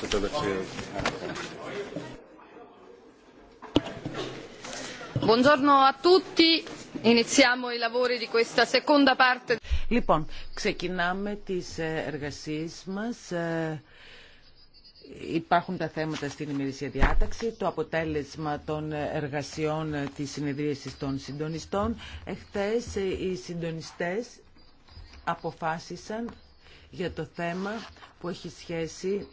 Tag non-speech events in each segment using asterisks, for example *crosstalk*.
στο τελευταίο. Buongiorno a tutti. Iniziamo i lavori di questa Λοιπόν, ξεκινάμε τις ε, εργασίες μας. Ε, υπάρχουν τα θέματα στην ημερήσια διάταξη, το αποτέλεσμα των εργασιών της συνεδρίασης των συντονιστών. Εχθές ε, οι συντονιστές αποφάσισαν για το θέμα που έχει σχέση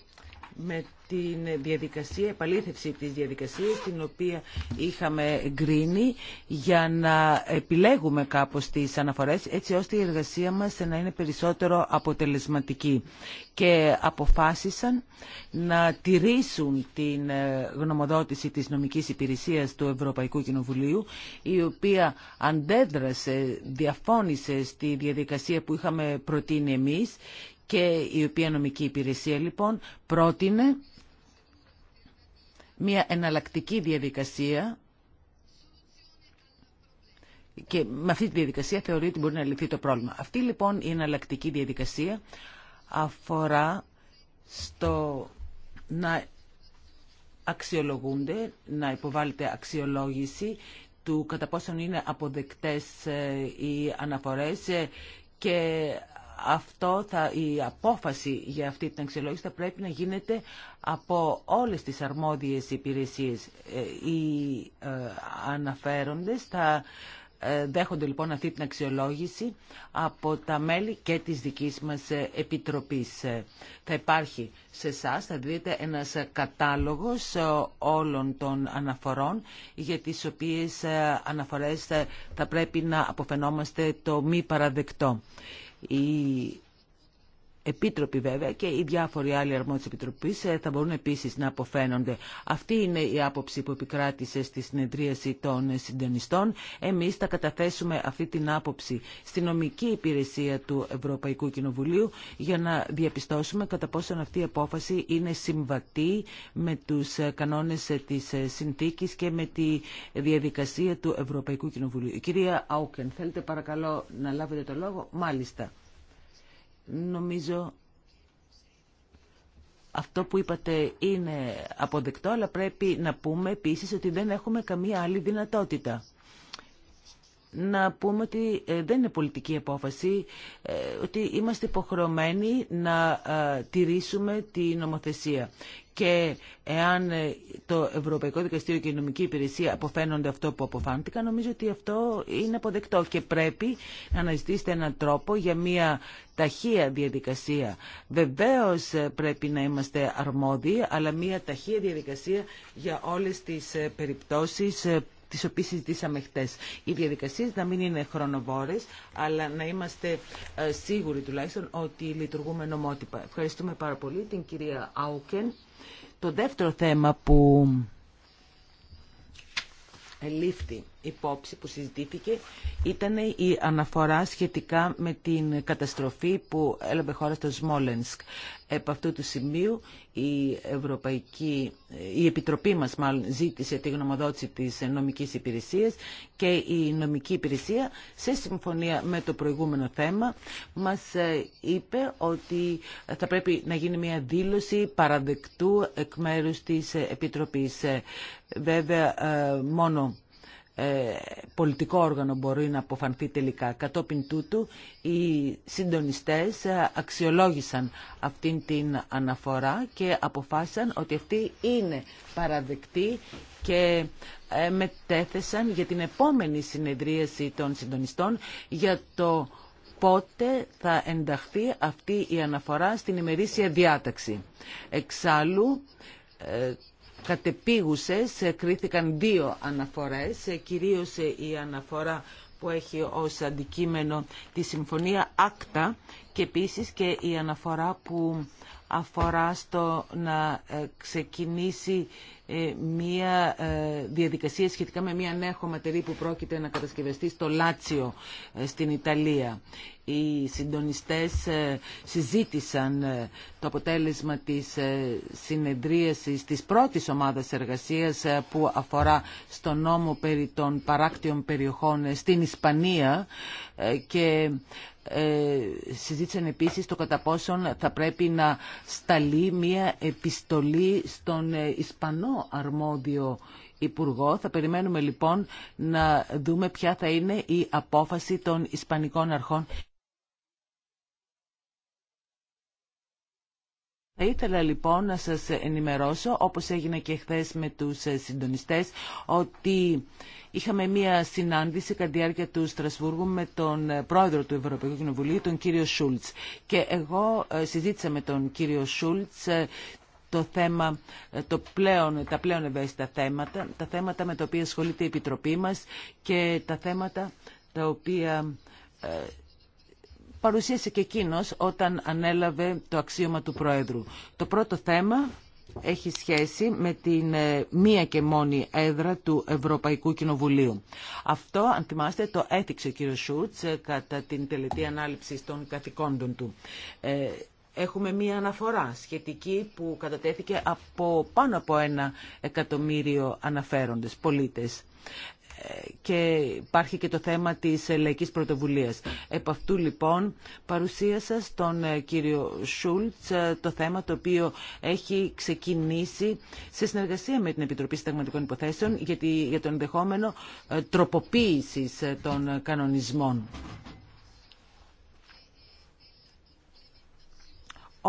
με την διαδικασία, επαλήθευση της διαδικασίας την οποία είχαμε γκρίνει για να επιλέγουμε κάπως τις αναφορές έτσι ώστε η εργασία μας να είναι περισσότερο αποτελεσματική και αποφάσισαν να τηρήσουν την ε, γνωμοδότηση της νομικής υπηρεσίας του Ευρωπαϊκού Κοινοβουλίου η οποία αντέδρασε, διαφώνησε στη διαδικασία που είχαμε προτείνει εμείς και η οποία νομική υπηρεσία λοιπόν πρότεινε μια εναλλακτική διαδικασία και με αυτή τη διαδικασία θεωρεί ότι μπορεί να λυθεί το πρόβλημα. Αυτή λοιπόν η εναλλακτική διαδικασία αφορά στο να αξιολογούνται, να υποβάλλεται αξιολόγηση του κατά πόσον είναι αποδεκτές ε, οι αναφορές ε, και αυτό θα, η απόφαση για αυτή την αξιολόγηση θα πρέπει να γίνεται από όλες τις αρμόδιες υπηρεσίες. Ε, οι ε, αναφέροντες θα ε, δέχονται λοιπόν αυτή την αξιολόγηση από τα μέλη και της δικής μας επιτροπής. Θα υπάρχει σε εσά, θα δείτε ένας κατάλογος όλων των αναφορών για τις οποίες αναφορές θα πρέπει να αποφαινόμαστε το μη παραδεκτό η επίτροποι βέβαια και οι διάφοροι άλλοι αρμόδιες επιτροπής ε, θα μπορούν επίσης να αποφαίνονται. Αυτή είναι η άποψη που επικράτησε στη συνεδρίαση των συντονιστών. Εμείς θα καταθέσουμε αυτή την άποψη στη νομική υπηρεσία του Ευρωπαϊκού Κοινοβουλίου για να διαπιστώσουμε κατά πόσον αυτή η απόφαση είναι συμβατή με τους ε, κανόνες ε, της συνθήκης και με τη διαδικασία του Ευρωπαϊκού Κοινοβουλίου. Η κυρία Άουκεν, θέλετε παρακαλώ να λάβετε το λόγο. Μάλιστα. Νομίζω αυτό που είπατε είναι αποδεκτό, αλλά πρέπει να πούμε επίσης ότι δεν έχουμε καμία άλλη δυνατότητα. Να πούμε ότι ε, δεν είναι πολιτική απόφαση, ε, ότι είμαστε υποχρεωμένοι να ε, τηρήσουμε τη νομοθεσία και εάν ε, το Ευρωπαϊκό Δικαστήριο και η Νομική Υπηρεσία αποφαίνονται αυτό που αποφάνθηκαν, νομίζω ότι αυτό είναι αποδεκτό και πρέπει να αναζητήσετε έναν τρόπο για μια ταχεία διαδικασία. Βεβαίως ε, πρέπει να είμαστε αρμόδιοι, αλλά μια ταχεία διαδικασία για όλες τις ε, περιπτώσεις τις οποίες συζητήσαμε χτες. Οι διαδικασίες να μην είναι χρονοβόρες, αλλά να είμαστε ε, σίγουροι τουλάχιστον ότι λειτουργούμε νομότυπα. Ευχαριστούμε πάρα πολύ την κυρία Άουκεν. Το δεύτερο θέμα που ελήφθη υπόψη που συζητήθηκε ήταν η αναφορά σχετικά με την καταστροφή που έλαβε χώρα στο Σμόλενσκ. Επ' αυτού του σημείου η, Ευρωπαϊκή, η Επιτροπή μας μάλλον ζήτησε τη γνωμοδότηση της νομικής υπηρεσίας και η νομική υπηρεσία σε συμφωνία με το προηγούμενο θέμα μας ε, είπε ότι θα πρέπει να γίνει μια δήλωση παραδεκτού εκ μέρους της Επιτροπής. Ε, βέβαια ε, μόνο ε, πολιτικό όργανο μπορεί να αποφανθεί τελικά. Κατόπιν τούτου οι συντονιστές ε, αξιολόγησαν αυτήν την αναφορά και αποφάσισαν ότι αυτή είναι παραδεκτή και ε, μετέθεσαν για την επόμενη συνεδρίαση των συντονιστών για το πότε θα ενταχθεί αυτή η αναφορά στην ημερήσια διάταξη. Εξάλλου κατεπίγουσες ε, κρίθηκαν δύο αναφορές, ε, κυρίως ε, η αναφορά που έχει ως αντικείμενο τη Συμφωνία Άκτα και επίσης και η αναφορά που αφορά στο να ξεκινήσει μια διαδικασία σχετικά με μια νέα χωματερή που πρόκειται να κατασκευαστεί στο Λάτσιο στην Ιταλία οι συντονιστές ε, συζήτησαν ε, το αποτέλεσμα της ε, συνεδρίασης της πρώτης ομάδας εργασίας που αφορά στο νόμο περί των παράκτιων περιοχών στην Ισπανία και συζήτησαν επίσης το κατά πόσον θα πρέπει να σταλεί μια επιστολή στον Ισπανό αρμόδιο Υπουργό. Θα περιμένουμε λοιπόν να δούμε ποια θα είναι η απόφαση των Ισπανικών αρχών. Θα ήθελα λοιπόν να σας ενημερώσω, όπως έγινε και χθε με τους ε, συντονιστές, ότι είχαμε μία συνάντηση κατά τη διάρκεια του Στρασβούργου με τον ε, πρόεδρο του Ευρωπαϊκού Κοινοβουλίου, τον κύριο Σούλτς. Και εγώ ε, συζήτησα με τον κύριο Σούλτς το θέμα, το πλέον, τα πλέον ευαίσθητα θέματα, τα θέματα με τα οποία ασχολείται η Επιτροπή μας και τα θέματα τα οποία παρουσίασε και εκείνο όταν ανέλαβε το αξίωμα του Προέδρου. Το πρώτο θέμα έχει σχέση με την ε, μία και μόνη έδρα του Ευρωπαϊκού Κοινοβουλίου. Αυτό, αν θυμάστε, το έθιξε ο κ. Ε, κατά την τελετή ανάληψη των καθηκόντων του. Ε, έχουμε μία αναφορά σχετική που κατατέθηκε από πάνω από ένα εκατομμύριο αναφέροντες, πολίτες και υπάρχει και το θέμα της λαϊκής πρωτοβουλίας. Επ' αυτού λοιπόν παρουσίασα στον ε, κύριο Σούλτς ε, το θέμα το οποίο έχει ξεκινήσει σε συνεργασία με την Επιτροπή Συνταγματικών Υποθέσεων για τον ενδεχόμενο ε, τροποποίησης των κανονισμών.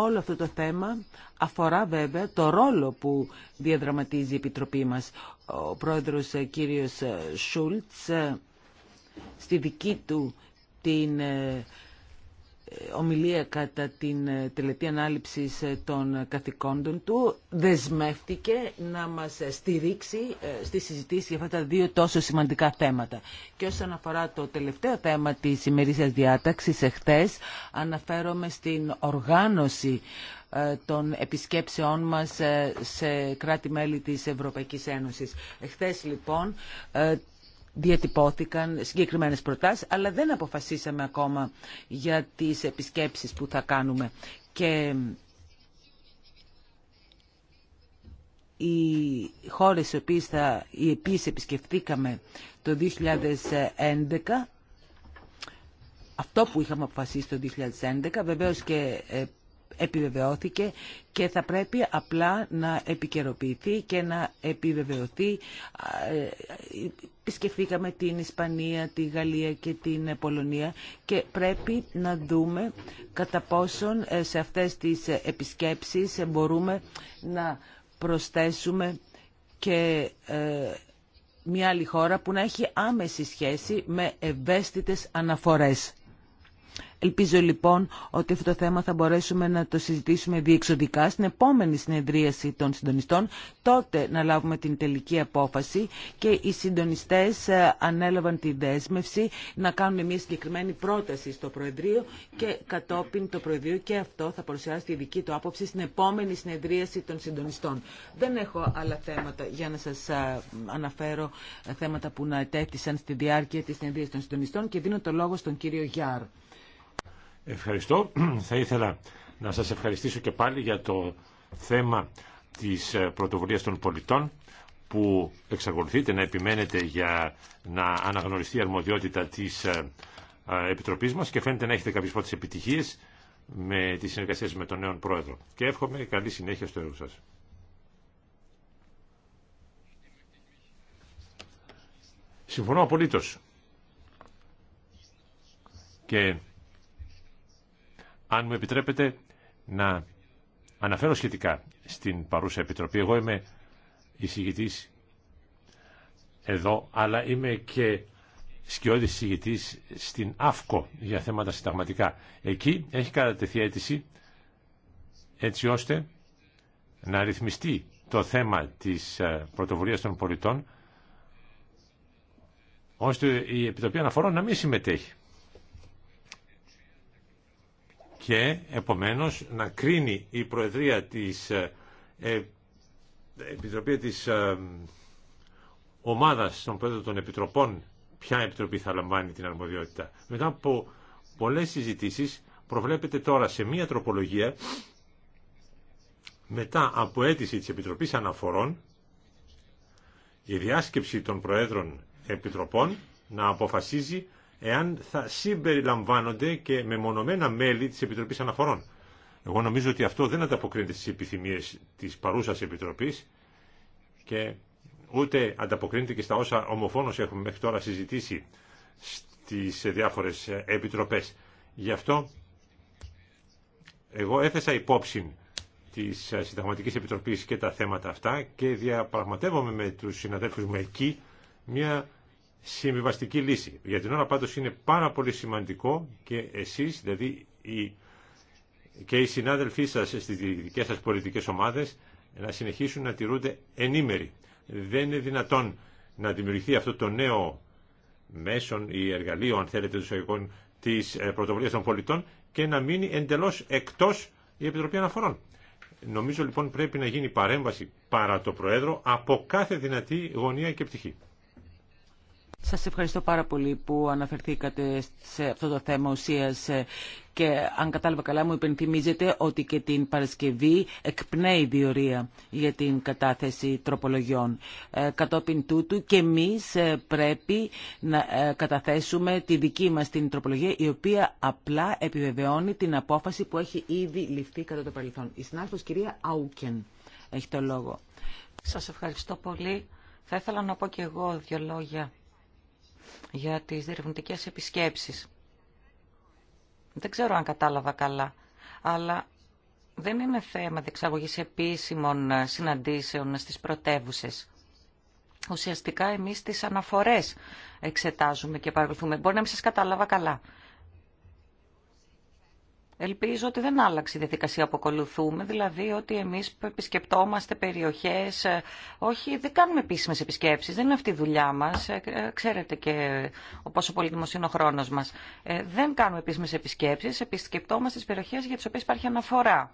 Όλο αυτό το θέμα αφορά βέβαια το ρόλο που διαδραματίζει η Επιτροπή μας. Ο πρόεδρος ε, κύριος ε, Σούλτς ε, στη δική του την ομιλία κατά την ε, τελετή ανάληψη ε, των ε, καθηκόντων του δεσμεύτηκε να μας στηρίξει στη συζητήση για αυτά τα δύο τόσο σημαντικά θέματα. Και όσον αφορά το τελευταίο θέμα της ημερήσιας διάταξης εχθές αναφέρομαι στην οργάνωση των επισκέψεών μας σε κράτη-μέλη της Ευρωπαϊκής Ένωσης. Εχθές λοιπόν διατυπώθηκαν συγκεκριμένες προτάσεις, αλλά δεν αποφασίσαμε ακόμα για τις επισκέψεις που θα κάνουμε. Και οι χώρες οι οποίες, θα, οι επισκεφτήκαμε το 2011, αυτό που είχαμε αποφασίσει το 2011, βεβαίως και ε, επιβεβαιώθηκε και θα πρέπει απλά να επικαιροποιηθεί και να επιβεβαιωθεί. Επισκεφθήκαμε την Ισπανία, τη Γαλλία και την Πολωνία και πρέπει να δούμε κατά πόσον ε, σε αυτές τις επισκέψεις ε, μπορούμε να προσθέσουμε και ε, μια άλλη χώρα που να έχει άμεση σχέση με ευαίσθητες αναφορές. Ελπίζω λοιπόν ότι αυτό το θέμα θα μπορέσουμε να το συζητήσουμε διεξοδικά στην επόμενη συνεδρίαση των συντονιστών, τότε να λάβουμε την τελική απόφαση και οι συντονιστές ε, ανέλαβαν τη δέσμευση να κάνουν μια συγκεκριμένη πρόταση στο Προεδρείο και κατόπιν το Προεδρείο και αυτό θα παρουσιάσει τη δική του άποψη στην επόμενη συνεδρίαση των συντονιστών. Δεν έχω άλλα θέματα για να σας ε, αναφέρω ε, θέματα που να ετέθησαν στη διάρκεια της συνεδρίας των συντονιστών και δίνω το λόγο στον κύριο Γιάρ. Ευχαριστώ. *clears throat* Θα ήθελα να σας ευχαριστήσω και πάλι για το θέμα της ε, πρωτοβουλίας των πολιτών που εξακολουθείτε να επιμένετε για να αναγνωριστεί η αρμοδιότητα της ε, ε, Επιτροπής μας και φαίνεται να έχετε κάποιες πρώτες επιτυχίες με τις συνεργασίες με τον νέο Πρόεδρο. Και εύχομαι καλή συνέχεια στο έργο σας. Συμφωνώ απολύτως. Αν μου επιτρέπετε να αναφέρω σχετικά στην παρούσα επιτροπή. Εγώ είμαι εισηγητή εδώ, αλλά είμαι και σκιώδη εισηγητή στην ΑΦΚΟ για θέματα συνταγματικά. Εκεί έχει κατατεθεί αίτηση έτσι ώστε να ρυθμιστεί το θέμα της ε, πρωτοβουλίας των πολιτών ώστε η Επιτροπή Αναφορών να μην συμμετέχει. και επομένως να κρίνει η Προεδρία της ε, ε της ε, Ομάδας των Πρόεδρων των Επιτροπών ποια Επιτροπή θα λαμβάνει την αρμοδιότητα. Μετά από πολλές συζητήσεις προβλέπεται τώρα σε μία τροπολογία μετά από αίτηση της Επιτροπής Αναφορών η διάσκεψη των Προέδρων Επιτροπών να αποφασίζει εάν θα συμπεριλαμβάνονται και μονομένα μέλη της Επιτροπής Αναφορών. Εγώ νομίζω ότι αυτό δεν ανταποκρίνεται στις επιθυμίες της παρούσας Επιτροπής και ούτε ανταποκρίνεται και στα όσα ομοφόνος έχουμε μέχρι τώρα συζητήσει στις διάφορες επιτροπές. Γι' αυτό εγώ έθεσα υπόψη της Συνταγματικής Επιτροπής και τα θέματα αυτά και διαπραγματεύομαι με τους συναδέλφους μου εκεί μια συμβιβαστική λύση. Για την ώρα πάντως είναι πάρα πολύ σημαντικό και εσείς, δηλαδή οι, και οι συνάδελφοί σας στις δικές σας πολιτικές ομάδες να συνεχίσουν να τηρούνται ενήμεροι. Δεν είναι δυνατόν να δημιουργηθεί αυτό το νέο μέσον ή εργαλείο, αν θέλετε, του της ε, πρωτοβουλίας των πολιτών και να μείνει εντελώς εκτός η Επιτροπή Αναφορών. Νομίζω λοιπόν πρέπει να γίνει παρέμβαση παρά το Προέδρο από κάθε δυνατή γωνία και πτυχή. Σας ευχαριστώ πάρα πολύ που αναφερθήκατε σε αυτό το θέμα ουσίας και αν κατάλαβα καλά μου υπενθυμίζετε ότι και την Παρασκευή εκπνέει διορία για την κατάθεση τροπολογιών. Ε, κατόπιν τούτου και εμείς ε, πρέπει να ε, καταθέσουμε τη δική μας την τροπολογία η οποία απλά επιβεβαιώνει την απόφαση που έχει ήδη ληφθεί κατά το παρελθόν. Η συνάδελφος κυρία Αούκεν έχει το λόγο. Σας ευχαριστώ πολύ. Θα ήθελα να πω και εγώ δύο λόγια για τις διερευνητικές επισκέψεις. Δεν ξέρω αν κατάλαβα καλά, αλλά δεν είναι θέμα διεξαγωγής επίσημων ε, συναντήσεων στις πρωτεύουσε. Ουσιαστικά εμείς τις αναφορές εξετάζουμε και παρακολουθούμε. Μπορεί να μην σας κατάλαβα καλά. Ελπίζω ότι δεν άλλαξε η διαδικασία που ακολουθούμε, δηλαδή ότι εμείς επισκεπτόμαστε περιοχές, ε, όχι δεν κάνουμε επίσημε επισκέψεις, δεν είναι αυτή η δουλειά μας, ε, ε, ξέρετε και πόσο πολύτιμος είναι ο χρόνο μας. Δεν κάνουμε επίσημε επισκέψεις, επισκεπτόμαστε τις περιοχές για τις οποίες υπάρχει αναφορά.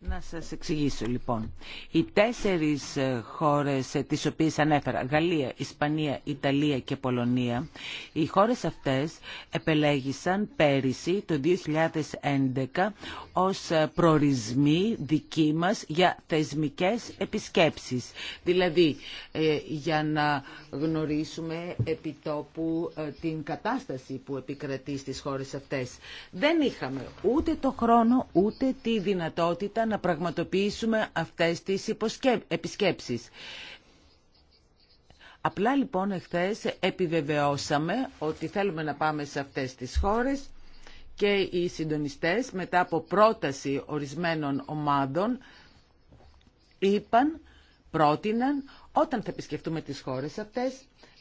Να σας εξηγήσω λοιπόν. Οι τέσσερις ε, χώρες ε, τις οποίες ανέφερα, Γαλλία, Ισπανία, Ιταλία και Πολωνία, οι χώρες αυτές επελέγησαν πέρυσι το 2011 ως ε, προορισμοί δική μας για θεσμικές επισκέψεις. Δηλαδή για να γνωρίσουμε επιτόπου την κατάσταση που επικρατεί στις χώρες αυτές. Δεν είχαμε ούτε το χρόνο ούτε τη δυνατότητα να πραγματοποιήσουμε αυτές τις επισκέψεις. Απλά λοιπόν εχθές επιβεβαιώσαμε ότι θέλουμε να πάμε σε αυτές τις χώρες και οι συντονιστές μετά από πρόταση ορισμένων ομάδων είπαν, πρότειναν όταν θα επισκεφτούμε τις χώρες αυτές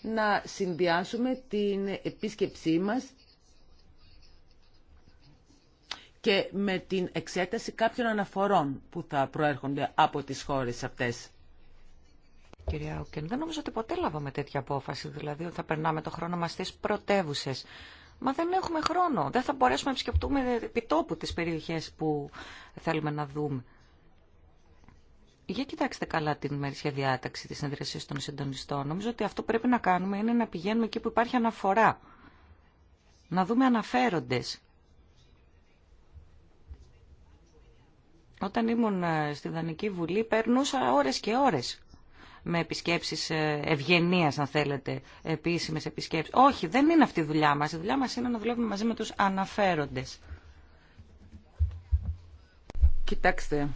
να συνδυάσουμε την επίσκεψή μας και με την εξέταση κάποιων αναφορών που θα προέρχονται από τις χώρες αυτές. Κυρία Ουκεν, δεν νομίζω ότι ποτέ λάβαμε τέτοια απόφαση, δηλαδή ότι θα περνάμε το χρόνο μας στις πρωτεύουσε. Μα δεν έχουμε χρόνο. Δεν θα μπορέσουμε να επισκεπτούμε επιτόπου τις περιοχές που θέλουμε να δούμε. Για κοιτάξτε καλά την ημερήσια διάταξη της συνδρασίας των συντονιστών. Νομίζω ότι αυτό πρέπει να κάνουμε είναι να πηγαίνουμε εκεί που υπάρχει αναφορά. Να δούμε αναφέροντες. Όταν ήμουν ε, στη Δανική Βουλή περνούσα ώρες και ώρες με επισκέψεις ε, ευγενία, αν θέλετε, επίσημες επισκέψεις. Όχι, δεν είναι αυτή η δουλειά μας. Η δουλειά μας είναι να δουλεύουμε μαζί με τους αναφέροντες. Κοιτάξτε,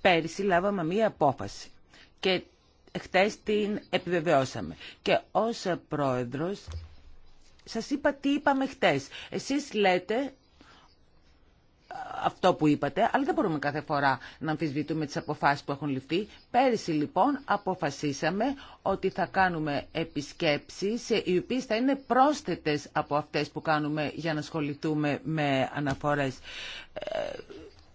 πέρυσι λάβαμε μία απόφαση και χτες την επιβεβαιώσαμε. Και ως πρόεδρος σας είπα τι είπαμε χτες. Εσείς λέτε αυτό που είπατε, αλλά δεν μπορούμε κάθε φορά να αμφισβητούμε τις αποφάσεις που έχουν ληφθεί. Πέρυσι λοιπόν αποφασίσαμε ότι θα κάνουμε επισκέψεις οι οποίες θα είναι πρόσθετες από αυτές που κάνουμε για να ασχοληθούμε με αναφορές. Ε,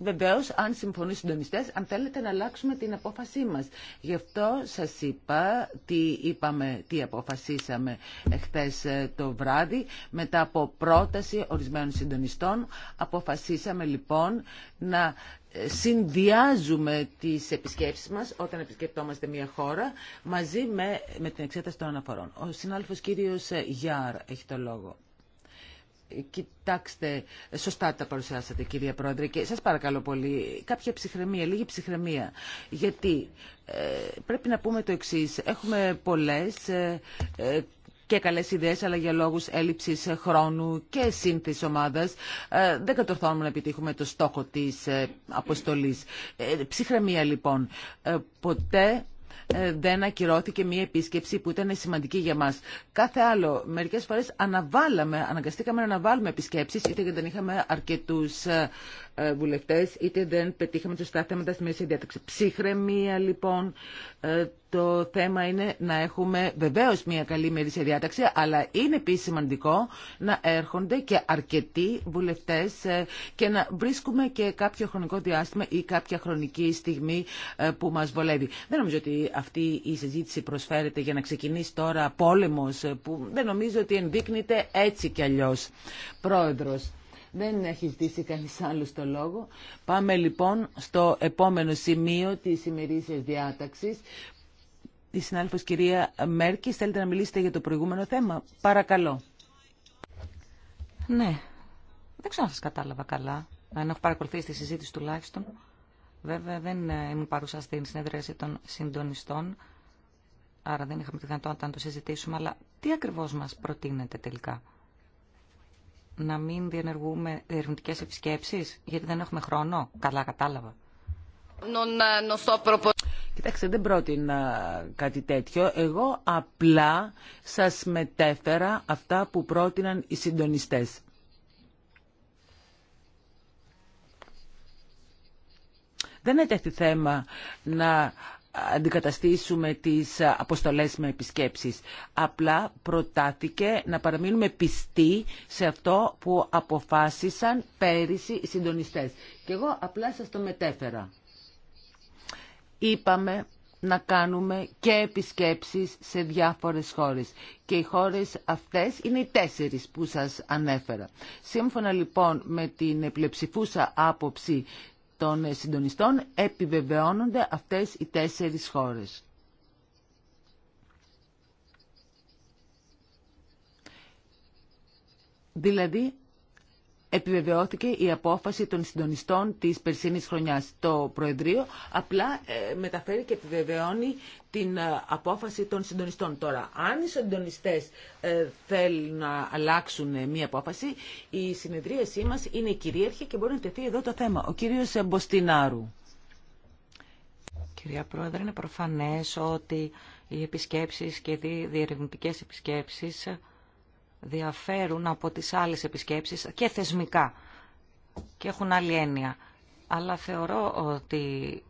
Βεβαίω, αν συμφωνεί οι αν θέλετε να αλλάξουμε την απόφασή μας. Γι' αυτό σας είπα τι είπαμε, τι αποφασίσαμε χθε το βράδυ. Μετά από πρόταση ορισμένων συντονιστών, αποφασίσαμε λοιπόν να ε, συνδυάζουμε τις επισκέψεις μας όταν επισκεπτόμαστε μια χώρα μαζί με, με την εξέταση των αναφορών. Ο συνάδελφος κύριος ε, Γιάρ έχει το λόγο. Κοιτάξτε, σωστά τα παρουσιάσατε κυρία Πρόεδρε και σας παρακαλώ πολύ κάποια ψυχραιμία, λίγη ψυχραιμία. Γιατί ε, πρέπει να πούμε το εξής, έχουμε πολλές ε, ε, και καλές ιδέες, αλλά για λόγους έλλειψης χρόνου και σύνθεση ομάδας δεν κατορθώνουμε να επιτύχουμε το στόχο της αποστολής. Ψυχραιμία λοιπόν. Ποτέ ε, δεν ακυρώθηκε μια επίσκεψη που ήταν σημαντική για μας. Κάθε άλλο, μερικές φορές αναβάλαμε, αναγκαστήκαμε να αναβάλουμε επισκέψεις, είτε γιατί δεν είχαμε αρκετούς ε, ε, είτε δεν πετύχαμε σωστά θέματα στη μέση διάταξη. Ψυχραιμία λοιπόν, ε, το θέμα είναι να έχουμε βεβαιω μια καλή μερίσια διάταξη, αλλά είναι επίση σημαντικό να έρχονται και αρκετοί βουλευτέ ε, και να βρίσκουμε και κάποιο χρονικό διάστημα ή κάποια χρονική στιγμή που μα βολεύει. Δεν νομίζω ότι αυτή η συζήτηση προσφέρεται για να ξεκινήσει τώρα πόλεμο, που δεν νομίζω ότι ενδείκνυται έτσι κι άλλιω Πρόεδρος. Δεν έχει ζητήσει κανείς άλλος το λόγο. Πάμε λοιπόν στο επόμενο σημείο της ημερήσιας διάταξης. Η συνάλφος κυρία Μέρκης, θέλετε να μιλήσετε για το προηγούμενο θέμα. Παρακαλώ. Ναι. Δεν ξέρω αν σας κατάλαβα καλά. Αν έχω παρακολουθήσει τη συζήτηση τουλάχιστον. Βέβαια δεν ε, ήμουν παρούσα στην συνεδρίαση των συντονιστών, άρα δεν είχαμε τη δυνατότητα να το συζητήσουμε, αλλά τι ακριβώς μας προτείνεται τελικά να μην διενεργούμε ερευνητικέ επισκέψει γιατί δεν έχουμε χρόνο. Καλά κατάλαβα. Eh, Κοιτάξτε, δεν πρότεινα κάτι τέτοιο. Εγώ απλά σα μετέφερα αυτά που πρότειναν οι συντονιστέ. Δεν έτεχε θέμα να αντικαταστήσουμε τις αποστολές με επισκέψεις. Απλά προτάθηκε να παραμείνουμε πιστοί σε αυτό που αποφάσισαν πέρυσι οι συντονιστές. Και εγώ απλά σας το μετέφερα. Είπαμε να κάνουμε και επισκέψεις σε διάφορες χώρες. Και οι χώρες αυτές είναι οι τέσσερις που σας ανέφερα. Σύμφωνα λοιπόν με την πλειοψηφούσα άποψη των συντονιστών επιβεβαιώνονται αυτές οι τέσσερις χώρες. Δηλαδή, επιβεβαιώθηκε η απόφαση των συντονιστών της περσίνης χρονιάς. Το Προεδρείο απλά ε, μεταφέρει και επιβεβαιώνει την ε, απόφαση των συντονιστών. Τώρα, αν οι συντονιστέ ε, θέλουν να αλλάξουν μία απόφαση, η συνεδρίασή μας είναι κυρίαρχη και μπορεί να τεθεί εδώ το θέμα. Ο κύριος Μποστινάρου. Κυρία Πρόεδρε, είναι προφανές ότι οι επισκέψεις και οι διερευνητικές επισκέψεις διαφέρουν από τις άλλες επισκέψεις και θεσμικά και έχουν άλλη έννοια. Αλλά θεωρώ ότι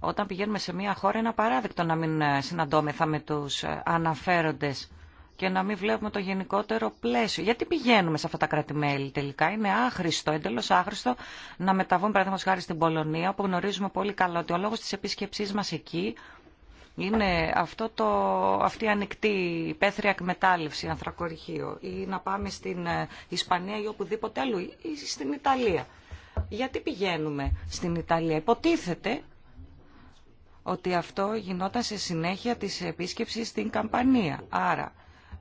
όταν πηγαίνουμε σε μια χώρα είναι απαράδεκτο να μην ε, συναντώμεθα με τους ε, αναφέροντες και να μην βλέπουμε το γενικότερο πλαίσιο. Γιατί πηγαίνουμε σε αυτά τα κρατη τελικά. Είναι άχρηστο, εντελώ άχρηστο να μεταβούμε, παραδείγματο χάρη στην Πολωνία, όπου γνωρίζουμε πολύ καλά ότι ο λόγο τη επίσκεψή μα εκεί είναι αυτό το, αυτή η ανοιχτή πέθρια εκμετάλλευση ανθρακοριχείο ή να πάμε στην ε, Ισπανία ή οπουδήποτε άλλο ή στην Ιταλία. Γιατί πηγαίνουμε στην Ιταλία. Υποτίθεται ότι αυτό γινόταν σε συνέχεια της επίσκεψης στην Καμπανία. Άρα,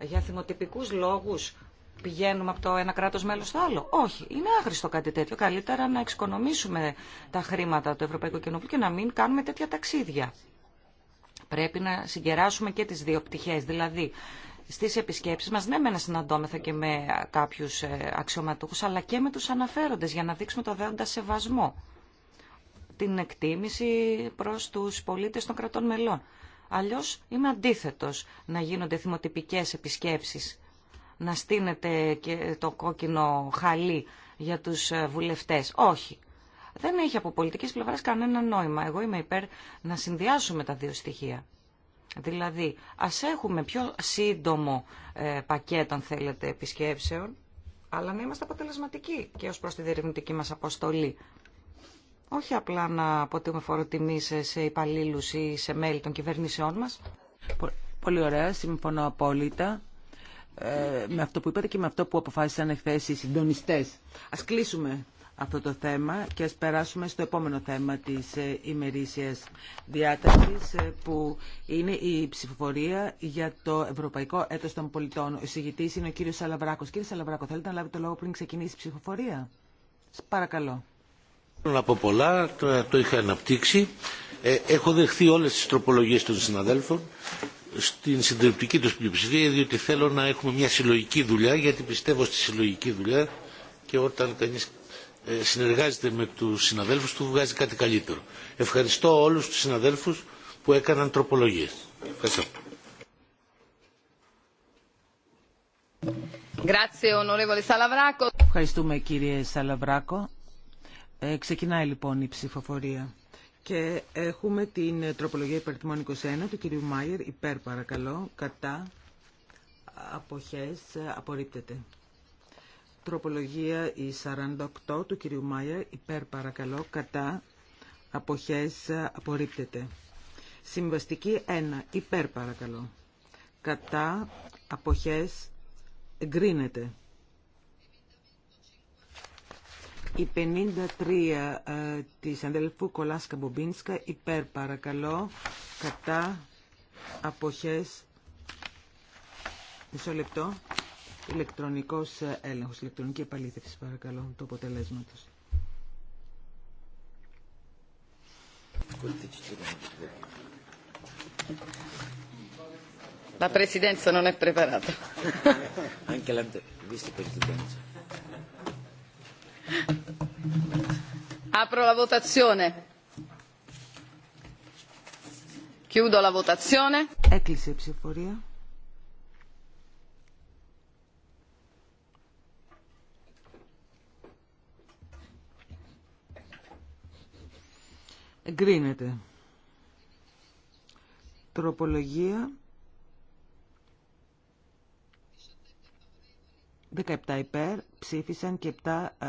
για θυμοτυπικούς λόγους πηγαίνουμε από το ένα κράτος μέλος στο άλλο. Όχι, είναι άχρηστο κάτι τέτοιο. Καλύτερα να εξοικονομήσουμε τα χρήματα του Ευρωπαϊκού Κοινοβουλίου και να μην κάνουμε τέτοια ταξίδια. Πρέπει να συγκεράσουμε και τις δύο πτυχές, δηλαδή στις επισκέψεις μας, ναι με να συναντώμεθα και με κάποιους ε, αξιωματούχους, αλλά και με τους αναφέροντες για να δείξουμε το δέοντα σεβασμό, την εκτίμηση προς τους πολίτες των κρατών μελών. Αλλιώς είμαι αντίθετος να γίνονται θυμοτυπικές επισκέψεις, να στείνεται και το κόκκινο χαλί για τους ε, βουλευτές. Όχι δεν έχει από πολιτικής πλευράς κανένα νόημα. Εγώ είμαι υπέρ να συνδυάσουμε τα δύο στοιχεία. Δηλαδή, ας έχουμε πιο σύντομο ε, πακέτο, αν θέλετε, επισκέψεων, αλλά να είμαστε αποτελεσματικοί και ως προς τη διερευνητική μας αποστολή. Όχι απλά να αποτείουμε φοροτιμή σε υπαλλήλου ή σε μέλη των κυβερνήσεών μας. Πολύ ωραία, συμφωνώ απόλυτα. Ε, με αυτό που είπατε και με αυτό που αποφάσισαν εχθές οι συντονιστές. Ας κλείσουμε αυτό το θέμα και ας περάσουμε στο επόμενο θέμα της ε, ημερήσιας διάταξης ε, που είναι η ψηφοφορία για το Ευρωπαϊκό Έτος των Πολιτών. Ο συγητής είναι ο κύριος Σαλαβράκος. Κύριε Σαλαβράκο, θέλετε να λάβετε το λόγο πριν ξεκινήσει η ψηφοφορία. παρακαλώ. Θέλω να πω πολλά, το, το είχα αναπτύξει. Ε, έχω δεχθεί όλες τις τροπολογίες των συναδέλφων στην συντριπτική τους πλειοψηφία διότι θέλω να έχουμε μια συλλογική δουλειά γιατί πιστεύω στη συλλογική δουλειά και όταν κανείς ε, συνεργάζεται με τους συναδέλφους του, βγάζει κάτι καλύτερο. Ευχαριστώ όλους τους συναδέλφους που έκαναν τροπολογίες. Ευχαριστώ. Ευχαριστούμε κύριε Σαλαβράκο. Ε, ξεκινάει λοιπόν η ψηφοφορία. Και έχουμε την τροπολογία υπερτιμών 21 του κυρίου Μάιερ. Υπέρ παρακαλώ. Κατά. Αποχές. Απορρίπτεται. Τροπολογία η 48 του κυρίου Μάια, υπέρ παρακαλώ, κατά, αποχές, απορρίπτεται. Συμβαστική 1, υπέρ παρακαλώ, κατά, αποχές, εγκρίνεται. Η 53 ε, της αδελφού Κολάσκα Μπομπίνσκα, υπέρ παρακαλώ, κατά, αποχές, μισό λεπτό ηλεκτρονικός έλεγχος, ηλεκτρονική επαλήθευση παρακαλώ του αποτελέσματος. La Presidenza non è preparata. Anche la Vicepresidenza. Apro la votazione. Chiudo la votazione. Eclipse psiforia. Εγκρίνεται. Τροπολογία 17 υπέρ ψήφισαν και 7 ε,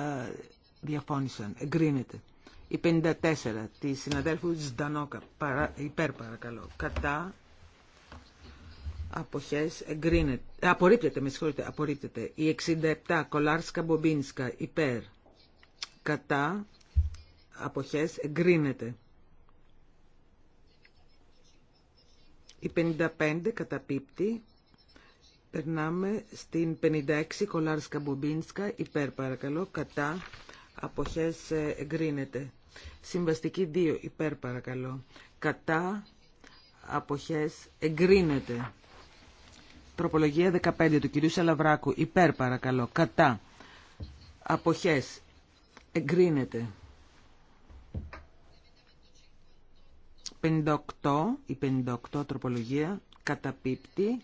διαφώνησαν. Εγκρίνεται. Η 54 τη συναδέλφου Ζτανόκα, παρα, υπέρ παρακαλώ. Κατά αποχές εγκρίνεται. Απορρίπτεται, με συγχωρείτε, απορρίπτεται. Η 67 Κολάρσκα Μπομπίνσκα υπέρ κατά αποχές εγκρίνεται. Η 55 καταπίπτει. Περνάμε στην 56 Κολάρσκα Μπομπίνσκα. Υπέρ παρακαλώ. Κατά. Αποχές ε, εγκρίνεται. Συμβαστική 2. Υπέρ παρακαλώ. Κατά. Αποχές εγκρίνεται. Τροπολογία 15 του κυρίου Σαλαβράκου. Υπέρ παρακαλώ. Κατά. Αποχές εγκρίνεται. 58, η 58 τροπολογία καταπίπτει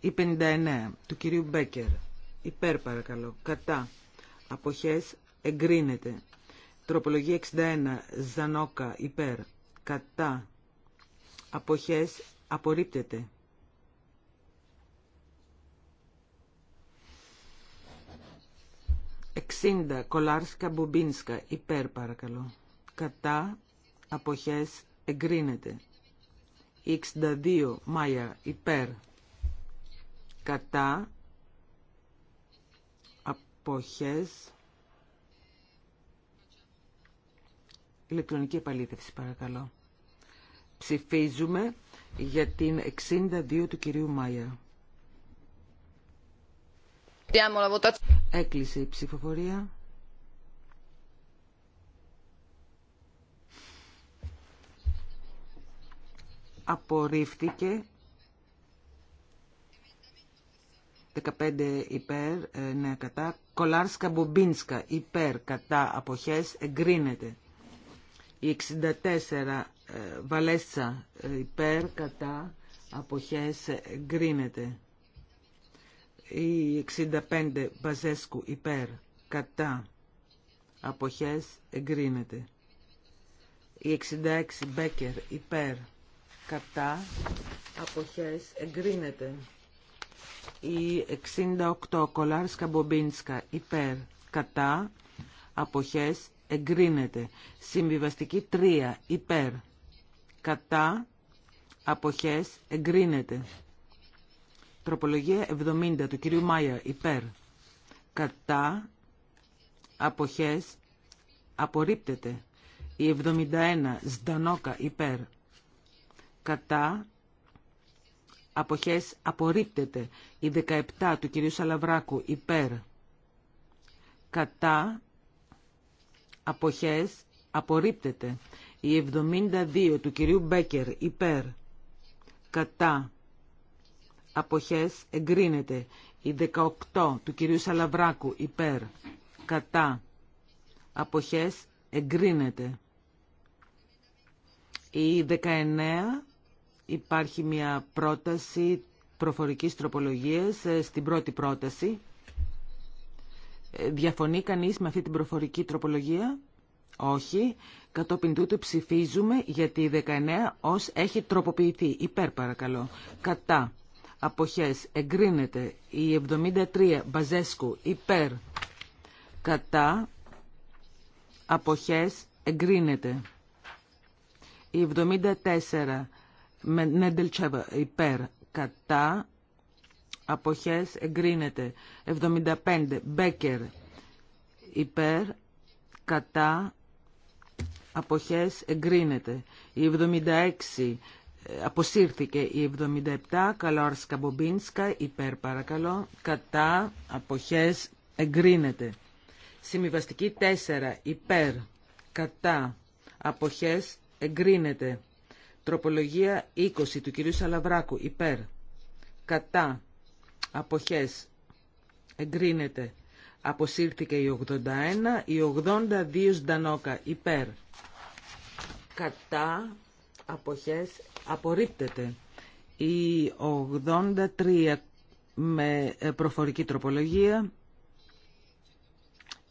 η 59 του κυρίου Μπέκερ. Υπέρ παρακαλώ. Κατά. Αποχές εγκρίνεται. Τροπολογία 61. Ζανόκα. Υπέρ. Κατά. Αποχές απορρίπτεται. 60, Κολάρσκα, Μπουμπίνσκα, υπέρ παρακαλώ. Κατά, αποχές εγκρίνεται. 62 Μάια υπέρ κατά αποχές ηλεκτρονική επαλήθευση παρακαλώ. Ψηφίζουμε για την 62 του κυρίου Μάια. Έκλεισε η ψηφοφορία. απορρίφθηκε 15 υπέρ, ε, ναι, κατά. Κολάρσκα Μπομπίνσκα υπέρ, κατά, αποχές, εγκρίνεται. Η 64 ε, Βαλέσσα ε, υπέρ, κατά, αποχές, εγκρίνεται. Η 65 Μπαζέσκου υπέρ, κατά, αποχές, εγκρίνεται. Η 66 Μπέκερ υπέρ, κατά αποχές εγκρίνεται η 68 Κολάρσκα Μπομπίνσκα υπέρ κατά αποχές εγκρίνεται συμβιβαστική 3 υπέρ κατά αποχές εγκρίνεται τροπολογία 70 του κυρίου Μάια υπέρ κατά αποχές απορρίπτεται η 71 Στανόκα, υπέρ κατά αποχές απορρίπτεται. Η 17 του κυρίου Σαλαβράκου υπέρ κατά αποχές απορρίπτεται. Η 72 του κυρίου Μπέκερ υπέρ κατά αποχές εγκρίνεται. Η 18 του κυρίου Σαλαβράκου υπέρ κατά αποχές εγκρίνεται. Η 19 υπάρχει μια πρόταση προφορικής τροπολογίας ε, στην πρώτη πρόταση. Ε, διαφωνεί κανείς με αυτή την προφορική τροπολογία? Όχι. Κατόπιν τούτου ψηφίζουμε γιατί η 19 ως έχει τροποποιηθεί. Υπέρ παρακαλώ. Κατά. Αποχές. Εγκρίνεται. Η 73 Μπαζέσκου. Υπέρ. Κατά. Αποχές. Εγκρίνεται. Η 74 Νέντελτσεβα υπέρ κατά αποχές εγκρίνεται 75 Μπέκερ υπέρ κατά αποχές εγκρίνεται η 76 αποσύρθηκε η 77 Καλόρσκα Μπομπίνσκα υπέρ παρακαλώ κατά αποχές εγκρίνεται Συμβιβαστική 4 υπέρ κατά αποχές εγκρίνεται Τροπολογία 20 του κυρίου Σαλαβράκου υπέρ κατά αποχές εγκρίνεται. Αποσύρθηκε η 81, η 82 Σντανόκα υπέρ κατά αποχές απορρίπτεται. Η 83 με ε, προφορική τροπολογία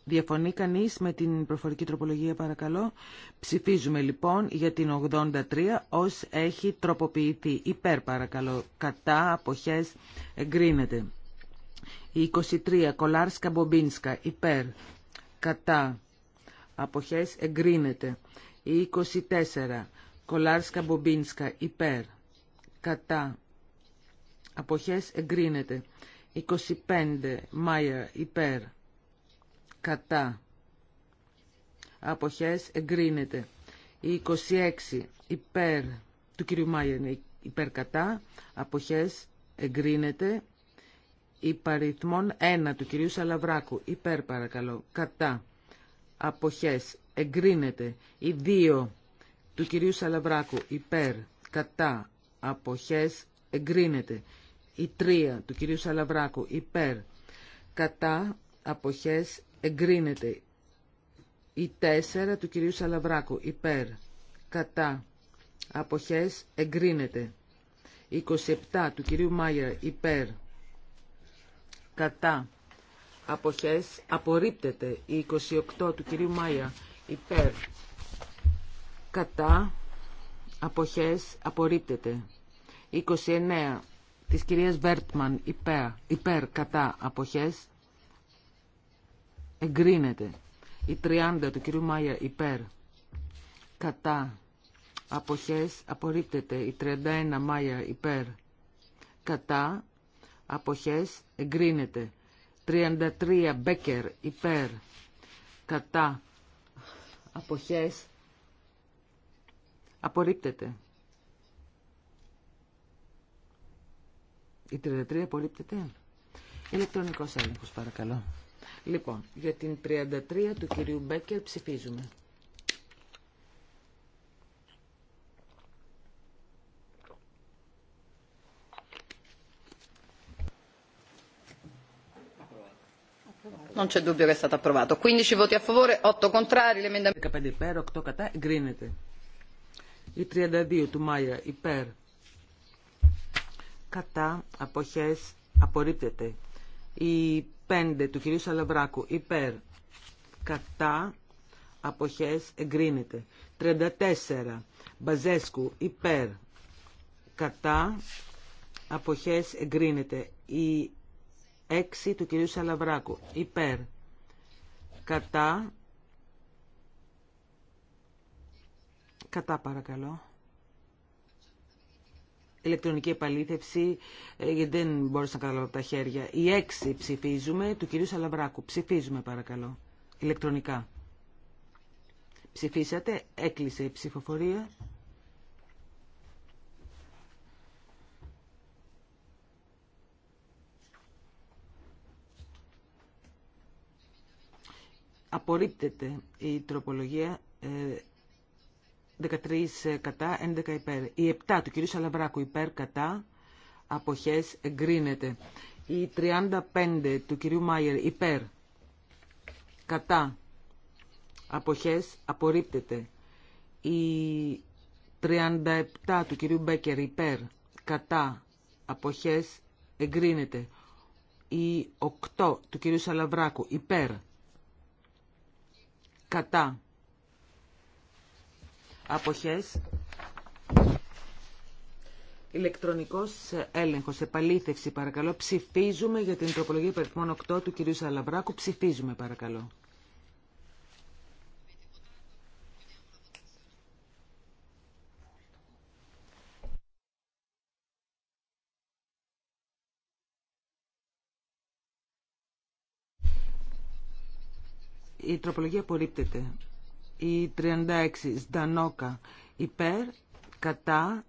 Διαφωνεί κανεί με την προφορική τροπολογία παρακαλώ. Ψηφίζουμε λοιπόν για την 83 ως έχει τροποποιηθεί. Υπέρ παρακαλώ. Κατά αποχές εγκρίνεται. Η 23 Κολάρσκα Μπομπίνσκα υπέρ. Κατά αποχές εγκρίνεται. Η 24 Κολάρσκα Μπομπίνσκα υπέρ. Κατά αποχές εγκρίνεται. 25 Μάια, υπέρ κατά αποχές εγκρίνεται. Η 26 υπέρ του κυρίου είναι υπέρ κατά αποχές εγκρίνεται. Η παριθμόν 1 του κυρίου Σαλαβράκου υπέρ παρακαλώ κατά αποχές εγκρίνεται. Η 2 του κυρίου Σαλαβράκου υπέρ κατά αποχές εγκρίνεται. Η 3 του κυρίου Σαλαβράκου υπέρ κατά αποχές εγκρίνεται η 4 του κυρίου Σαλαβράκου υπέρ κατά αποχές εγκρίνεται η 27 του κυρίου Μάια υπέρ κατά αποχές απορρίπτεται η 28 του κυρίου Μάγια υπέρ κατά αποχές απορρίπτεται η 29 της κυρίας Βέρτμαν υπέρ, υπέρ κατά αποχές εγκρίνεται. Η 30 του κυρίου Μάια υπέρ κατά αποχές απορρίπτεται. Η 31 Μάια υπέρ κατά αποχές εγκρίνεται. 33 Μπέκερ υπέρ κατά αποχές απορρίπτεται. Η 33 απορρίπτεται. Ηλεκτρονικός έλεγχος παρακαλώ. Λοιπόν, για την 33 του κυρίου Μπέκερ ψηφίζουμε. Non c'è dubbio che è stato approvato. 15 voti a favore, 8 contrari, l'emendamento... 15 υπέρ, 8 κατά, εγκρίνεται. Η 32 του Μάια υπέρ, κατά, αποχές, απορρίπτεται. Η 5 του κυρίου Σαλαβράκου υπέρ κατά αποχές εγκρίνεται. 34 Μπαζέσκου υπέρ κατά αποχές εγκρίνεται. Η 6 του κυρίου Σαλαβράκου υπέρ κατά κατά παρακαλώ ηλεκτρονική επαλήθευση, ε, γιατί δεν μπορούσα να καταλάβω από τα χέρια. Οι έξι ψηφίζουμε, του κυρίου Σαλαβράκου. Ψηφίζουμε παρακαλώ, ηλεκτρονικά. Ψηφίσατε, έκλεισε η ψηφοφορία. Απορρίπτεται η τροπολογία ε, 13 ε, κατά, 11 υπέρ. Η 7 του κ. Σαλαβράκου υπέρ κατά, αποχές εγκρίνεται. Η 35 του κ. Μάιερ υπέρ κατά, αποχές απορρίπτεται. Η 37 του κ. Μπέκερ υπέρ κατά, αποχές εγκρίνεται. Η 8 του κ. Σαλαβράκου υπέρ κατά, αποχές ηλεκτρονικός έλεγχος, επαλήθευση παρακαλώ. Ψηφίζουμε για την τροπολογία υπερθμών 8 του κυρίου Σαλαβράκου. Ψηφίζουμε παρακαλώ. Η τροπολογία απορρίπτεται. Η 36 Σντανόκα υπέρ κατά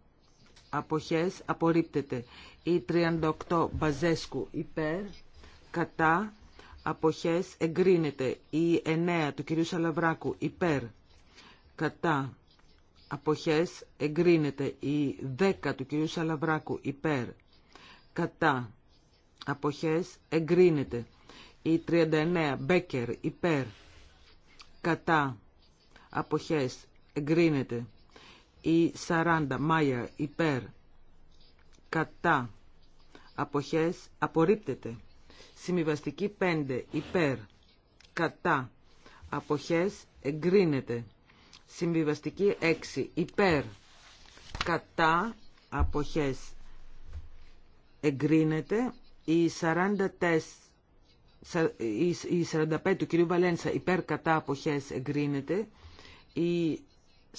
αποχές απορρίπτεται. Η 38 Μπαζέσκου υπέρ κατά αποχές εγκρίνεται. Η 9 του κυρίου Σαλαβράκου υπέρ κατά αποχές εγκρίνεται. Η 10 του κυρίου Σαλαβράκου υπέρ κατά αποχές εγκρίνεται. Η 39 Μπέκερ υπέρ κατά αποχές εγκρίνεται η 40 μάια υπέρ κατά αποχές απορρίπτεται συμβιβαστική 5 υπέρ κατά αποχές εγκρίνεται συμβιβαστική 6 υπέρ κατά αποχές εγκρίνεται η 44 η 45 του κυρίου Βαλένσα υπέρ κατά αποχές εγκρίνεται η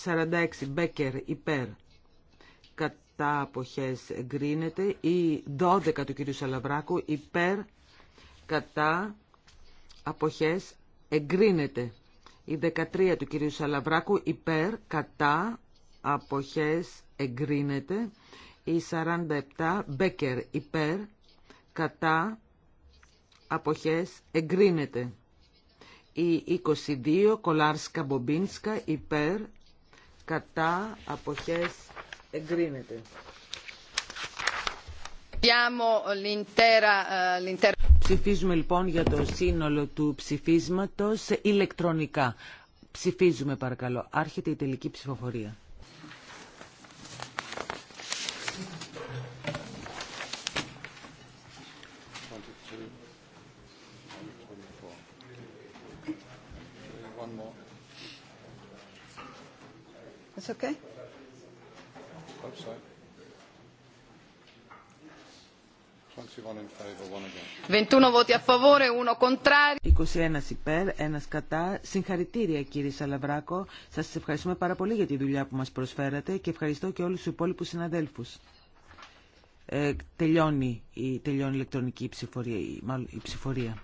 46 Μπέκερ υπέρ κατά αποχές εγκρίνεται. Η 12 του κυρίου Σαλαβράκου υπέρ κατά αποχές εγκρίνεται. Η 13 του κυρίου Σαλαβράκου υπέρ κατά αποχές εγκρίνεται. Η 47 Μπέκερ υπέρ κατά αποχές εγκρίνεται. Η 22 Κολάρσκα Μπομπίνσκα υπέρ κατά αποχές εγκρίνεται. Eh, Ψηφίζουμε λοιπόν για το σύνολο του ψηφίσματος ηλεκτρονικά. Ψηφίζουμε παρακαλώ. Άρχεται η τελική ψηφοφορία. 21 voti a 1 contrario. 21 υπέρ, 1 κατά. Συγχαρητήρια κύριε Σαλαβράκο. Σας ευχαριστούμε πάρα πολύ για τη δουλειά που μας προσφέρατε και ευχαριστώ και όλους του υπόλοιπου συναδέλφους. Ε, τελειώνει, η, τελειώνει η ηλεκτρονική ψηφορία, μάλλον, η ψηφορία.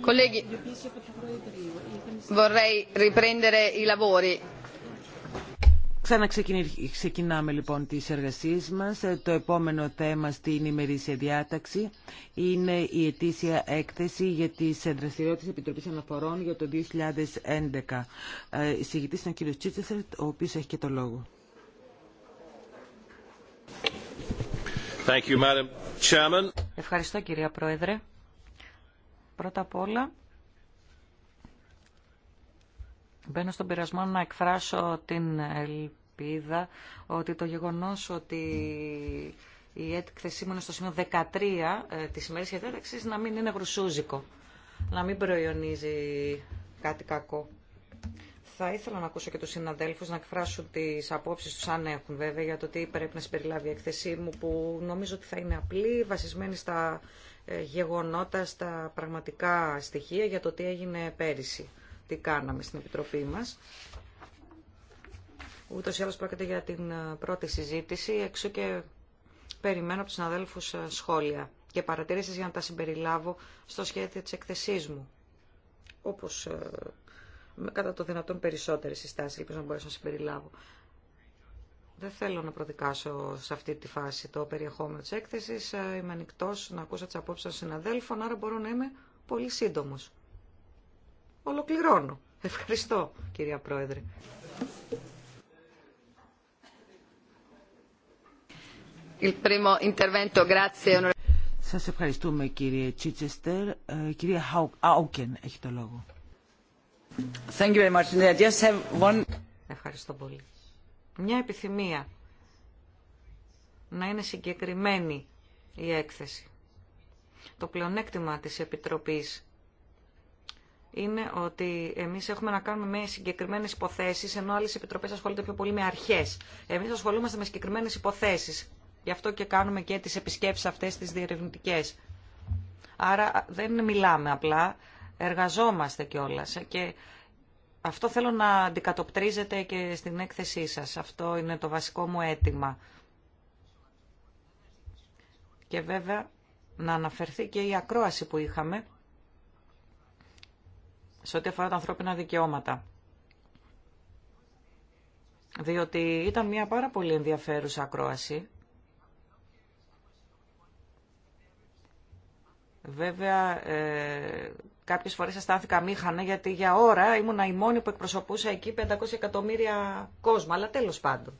Colleghi, vorrei riprendere i lavori. Ξαναξεκινάμε λοιπόν τις εργασίες μας. Ε, το επόμενο θέμα στην ημερήσια διάταξη είναι η ετήσια έκθεση για τις δραστηριότητες Επιτροπής Αναφορών για το 2011. Η συγητής είναι ο κύριος ο οποίος έχει και το λόγο. Ευχαριστώ κυρία Πρόεδρε. Πρώτα απ' όλα, μπαίνω στον πειρασμό να εκφράσω την ελπίδα ότι το γεγονός ότι η έκθεσή μου είναι στο σημείο 13 ε, της ημέρης διάταξης να μην είναι γρουσούζικο, να μην προϊονίζει κάτι κακό. Θα ήθελα να ακούσω και τους συναδέλφους να εκφράσουν τις απόψεις τους, αν έχουν βέβαια, για το τι πρέπει να συμπεριλάβει η εκθεσή μου, που νομίζω ότι θα είναι απλή, βασισμένη στα ε, γεγονότα στα πραγματικά στοιχεία για το τι έγινε πέρυσι, τι κάναμε στην Επιτροπή μας. Ούτως ή άλλως πρόκειται για την ε, πρώτη συζήτηση, έξω και περιμένω από τους αδέλφους ε, σχόλια και παρατηρήσεις για να τα συμπεριλάβω στο σχέδιο της εκθεσής μου. Όπως κατά το δυνατόν περισσότερες συστάσεις, ελπίζω να μπορέσω να συμπεριλάβω. Δεν θέλω να προδικάσω σε αυτή τη φάση το περιεχόμενο της έκθεσης. Ε, είμαι ανοιχτό να ακούσω τις απόψεις των συναδέλφων, άρα μπορώ να είμαι πολύ σύντομος. Ολοκληρώνω. Ευχαριστώ, κυρία Πρόεδρε. Σας ευχαριστούμε κύριε Τσίτσεστερ. Κυρία Άουκεν έχει το λόγο. Ευχαριστώ πολύ μια επιθυμία να είναι συγκεκριμένη η έκθεση. Το πλεονέκτημα της Επιτροπής είναι ότι εμείς έχουμε να κάνουμε με συγκεκριμένες υποθέσεις, ενώ άλλες επιτροπές ασχολούνται πιο πολύ με αρχές. Εμείς ασχολούμαστε με συγκεκριμένες υποθέσεις. Γι' αυτό και κάνουμε και τις επισκέψεις αυτές τις διερευνητικές. Άρα δεν μιλάμε απλά, εργαζόμαστε κιόλας και αυτό θέλω να αντικατοπτρίζετε και στην έκθεσή σας. Αυτό είναι το βασικό μου αίτημα. Και βέβαια να αναφερθεί και η ακρόαση που είχαμε σε ό,τι αφορά τα ανθρώπινα δικαιώματα. Διότι ήταν μια πάρα πολύ ενδιαφέρουσα ακρόαση. Βέβαια, ε, Κάποιες φορές αστάθηκα μήχανα γιατί για ώρα ήμουνα η μόνη που εκπροσωπούσα εκεί 500 εκατομμύρια κόσμο. Αλλά τέλος πάντων.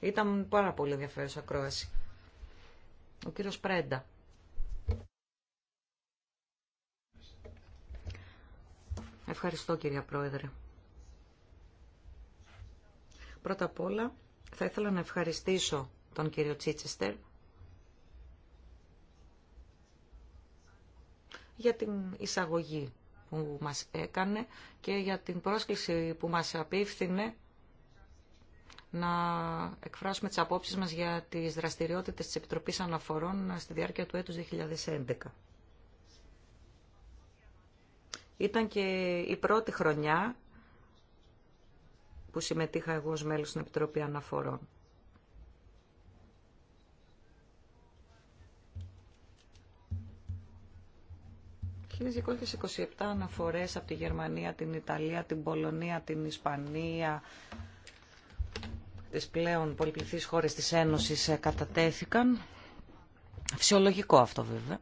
Ήταν πάρα πολύ ενδιαφέρουσα ακρόαση. Ο κύριος Πρέντα. Ευχαριστώ κυρία Πρόεδρε. Πρώτα απ' όλα θα ήθελα να ευχαριστήσω τον κύριο Τσίτσεστερ για την εισαγωγή που μας έκανε και για την πρόσκληση που μας απίφθινε να εκφράσουμε τις απόψεις μας για τις δραστηριότητες της Επιτροπής Αναφορών στη διάρκεια του έτους 2011. Ήταν και η πρώτη χρονιά που συμμετείχα εγώ ως μέλος στην Επιτροπή Αναφορών. 27 αναφορές από τη Γερμανία, την Ιταλία, την Πολωνία, την Ισπανία, τις πλέον πολυπληθείς χώρες της Ένωσης ε, κατατέθηκαν. Φυσιολογικό αυτό βέβαια.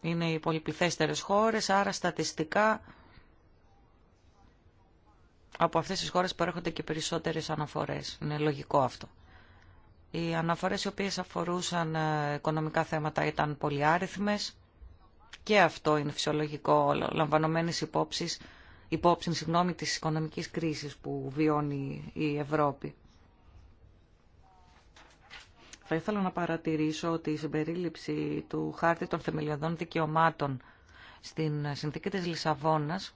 Είναι οι πολυπληθέστερες χώρες, άρα στατιστικά από αυτές τις χώρες παρέχονται και περισσότερες αναφορές. Είναι λογικό αυτό. Οι αναφορές οι οποίες αφορούσαν ε, οικονομικά θέματα ήταν πολυάριθμες και αυτό είναι φυσιολογικό λαμβανομένης υπόψης, υπόψη συγγνώμη, της οικονομικής κρίσης που βιώνει η Ευρώπη. Θα ήθελα να παρατηρήσω ότι η συμπερίληψη του χάρτη των θεμελιωδών δικαιωμάτων στην συνθήκη της Λισαβόνας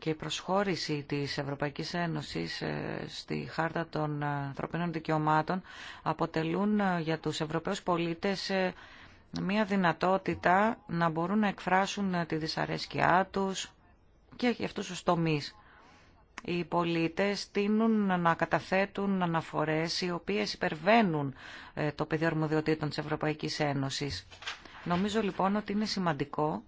και η προσχώρηση της Ευρωπαϊκής Ένωσης ε, στη Χάρτα των Ανθρωπίνων Δικαιωμάτων αποτελούν ε, για τους Ευρωπαίους πολίτες ε, μια δυνατότητα να μπορούν να εκφράσουν τη δυσαρέσκειά τους και για αυτούς τους τομείς. Οι πολίτες τείνουν να καταθέτουν αναφορές οι οποίες υπερβαίνουν το πεδίο αρμοδιοτήτων της Ευρωπαϊκής Ένωσης. Νομίζω λοιπόν ότι είναι σημαντικό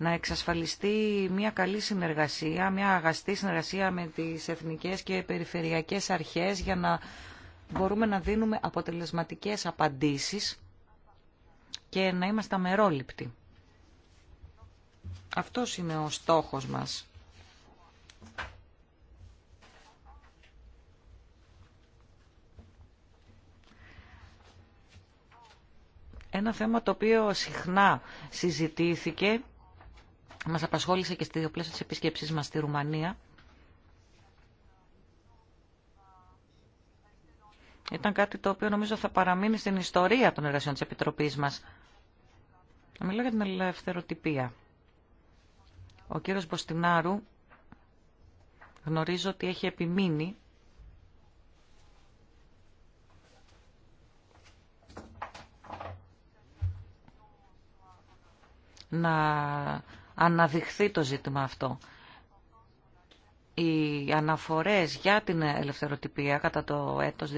να εξασφαλιστεί μια καλή συνεργασία, μια αγαστή συνεργασία με τις εθνικές και περιφερειακές αρχές για να μπορούμε να δίνουμε αποτελεσματικές απαντήσεις και να είμαστε αμερόληπτοι. Αυτό είναι ο στόχος μας. Ένα θέμα το οποίο συχνά συζητήθηκε μας απασχόλησε και στη πλαίσια της επισκέψης μας στη Ρουμανία. Ήταν κάτι το οποίο νομίζω θα παραμείνει στην ιστορία των εργασιών της Επιτροπής μας. Να μιλάω για την ελευθεροτυπία. Ο κύριος Μποστινάρου γνωρίζω ότι έχει επιμείνει να αναδειχθεί το ζήτημα αυτό. Οι αναφορές για την ελευθεροτυπία κατά το έτος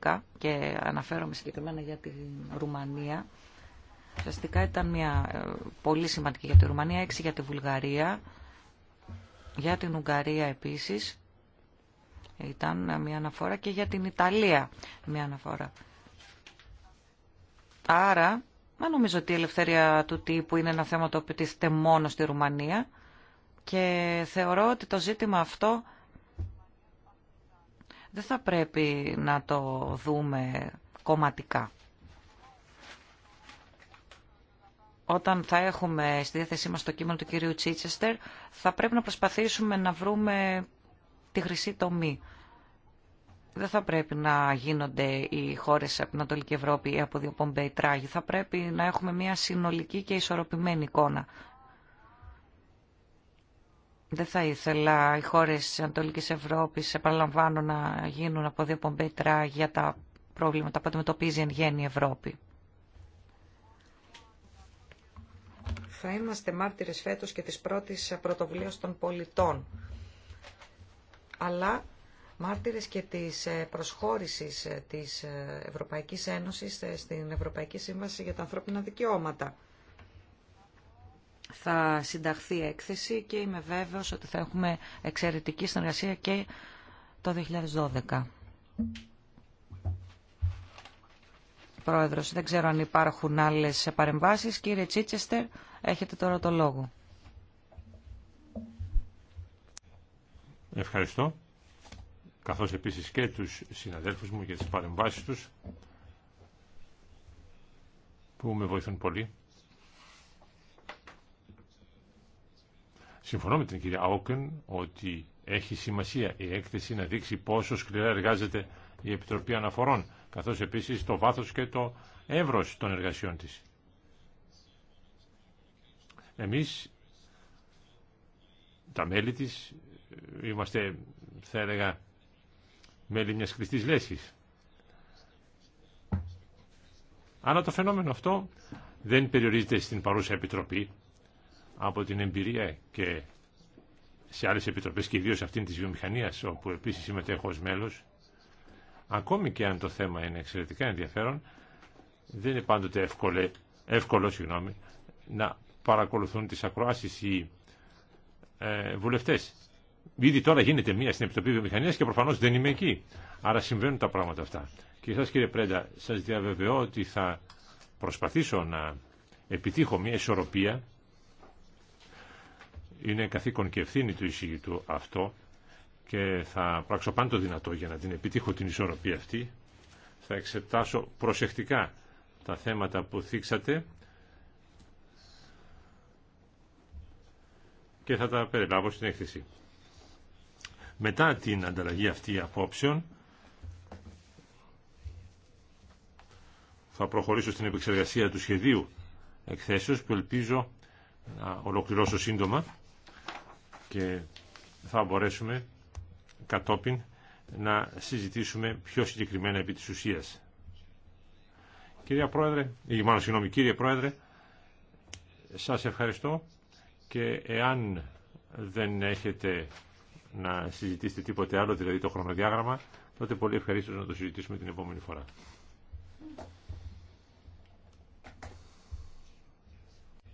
2011 και αναφέρομαι συγκεκριμένα για τη Ρουμανία, ουσιαστικά ήταν μια ε, πολύ σημαντική για τη Ρουμανία, έξι για τη Βουλγαρία, για την Ουγγαρία επίσης, ήταν μια αναφορά και για την Ιταλία μια αναφορά. Άρα Μα νομίζω ότι η ελευθερία του τύπου είναι ένα θέμα το οποίο τίθεται μόνο στη Ρουμανία και θεωρώ ότι το ζήτημα αυτό δεν θα πρέπει να το δούμε κομματικά. Όταν θα έχουμε στη διάθεσή μας το κείμενο του κυρίου Τσίτσεστερ, θα πρέπει να προσπαθήσουμε να βρούμε τη χρυσή τομή δεν θα πρέπει να γίνονται οι χώρες από την Ανατολική Ευρώπη ή από Πομπέι τράγοι. Θα πρέπει να έχουμε μια συνολική και ισορροπημένη εικόνα. Δεν θα ήθελα οι χώρες της Ανατολικής Ευρώπης, επαναλαμβάνω, να γίνουν από δύο Πομπέι τράγοι για τα προβλήματα που αντιμετωπίζει εν γέννη η Ευρώπη. Θα είμαστε μάρτυρες φέτος και της πρώτης πρωτοβουλίας των πολιτών. Αλλά μάρτυρες και της ε, προσχώρησης ε, της ε, Ευρωπαϊκής Ένωσης στην Ευρωπαϊκή Σύμβαση για τα Ανθρώπινα Δικαιώματα. Θα συνταχθεί έκθεση και είμαι βέβαιος ότι θα έχουμε εξαιρετική συνεργασία και το 2012. Πρόεδρος, δεν ξέρω αν υπάρχουν άλλες παρεμβάσεις. Κύριε Τσίτσεστερ, έχετε τώρα το λόγο. Ευχαριστώ καθώς επίσης και τους συναδέλφους μου για τις παρεμβάσεις τους που με βοηθούν πολύ. Συμφωνώ με την κυρία Άουκεν ότι έχει σημασία η έκθεση να δείξει πόσο σκληρά εργάζεται η Επιτροπή Αναφορών, καθώς επίσης το βάθος και το εύρος των εργασιών της. Εμείς, τα μέλη της, είμαστε, θα έλεγα, μέλη μιας χρηστής λέσχης. Αλλά το φαινόμενο αυτό δεν περιορίζεται στην παρούσα επιτροπή από την εμπειρία και σε άλλες επιτροπές και ιδίως αυτήν της βιομηχανίας όπου επίσης συμμετέχω ως μέλος ακόμη και αν το θέμα είναι εξαιρετικά ενδιαφέρον δεν είναι πάντοτε εύκολο, εύκολο συγγνώμη, να παρακολουθούν τις ακροάσεις οι ε, βουλευτές. Ήδη τώρα γίνεται μία στην Επιτροπή Βιομηχανία και προφανώ δεν είμαι εκεί. Άρα συμβαίνουν τα πράγματα αυτά. Και σα κύριε Πρέντα, σα διαβεβαιώ ότι θα προσπαθήσω να επιτύχω μία ισορροπία. Είναι καθήκον και ευθύνη του εισηγητού αυτό και θα πράξω πάντο δυνατό για να την επιτύχω την ισορροπία αυτή. Θα εξετάσω προσεκτικά τα θέματα που θίξατε και θα τα περιλάβω στην έκθεση. Μετά την ανταλλαγή αυτή απόψεων θα προχωρήσω στην επεξεργασία του σχεδίου εκθέσεως που ελπίζω να ολοκληρώσω σύντομα και θα μπορέσουμε κατόπιν να συζητήσουμε πιο συγκεκριμένα επί της ουσίας. Κυρία Πρόεδρε, ή μάλλον κύριε Πρόεδρε, σας ευχαριστώ και εάν δεν έχετε να συζητήσετε τίποτε άλλο, δηλαδή το χρονοδιάγραμμα, τότε πολύ ευχαρίστω να το συζητήσουμε την επόμενη φορά.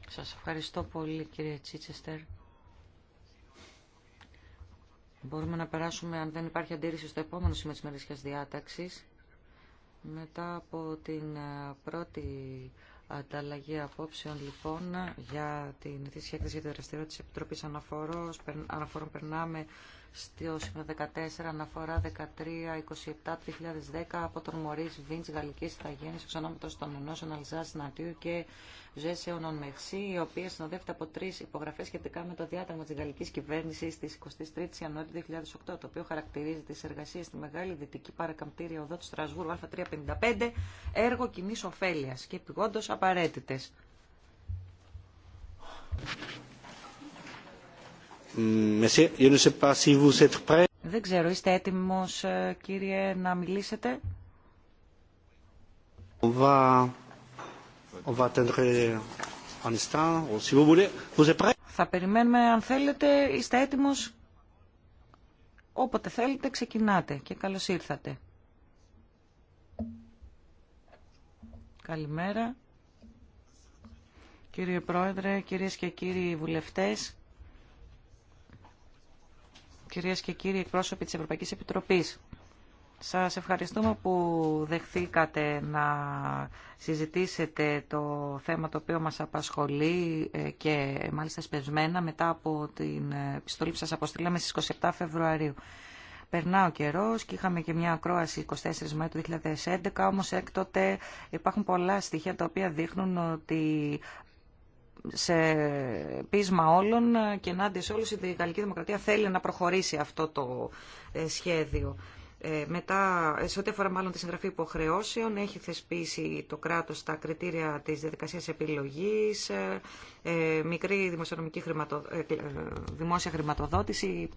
Σας ευχαριστώ πολύ κύριε Τσίτσεστερ. Μπορούμε να περάσουμε, αν δεν υπάρχει αντίρρηση, στο επόμενο σήμερα της μερικής διάταξης. Μετά από την ε, πρώτη Ανταλλαγή απόψεων λοιπόν για την Εθνική έκθεση για τη δραστηριότητα τη Επιτροπή Αναφορών. Περνάμε στο σημείο 14 αναφορά 13-27 2010 από τον Μωρίς Βίντς Γαλλικής Ιθαγένειας εξονόμητος των ενώσεων Αλζάς Νατίου και Ζεσεωνων Μεχσή η οποία συνοδεύεται από τρει υπογραφές σχετικά με το διάταγμα της Γαλλική κυβέρνησης τη 23 η Ιανουαρίου 2008 το οποίο χαρακτηρίζει τις εργασίες στη Μεγάλη Δυτική Παρακαμπτήρια Οδό του Στρασβούργου Α355 έργο κοινή ωφέλεια και επιγόντως απαραίτητες. Δεν ξέρω, είστε έτοιμος ε, κύριε να μιλήσετε. Θα περιμένουμε αν θέλετε, είστε έτοιμος. Όποτε θέλετε ξεκινάτε και καλώς ήρθατε. Καλημέρα. Κύριε Πρόεδρε, κυρίες και κύριοι βουλευτές κυρίες και κύριοι εκπρόσωποι της Ευρωπαϊκής Επιτροπής. Σας ευχαριστούμε που δεχθήκατε να συζητήσετε το θέμα το οποίο μας απασχολεί ε, και μάλιστα σπευσμένα μετά από την επιστολή που σας αποστήλαμε στις 27 Φεβρουαρίου. Περνά ο καιρό και είχαμε και μια ακρόαση 24 Μαΐου του 2011, όμως έκτοτε υπάρχουν πολλά στοιχεία τα οποία δείχνουν ότι σε πείσμα όλων και ενάντια σε όλους η Γαλλική Δημοκρατία θέλει να προχωρήσει αυτό το ε, σχέδιο. Ε, μετά, σε ό,τι αφορά μάλλον τη συγγραφή υποχρεώσεων, έχει θεσπίσει το κράτος τα κριτήρια της διαδικασίας επιλογής, ε, ε μικρή δημοσιονομική ε, δημόσια χρηματοδότηση,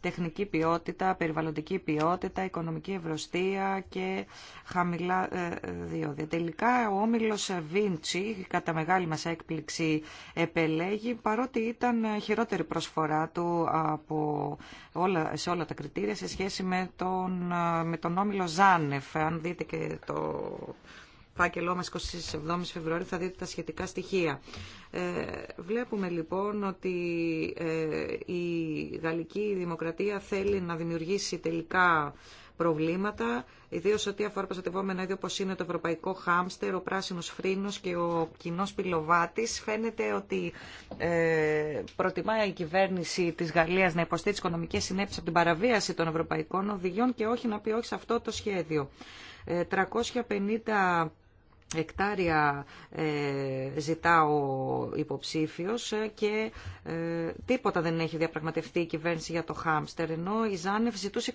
τεχνική ποιότητα, περιβαλλοντική ποιότητα, οικονομική ευρωστία και χαμηλά διόδια. Τελικά, ο Όμιλος Βίντσι, κατά μεγάλη μας έκπληξη, επελέγει, παρότι ήταν χειρότερη προσφορά του από όλα, σε όλα τα κριτήρια σε σχέση με τον ε, με τον όμιλο Ζάνεφ. Αν δείτε και το φάκελό μας 27 Φεβρουαρίου θα δείτε τα σχετικά στοιχεία. Ε, βλέπουμε λοιπόν ότι ε, η γαλλική δημοκρατία θέλει να δημιουργήσει τελικά προβλήματα, ιδίω ό,τι αφορά προστατευόμενα είδη όπω είναι το ευρωπαϊκό χάμστερ, ο πράσινο φρύνο και ο κοινό πυλοβάτη. Φαίνεται ότι ε, προτιμάει η κυβέρνηση τη Γαλλία να υποστεί τι οικονομικέ συνέπειε από την παραβίαση των ευρωπαϊκών οδηγιών και όχι να πει όχι σε αυτό το σχέδιο. 350 ε, εκτάρια ε, ζητά ο υποψήφιος και ε, τίποτα δεν έχει διαπραγματευτεί η κυβέρνηση για το χάμστερ, ενώ η Ζάνεφ ζητούσε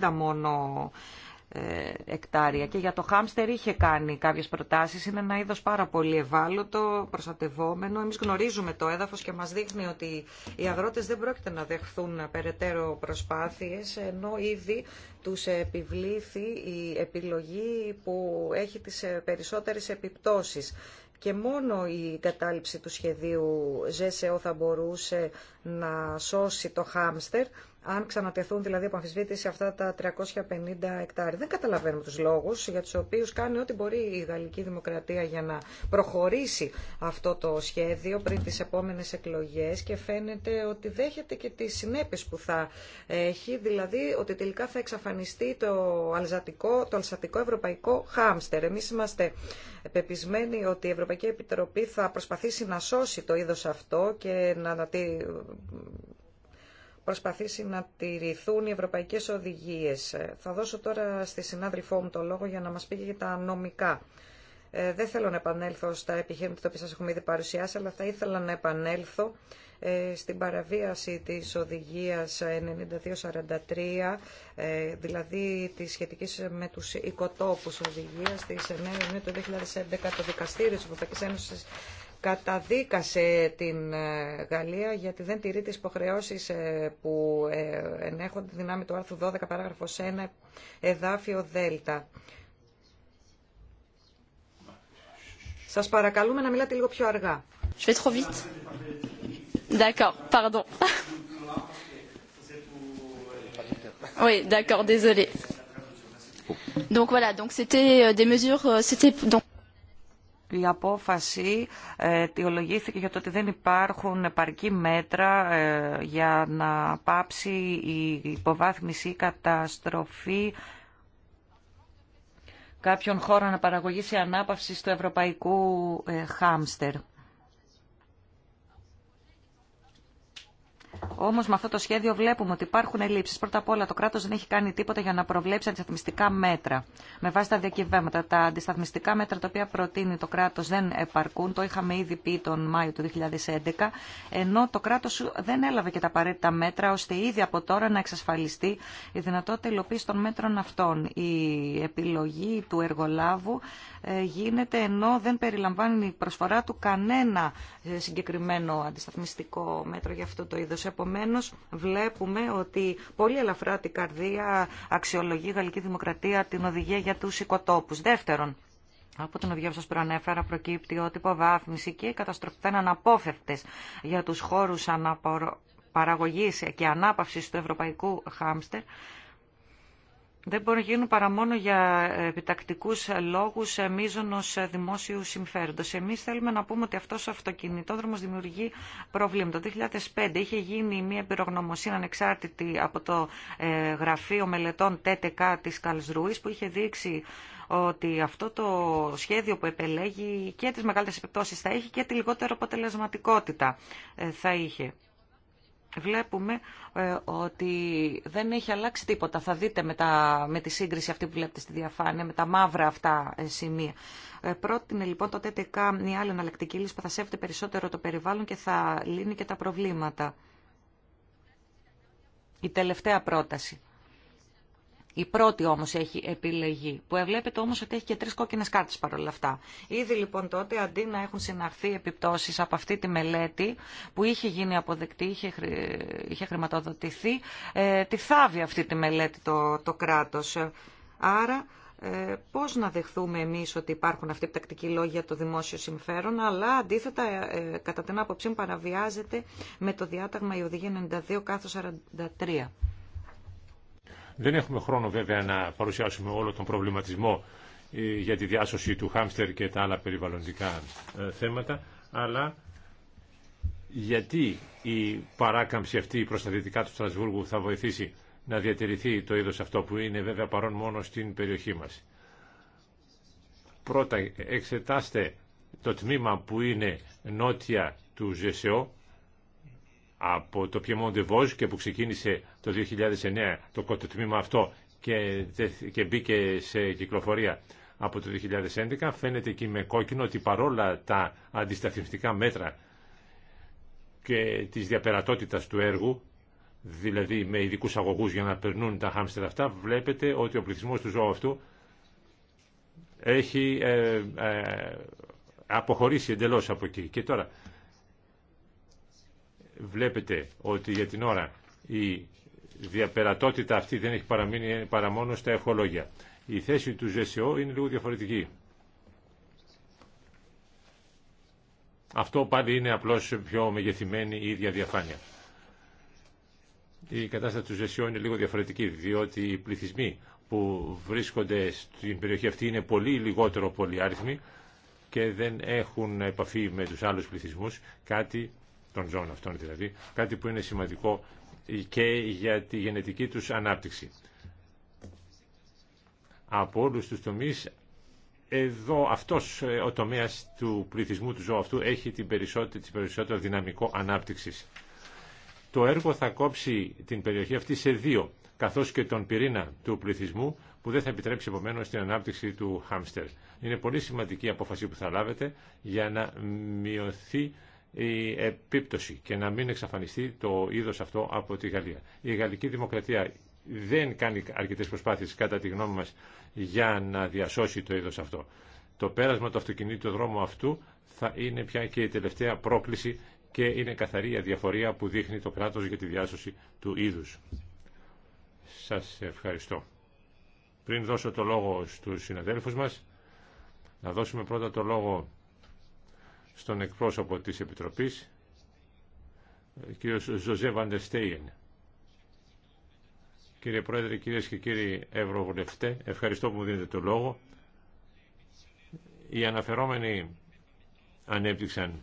270 μόνο ε, εκτάρια. Και για το χάμστερ είχε κάνει κάποιες προτάσεις. Είναι ένα είδος πάρα πολύ ευάλωτο, προστατευόμενο. Εμείς γνωρίζουμε το έδαφος και μας δείχνει ότι οι αγρότες δεν πρόκειται να δεχθούν περαιτέρω προσπάθειες, ενώ ήδη τους επιβλήθη η επιλογή που έχει τις περισσότερες επιπτώσεις και μόνο η κατάληψη του σχεδίου ΖΕΣΕΟ θα μπορούσε να σώσει το χάμστερ αν ξανατεθούν δηλαδή από αμφισβήτηση αυτά τα 350 εκτάρια. Δεν καταλαβαίνουμε τους λόγους για τους οποίους κάνει ό,τι μπορεί η Γαλλική Δημοκρατία για να προχωρήσει αυτό το σχέδιο πριν τις επόμενες εκλογές και φαίνεται ότι δέχεται και τις συνέπειες που θα έχει, δηλαδή ότι τελικά θα εξαφανιστεί το αλζατικό, αλσατικό ευρωπαϊκό χάμστερ. Εμείς είμαστε πεπισμένοι ότι η Ευρωπαϊκή Επιτροπή θα προσπαθήσει να σώσει το είδος αυτό και να, να προσπαθήσει να τηρηθούν οι ευρωπαϊκές οδηγίες. Ε, θα δώσω τώρα στη συνάδελφό μου το λόγο για να μας πει για τα νομικά. Ε, δεν θέλω να επανέλθω στα επιχείρηματα που οποία σας έχουμε ήδη παρουσιάσει, αλλά θα ήθελα να επανέλθω ε, στην παραβίαση της οδηγίας 9243, ε, δηλαδή τη σχετική με τους οικοτόπους οδηγίας της 9 Ιουνίου του 2011. Το Δικαστήριο της Ευρωπαϊκής Ένωσης καταδίκασε την ε, Γαλλία γιατί δεν τηρεί τις υποχρεώσεις ε, που ε, ενέχονται δυνάμει του άρθρου 12 παράγραφος 1 εδάφιο Δέλτα. Σας παρακαλούμε να μιλάτε λίγο πιο αργά. Je vais D'accord, pardon. Oui, d'accord, désolé. Donc voilà, donc c'était euh, des mesures, euh, c'était η απόφαση ε, αιτιολογήθηκε για το ότι δεν υπάρχουν επαρκή μέτρα ε, για να πάψει η υποβάθμιση ή καταστροφή κάποιων χώρων αναπαραγωγής ή ανάπαυσης του ευρωπαϊκού ε, χάμστερ. Όμω με αυτό το σχέδιο βλέπουμε ότι υπάρχουν ελλείψει. Πρώτα απ' όλα το κράτο δεν έχει κάνει τίποτα για να προβλέψει αντισταθμιστικά μέτρα. Με βάση τα διακυβέρματα. τα αντισταθμιστικά μέτρα τα οποία προτείνει το κράτο δεν επαρκούν. Το είχαμε ήδη πει τον Μάιο του 2011. Ενώ το κράτο δεν έλαβε και τα απαραίτητα μέτρα ώστε ήδη από τώρα να εξασφαλιστεί η δυνατότητα υλοποίηση των μέτρων αυτών. Η επιλογή του εργολάβου ε, γίνεται ενώ δεν περιλαμβάνει η προσφορά του κανένα ε, συγκεκριμένο αντισταθμιστικό μέτρο για αυτό το είδο Επομένω, Επομένως βλέπουμε ότι πολύ ελαφρά την καρδία αξιολογεί η Γαλλική Δημοκρατία την οδηγία για τους οικοτόπους. Δεύτερον, από την οδηγία που σα προανέφερα προκύπτει ότι υποβάθμιση και οι καταστροφέ θα είναι αναπόφευκτε για του χώρου παραγωγή και ανάπαυσης του ευρωπαϊκού χάμστερ δεν μπορεί να γίνουν παρά μόνο για επιτακτικούς λόγους μίζωνος δημόσιου συμφέροντος. Εμείς θέλουμε να πούμε ότι αυτός ο αυτοκινητόδρομος δημιουργεί προβλήματα. Το 2005 είχε γίνει μια πυρογνωμοσύνη ανεξάρτητη από το ε, Γραφείο Μελετών ΤΕΤΕΚΑ της Καλσρούης που είχε δείξει ότι αυτό το σχέδιο που επελέγει και τις μεγαλύτερες επιπτώσεις θα έχει και τη λιγότερη αποτελεσματικότητα ε, θα είχε βλέπουμε ε, ότι δεν έχει αλλάξει τίποτα. Θα δείτε με, τα, με τη σύγκριση αυτή που βλέπετε στη διαφάνεια, με τα μαύρα αυτά ε, σημεία. Ε, πρότεινε λοιπόν το TTK μια άλλη εναλλακτική λύση που θα σέβεται περισσότερο το περιβάλλον και θα λύνει και τα προβλήματα. Η τελευταία πρόταση. Η πρώτη όμω έχει επιλεγεί, που βλέπετε όμω ότι έχει και τρει κόκκινε κάρτες παρόλα αυτά. Ήδη λοιπόν τότε, αντί να έχουν συναρθεί επιπτώσει από αυτή τη μελέτη που είχε γίνει αποδεκτή, είχε, είχε χρηματοδοτηθεί, ε, τη θάβει αυτή τη μελέτη το, το κράτος. Άρα ε, πώς να δεχθούμε εμεί ότι υπάρχουν αυτοί οι τακτικοί λόγοι για το δημόσιο συμφέρον, αλλά αντίθετα ε, ε κατά την άποψή μου παραβιάζεται με το διάταγμα η Οδηγία 92 43. Δεν έχουμε χρόνο βέβαια να παρουσιάσουμε όλο τον προβληματισμό ε, για τη διάσωση του χάμστερ και τα άλλα περιβαλλοντικά ε, θέματα, αλλά γιατί η παράκαμψη αυτή προς τα δυτικά του Στρασβούργου θα βοηθήσει να διατηρηθεί το είδος αυτό που είναι βέβαια παρόν μόνο στην περιοχή μας. Πρώτα εξετάστε το τμήμα που είναι νότια του ΖΕΣΕΟ από το Piemont de Vos και που ξεκίνησε το 2009 το, το τμήμα αυτό και, και μπήκε σε κυκλοφορία από το 2011 φαίνεται εκεί με κόκκινο ότι παρόλα τα αντισταθμιστικά μέτρα και της διαπερατότητας του έργου δηλαδή με ειδικού αγωγούς για να περνούν τα χάμστερ αυτά βλέπετε ότι ο πληθυσμός του ζώου αυτού έχει ε, ε, αποχωρήσει εντελώς από εκεί. Και τώρα Βλέπετε ότι για την ώρα η διαπερατότητα αυτή δεν έχει παραμείνει παρά μόνο στα ευχολόγια. Η θέση του ΖΕΣΙΟ είναι λίγο διαφορετική. Αυτό πάλι είναι απλώς πιο μεγεθυμένη η ίδια διαφάνεια. Η κατάσταση του ΖΕΣΙΟ είναι λίγο διαφορετική, διότι οι πληθυσμοί που βρίσκονται στην περιοχή αυτή είναι πολύ λιγότερο πολυάριθμοι και δεν έχουν επαφή με τους άλλους πληθυσμούς, κάτι των ζώων αυτών δηλαδή, κάτι που είναι σημαντικό και για τη γενετική τους ανάπτυξη. Από όλους τους τομείς, εδώ αυτός ε, ο τομέας του πληθυσμού του ζώου αυτού έχει την περισσότερη την περισσότερη δυναμικό ανάπτυξης. Το έργο θα κόψει την περιοχή αυτή σε δύο, καθώς και τον πυρήνα του πληθυσμού, που δεν θα επιτρέψει επομένως την ανάπτυξη του χάμστερ. Είναι πολύ σημαντική η απόφαση που θα λάβετε για να μειωθεί η επίπτωση και να μην εξαφανιστεί το είδος αυτό από τη Γαλλία. Η γαλλική δημοκρατία δεν κάνει αρκετές προσπάθειες κατά τη γνώμη μας για να διασώσει το είδος αυτό. Το πέρασμα του αυτοκινήτου δρόμου αυτού θα είναι πια και η τελευταία πρόκληση και είναι καθαρή η διαφορία που δείχνει το κράτος για τη διάσωση του είδους. Σας ευχαριστώ. Πριν δώσω το λόγο στους συναδέλφους μας, να δώσουμε πρώτα το λόγο στον εκπρόσωπο της Επιτροπής, ε, κ. Ζωζέ Βαντεστέιεν. Κύριε Πρόεδρε, κυρίες και κύριοι Ευρωβουλευτέ, ευχαριστώ που μου δίνετε το λόγο. Οι αναφερόμενοι ανέπτυξαν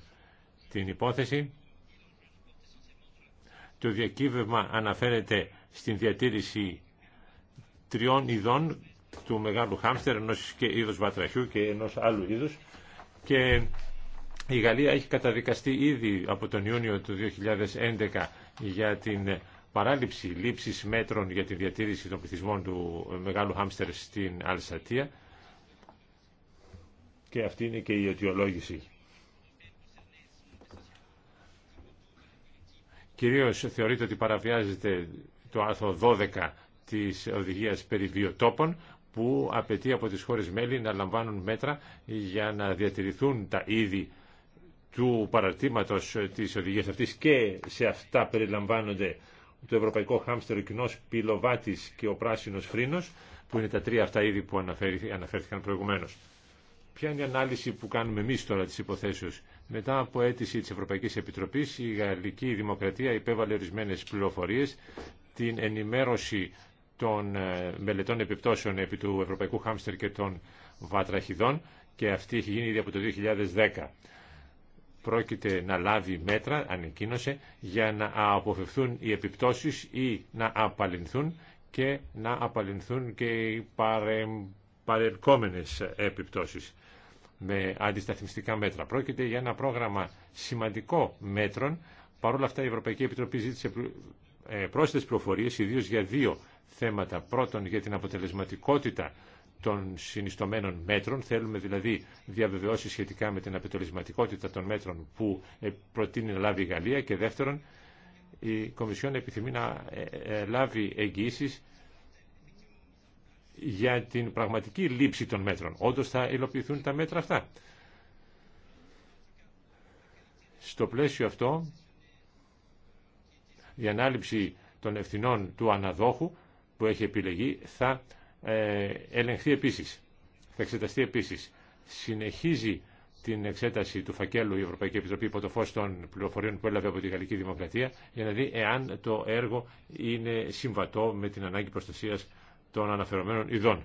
την υπόθεση. Το διακύβευμα αναφέρεται στην διατήρηση τριών ειδών του μεγάλου χάμστερ, ενός και είδους βατραχιού και ενός άλλου είδους και η Γαλλία έχει καταδικαστεί ήδη από τον Ιούνιο του 2011 για την παράληψη λήψης μέτρων για τη διατήρηση των πληθυσμών του μεγάλου χάμστερ στην Αλσατία και αυτή είναι και η αιτιολόγηση. Κυρίως θεωρείται ότι παραβιάζεται το άρθρο 12 της οδηγίας περί που απαιτεί από τις χώρες μέλη να λαμβάνουν μέτρα για να διατηρηθούν τα είδη του παραρτήματος ε, της οδηγίας αυτής και σε αυτά περιλαμβάνονται το ευρωπαϊκό χάμστερο κοινό πυλοβάτης και ο πράσινος φρύνος που είναι τα τρία αυτά είδη που αναφέρθηκαν προηγουμένως. Ποια είναι η ανάλυση που κάνουμε εμείς τώρα της υποθέσεως. Μετά από αίτηση της Ευρωπαϊκής Επιτροπής η Γαλλική Δημοκρατία υπέβαλε ορισμένε πληροφορίες την ενημέρωση των ε, μελετών επιπτώσεων επί του Ευρωπαϊκού Χάμστερ και των Βατραχιδών και αυτή έχει γίνει ήδη από το 2010 πρόκειται να λάβει μέτρα, ανεκκίνωσε, για να αποφευθούν οι επιπτώσεις ή να απαλληλθούν και να απαλληλθούν και οι παρελκόμενες επιπτώσεις με αντισταθμιστικά μέτρα. Πρόκειται για ένα πρόγραμμα σημαντικό μέτρων. Παρ' όλα αυτά η Ευρωπαϊκή Επιτροπή ζήτησε ε, πρόσθετες προφορίες, ιδίως για δύο θέματα. Πρώτον, για την αποτελεσματικότητα των συνιστομένων μέτρων. Θέλουμε δηλαδή διαβεβαιώσει σχετικά με την απετολισματικότητα των μέτρων που προτείνει να λάβει η Γαλλία και δεύτερον η Κομισιόν επιθυμεί να ε, ε, λάβει εγγυήσεις για την πραγματική λήψη των μέτρων. Όντω θα υλοποιηθούν τα μέτρα αυτά. Στο πλαίσιο αυτό, η ανάληψη των ευθυνών του αναδόχου που έχει επιλεγεί θα ε, ελεγχθεί επίσης, θα εξεταστεί επίσης. Συνεχίζει την εξέταση του φακέλου η Ευρωπαϊκή Επιτροπή υπό το φως των πληροφοριών που έλαβε από τη Γαλλική Δημοκρατία για να δει εάν το έργο είναι συμβατό με την ανάγκη προστασίας των αναφερομένων ειδών.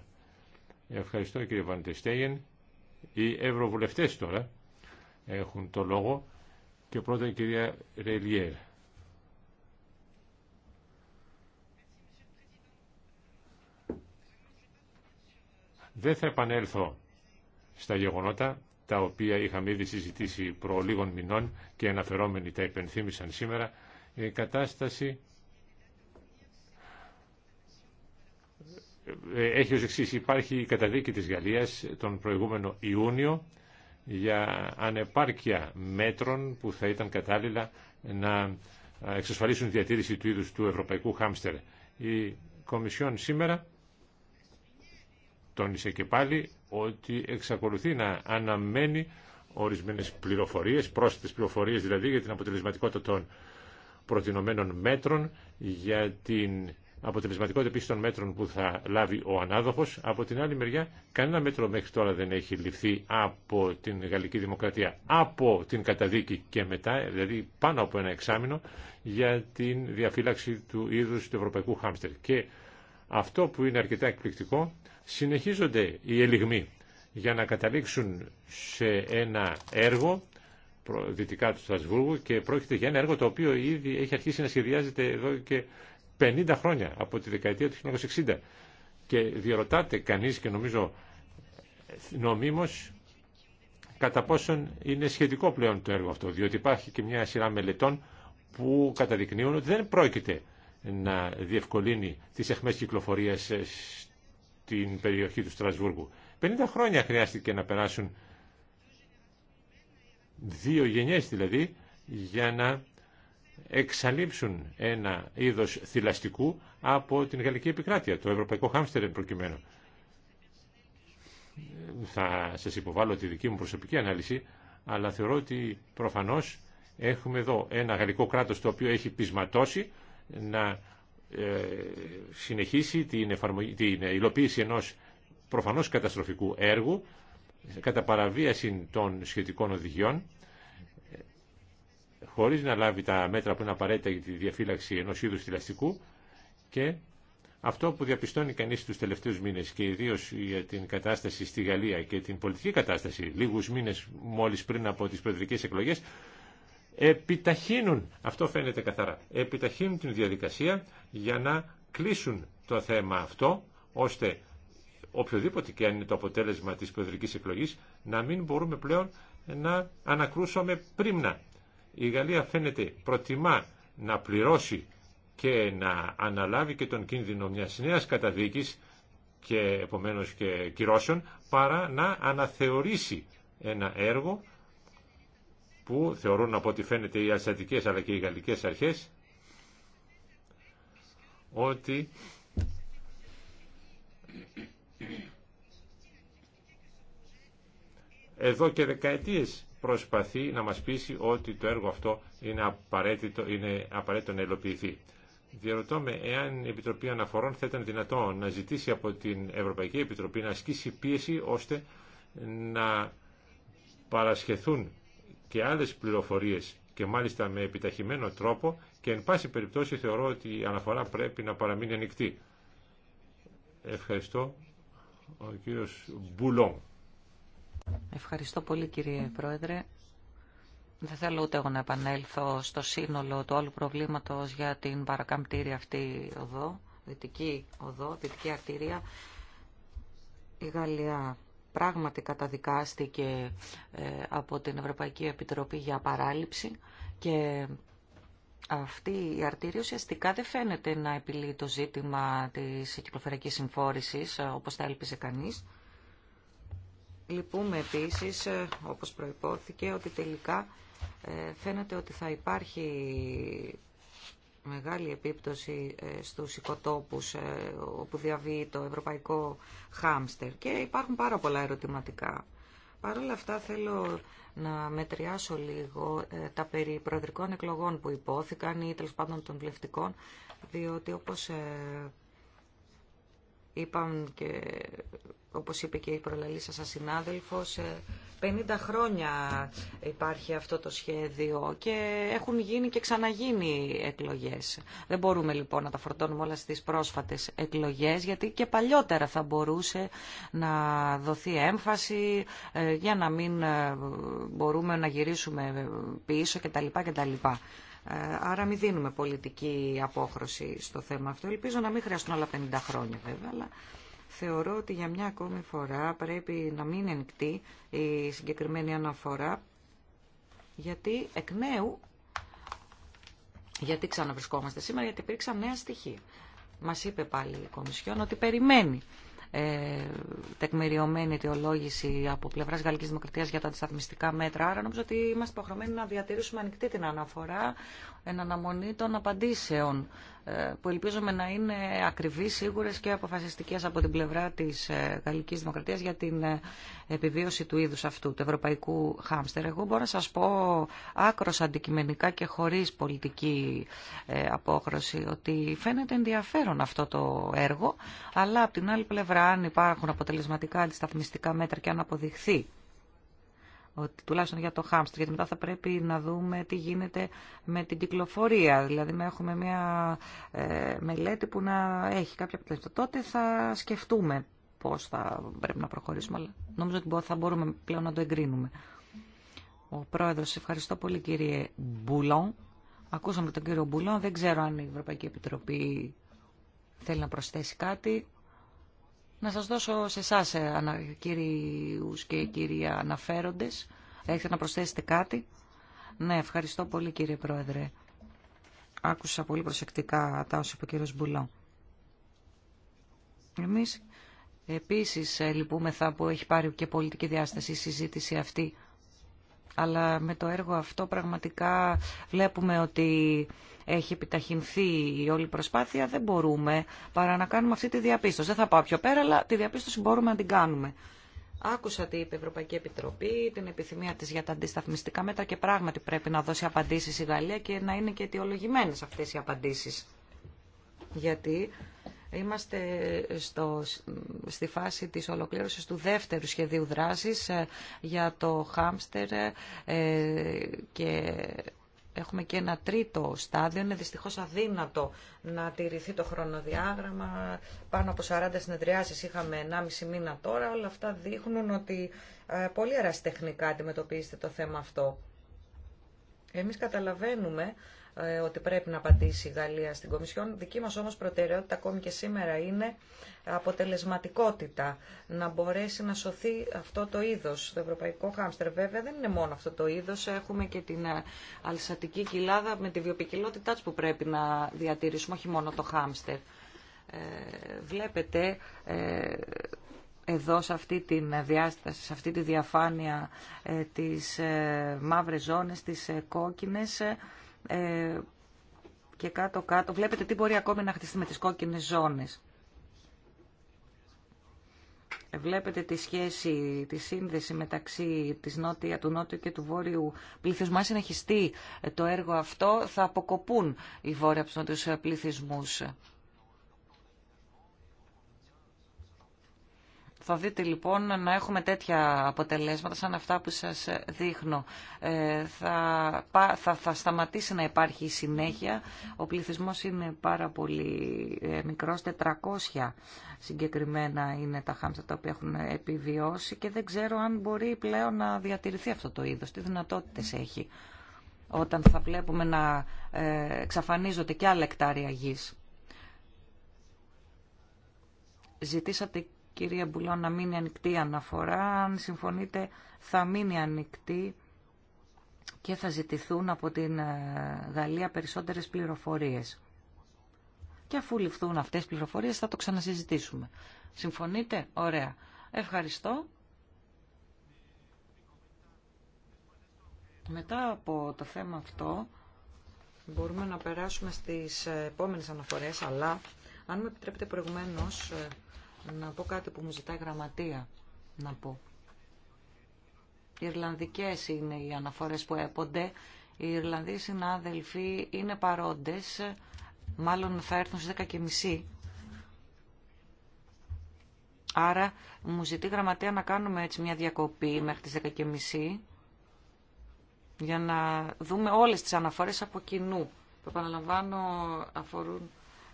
Ευχαριστώ κύριε Βαντεστέγεν. Οι ευρωβουλευτές τώρα έχουν το λόγο και πρώτα η κυρία Ρελιέρ Δεν θα επανέλθω στα γεγονότα τα οποία είχαμε ήδη συζητήσει προ λίγων μηνών και αναφερόμενοι τα υπενθύμησαν σήμερα. Η κατάσταση ε, έχει ως εξής. Υπάρχει η καταδίκη της Γαλλίας τον προηγούμενο Ιούνιο για ανεπάρκεια μέτρων που θα ήταν κατάλληλα να εξασφαλίσουν διατήρηση του είδους του ευρωπαϊκού χάμστερ. Η Κομισιόν σήμερα τόνισε και πάλι ότι εξακολουθεί να αναμένει ορισμένες πληροφορίες, πρόσθετες πληροφορίες δηλαδή για την αποτελεσματικότητα των προτινομένων μέτρων, για την αποτελεσματικότητα επίση των μέτρων που θα λάβει ο ανάδοχος. Από την άλλη μεριά, κανένα μέτρο μέχρι τώρα δεν έχει ληφθεί από την Γαλλική Δημοκρατία, από την καταδίκη και μετά, δηλαδή πάνω από ένα εξάμεινο, για την διαφύλαξη του είδους του ευρωπαϊκού χάμστερ. Και αυτό που είναι αρκετά εκπληκτικό συνεχίζονται οι ελιγμοί για να καταλήξουν σε ένα έργο δυτικά του Στρασβούργου και πρόκειται για ένα έργο το οποίο ήδη έχει αρχίσει να σχεδιάζεται εδώ και 50 χρόνια από τη δεκαετία του 1960 και διερωτάται κανείς και νομίζω νομίμως κατά πόσον είναι σχετικό πλέον το έργο αυτό διότι υπάρχει και μια σειρά μελετών που καταδεικνύουν ότι δεν πρόκειται να διευκολύνει τις αιχμές κυκλοφορίας την περιοχή του Στρασβούργου. 50 χρόνια χρειάστηκε να περάσουν δύο γενιές δηλαδή για να εξαλείψουν ένα είδος θηλαστικού από την γαλλική επικράτεια, το ευρωπαϊκό χάμστερ προκειμένου. Θα σας υποβάλω τη δική μου προσωπική ανάλυση, αλλά θεωρώ ότι προφανώς έχουμε εδώ ένα γαλλικό κράτος το οποίο έχει πεισματώσει να ε, συνεχίσει την, την υλοποίηση ενός προφανώς καταστροφικού έργου κατά παραβίαση των σχετικών οδηγιών χωρίς να λάβει τα μέτρα που είναι απαραίτητα για τη διαφύλαξη ενός είδους θηλαστικού και αυτό που διαπιστώνει κανείς τους τελευταίους μήνες και ιδίω για την κατάσταση στη Γαλλία και την πολιτική κατάσταση λίγους μήνες μόλις πριν από τις προεδρικές εκλογές επιταχύνουν, αυτό φαίνεται καθαρά, επιταχύνουν την διαδικασία για να κλείσουν το θέμα αυτό, ώστε οποιοδήποτε και αν είναι το αποτέλεσμα της προεδρικής εκλογής, να μην μπορούμε πλέον να ανακρούσουμε πρίμνα. Η Γαλλία φαίνεται προτιμά να πληρώσει και να αναλάβει και τον κίνδυνο μιας νέας καταδίκης και επομένως και κυρώσεων, παρά να αναθεωρήσει ένα έργο που θεωρούν από ό,τι φαίνεται οι ασιατικές αλλά και οι γαλλικές αρχές ότι εδώ και δεκαετίες προσπαθεί να μας πείσει ότι το έργο αυτό είναι απαραίτητο, είναι απαραίτητο να υλοποιηθεί. Διαρωτώ με εάν η Επιτροπή Αναφορών θα ήταν δυνατό να ζητήσει από την Ευρωπαϊκή Επιτροπή να ασκήσει πίεση ώστε να παρασχεθούν και άλλες πληροφορίες και μάλιστα με επιταχυμένο τρόπο και εν πάση περιπτώσει θεωρώ ότι η αναφορά πρέπει να παραμείνει ανοιχτή. Ευχαριστώ. Ο κύριος Μπουλόν. Ευχαριστώ πολύ κύριε Πρόεδρε. Δεν θέλω ούτε εγώ να επανέλθω στο σύνολο του όλου προβλήματος για την παρακαμπτήρια αυτή οδό, δυτική οδό, δυτική αρτηρία. Η Γαλλία πράγματι καταδικάστηκε ε, από την Ευρωπαϊκή Επιτροπή για παράληψη και αυτή η αρτήρια ουσιαστικά δεν φαίνεται να επιλύει το ζήτημα της κυκλοφοριακής συμφόρησης ε, όπως θα έλπιζε κανείς. Λυπούμε επίσης, ε, όπως προϋπόθηκε, ότι τελικά φαίνεται ότι θα υπάρχει μεγάλη επίπτωση ε, στους οικοτόπους ε, όπου διαβεί το ευρωπαϊκό χάμστερ και υπάρχουν πάρα πολλά ερωτηματικά. Παρ' όλα αυτά θέλω να μετριάσω λίγο ε, τα περί προεδρικών εκλογών που υπόθηκαν ή τέλο πάντων των βλεφτικών διότι όπως Είπαμε και όπως είπε και η προλαλήσα σας συνάδελφος, 50 ε, χρόνια υπάρχει αυτό το σχέδιο και έχουν γίνει και ξαναγίνει εκλογές. Δεν μπορούμε λοιπόν να τα φορτώνουμε όλα στις πρόσφατες εκλογές, γιατί και παλιότερα θα μπορούσε να δοθεί έμφαση ε, για να μην ε, μπορούμε να γυρίσουμε πίσω κτλ. Ε, άρα μην δίνουμε πολιτική απόχρωση στο θέμα αυτό. Ελπίζω να μην χρειαστούν άλλα 50 χρόνια βέβαια, αλλά θεωρώ ότι για μια ακόμη φορά πρέπει να μην ενκτεί η συγκεκριμένη αναφορά, γιατί εκ νέου, γιατί ξαναβρισκόμαστε σήμερα, γιατί υπήρξαν νέα στοιχεία. Μας είπε πάλι η Κομισιόν ότι περιμένει ε, τεκμηριωμένη αιτιολόγηση από πλευρά Γαλλική Δημοκρατία για τα αντισταθμιστικά μέτρα. Άρα νομίζω ότι είμαστε υποχρεωμένοι να διατηρήσουμε ανοιχτή την αναφορά εν αναμονή των απαντήσεων ε, που ελπίζουμε να είναι ακριβεί, σίγουρες και αποφασιστικές από την πλευρά της ε, Γαλλικής Δημοκρατίας για την ε, επιβίωση του είδους αυτού, του ευρωπαϊκού χάμστερ. Εγώ μπορώ να σας πω άκρος αντικειμενικά και χωρίς πολιτική απόχρωση ότι φαίνεται ενδιαφέρον αυτό το έργο, αλλά από την άλλη πλευρά αν υπάρχουν αποτελεσματικά αντισταθμιστικά μέτρα και αν αποδειχθεί ότι τουλάχιστον για το χάμστερ, γιατί μετά θα πρέπει να δούμε τι γίνεται με την κυκλοφορία. Δηλαδή να έχουμε μια ε, μελέτη που να έχει κάποια αποτελέσματα. Τότε θα σκεφτούμε πώς θα πρέπει να προχωρήσουμε, αλλά νομίζω ότι θα μπορούμε πλέον να το εγκρίνουμε. Ο Πρόεδρος, ευχαριστώ πολύ κύριε Μπουλόν. Ακούσαμε τον κύριο Μπουλόν, δεν ξέρω αν η Ευρωπαϊκή Επιτροπή θέλει να προσθέσει κάτι. Να σας δώσω σε εσά ε, κυρίους και κυρία αναφέροντες. Έχετε να προσθέσετε κάτι. Ναι, ευχαριστώ πολύ κύριε Πρόεδρε. Άκουσα πολύ προσεκτικά τα όσα είπε ο κύριος Μπουλό. Εμείς επίσης ε, λυπούμεθα που έχει πάρει και πολιτική διάσταση η συζήτηση αυτή αλλά με το έργο αυτό πραγματικά βλέπουμε ότι έχει επιταχυνθεί η όλη προσπάθεια. Δεν μπορούμε παρά να κάνουμε αυτή τη διαπίστωση. Δεν θα πάω πιο πέρα, αλλά τη διαπίστωση μπορούμε να την κάνουμε. Άκουσα τι είπε η Ευρωπαϊκή Επιτροπή, την επιθυμία της για τα αντισταθμιστικά μέτρα και πράγματι πρέπει να δώσει απαντήσεις η Γαλλία και να είναι και αιτιολογημένες αυτές οι απαντήσεις. Γιατί Είμαστε στο, στη φάση της ολοκλήρωσης του δεύτερου σχεδίου δράσης ε, για το χάμστερ ε, και έχουμε και ένα τρίτο στάδιο. Είναι δυστυχώς αδύνατο να τηρηθεί το χρονοδιάγραμμα. Πάνω από 40 συνεδριάσεις είχαμε 1,5 μήνα τώρα. Όλα αυτά δείχνουν ότι ε, πολύ αραστεχνικά αντιμετωπίζεται το θέμα αυτό. Εμείς καταλαβαίνουμε ε, ότι πρέπει να πατήσει η Γαλλία στην Κομισιόν. Δική μας όμως προτεραιότητα ακόμη και σήμερα είναι αποτελεσματικότητα, να μπορέσει να σωθεί αυτό το είδος. Το ευρωπαϊκό χάμστερ βέβαια δεν είναι μόνο αυτό το είδος, έχουμε και την ε, αλσατική κοιλάδα με τη βιοπικιλότητά που πρέπει να διατηρήσουμε, όχι μόνο το χάμστερ. Ε, βλέπετε εδώ σε αυτή τη διάσταση, σε αυτή τη διαφάνεια ε, τις ε, μαύρες ζώνες, τις κόκκινες ε, και κάτω-κάτω βλέπετε τι μπορεί ακόμη να χτιστεί με τις κόκκινες ζώνες. Ε, βλέπετε τη σχέση, τη σύνδεση μεταξύ της νότια, του νότιου και του βόρειου πληθυσμού. Αν συνεχιστεί το έργο αυτό, θα αποκοπούν οι βόρειοι από τους πληθυσμούς. Θα δείτε λοιπόν να έχουμε τέτοια αποτελέσματα σαν αυτά που σας ε, δείχνω. Ε, θα, θα, θα σταματήσει να υπάρχει η συνέχεια. Ο πληθυσμός είναι πάρα πολύ ε, μικρός, 400 συγκεκριμένα είναι τα χάμσα τα οποία έχουν επιβιώσει και δεν ξέρω αν μπορεί πλέον να διατηρηθεί αυτό το είδος, τι δυνατότητες έχει όταν θα βλέπουμε να ε, εξαφανίζονται και άλλα εκτάρια γης. Ζητήσατε κυρία Μπουλόν να μείνει ανοιχτή η αναφορά. Αν συμφωνείτε θα μείνει ανοιχτή και θα ζητηθούν από την ε, Γαλλία περισσότερες πληροφορίες. Και αφού ληφθούν αυτές τις πληροφορίες θα το ξανασυζητήσουμε. Συμφωνείτε? Ωραία. Ευχαριστώ. Μετά από το θέμα αυτό μπορούμε να περάσουμε στις ε, επόμενες αναφορές, αλλά αν με επιτρέπετε προηγουμένως ε, να πω κάτι που μου ζητάει γραμματεία να πω. Οι Ιρλανδικές είναι οι αναφορές που έπονται. Οι Ιρλανδοί συνάδελφοι είναι παρόντες, μάλλον θα έρθουν στις 10.30. Άρα μου ζητεί γραμματεία να κάνουμε έτσι μια διακοπή μέχρι τις 10.30 για να δούμε όλες τις αναφορές από κοινού. Το επαναλαμβάνω αφορούν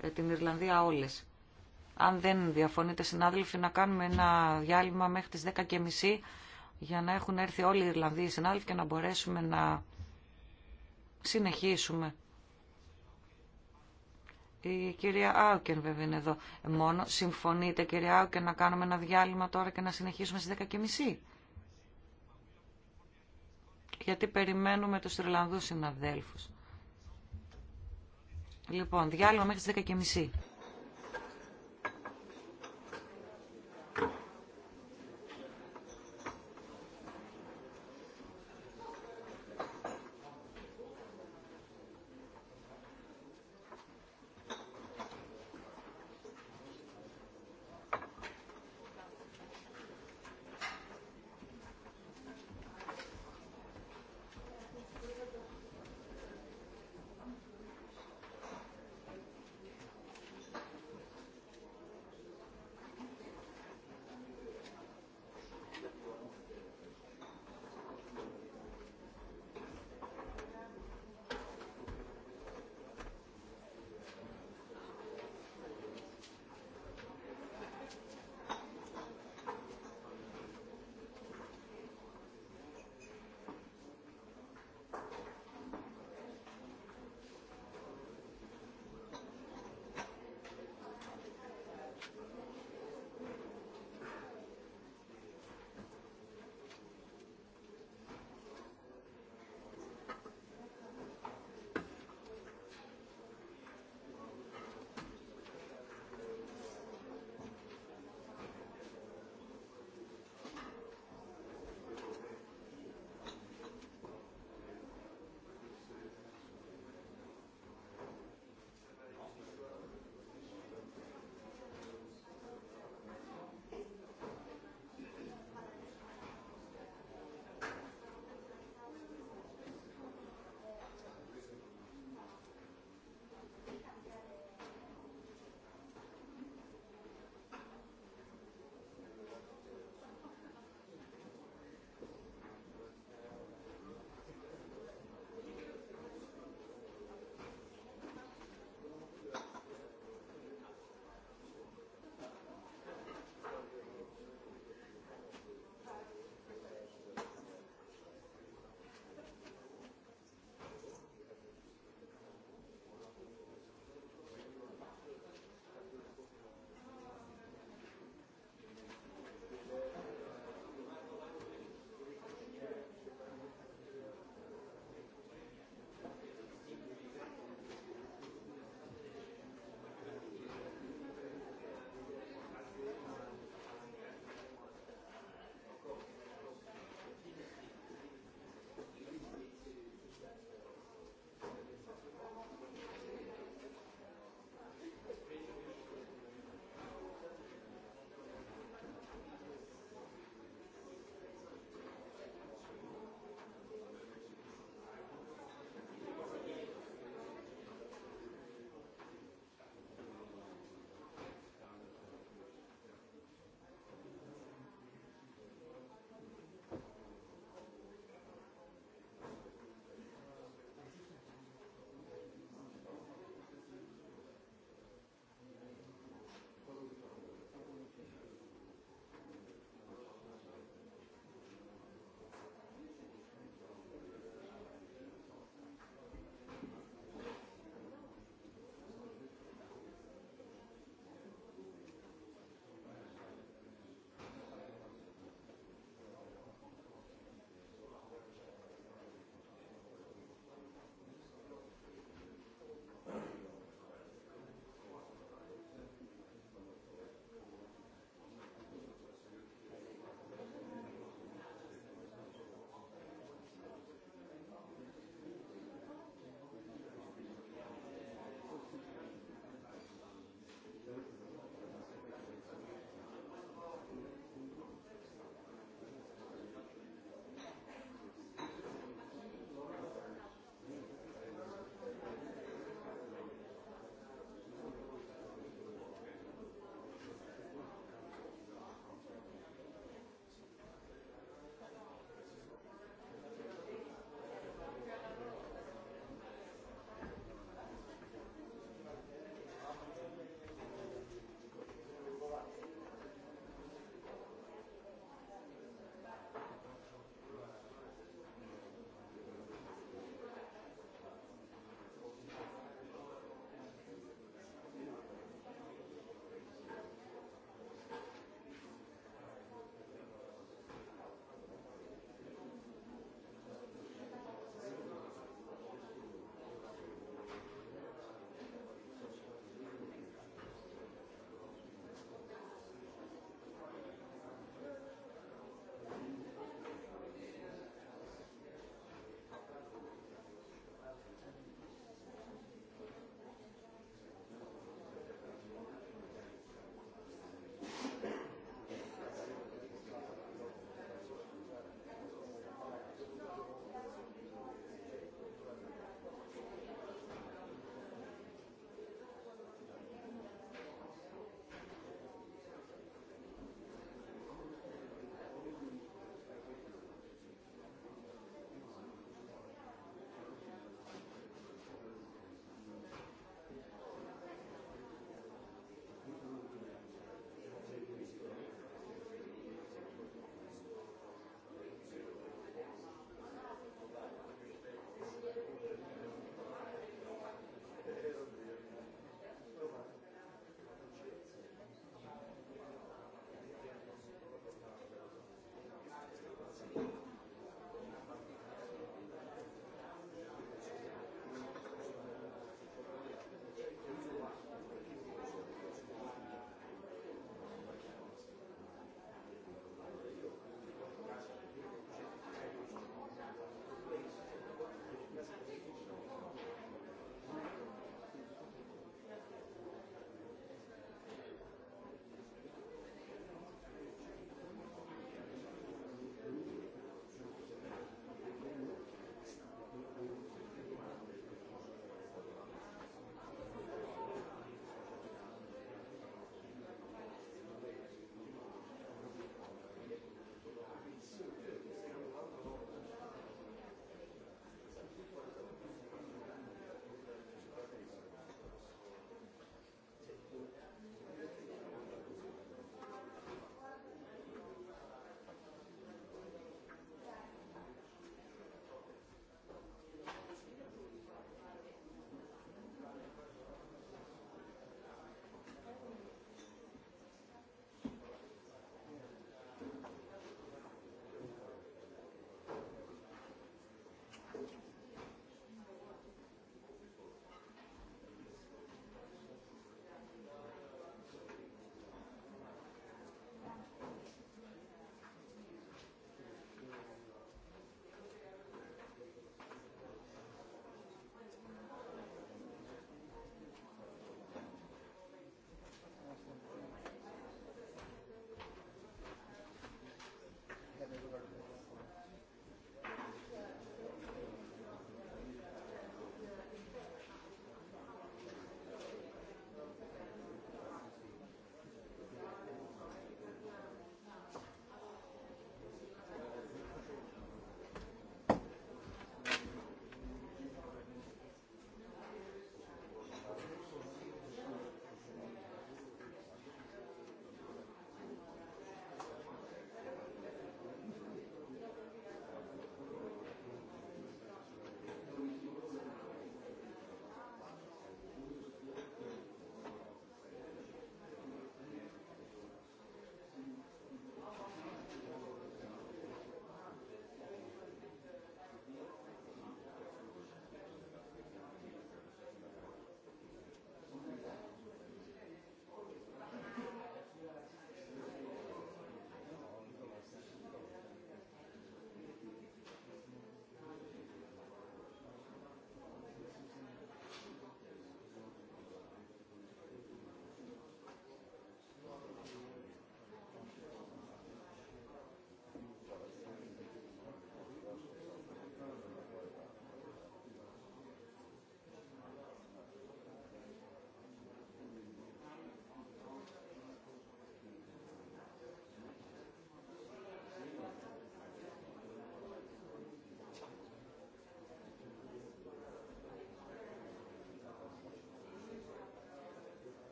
ε, την Ιρλανδία όλες αν δεν διαφωνείτε συνάδελφοι, να κάνουμε ένα διάλειμμα μέχρι τις 10.30 για να έχουν έρθει όλοι οι Ιρλανδοί συνάδελφοι και να μπορέσουμε να συνεχίσουμε. Η κυρία Άουκεν βέβαια είναι εδώ. Ε, μόνο συμφωνείτε κυρία Άουκεν να κάνουμε ένα διάλειμμα τώρα και να συνεχίσουμε στις 10.30. Γιατί περιμένουμε τους Ιρλανδούς συναδέλφους. Λοιπόν, διάλειμμα μέχρι τις 10.30.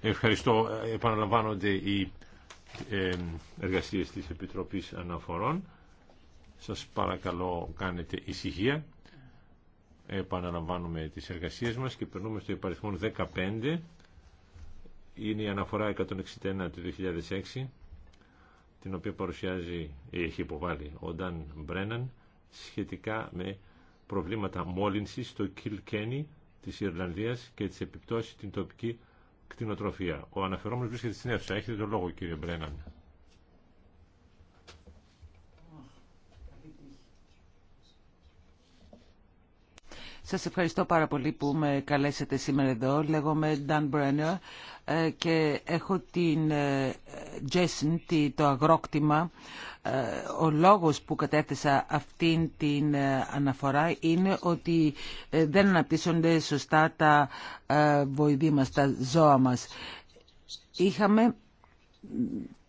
Ευχαριστώ. Επαναλαμβάνονται οι εργασίες της Επιτροπής Αναφορών. Σας παρακαλώ κάνετε ησυχία. Επαναλαμβάνουμε τις εργασίες μας και περνούμε στο υπαριθμό 15. Είναι η αναφορά 161 του 2006, την οποία παρουσιάζει, έχει υποβάλει ο Νταν Μπρέναν, σχετικά με προβλήματα μόλυνσης στο Κιλκένι της Ιρλανδίας και τις επιπτώσεις στην τοπική κτηνοτροφία. Ο αναφερόμενος βρίσκεται στην αίθουσα. Έχετε τον λόγο κύριε Μπρέναν. Σας ευχαριστώ πάρα πολύ που με καλέσατε σήμερα εδώ. Λέγομαι Dan Brenner ε, και έχω την ε, Jason, το αγρόκτημα. Ε, ο λόγος που κατέθεσα αυτήν την αναφορά είναι ότι δεν αναπτύσσονται σωστά τα βοηδή μας, τα ζώα μας. Είχαμε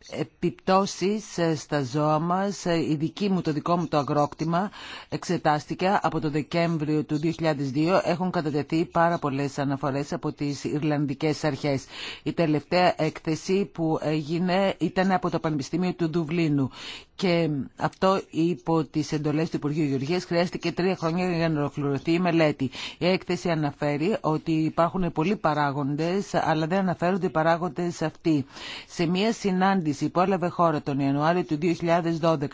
επιπτώσεις ε, στα ζώα μας. Ε, η δική μου, το δικό μου το αγρόκτημα εξετάστηκε από το Δεκέμβριο του 2002. Έχουν κατατεθεί πάρα πολλές αναφορές από τις Ιρλανδικές αρχές. Η τελευταία έκθεση που έγινε ήταν από το Πανεπιστήμιο του Δουβλίνου και αυτό υπό τις εντολές του Υπουργείου Γεωργίας χρειάστηκε τρία χρόνια για να ολοκληρωθεί η μελέτη. Η έκθεση αναφέρει ότι υπάρχουν πολλοί παράγοντες αλλά δεν αναφέρονται οι παράγοντες αυτοί. Σε μια συνάντηση συνάντηση που έλαβε χώρα τον Ιανουάριο του 2012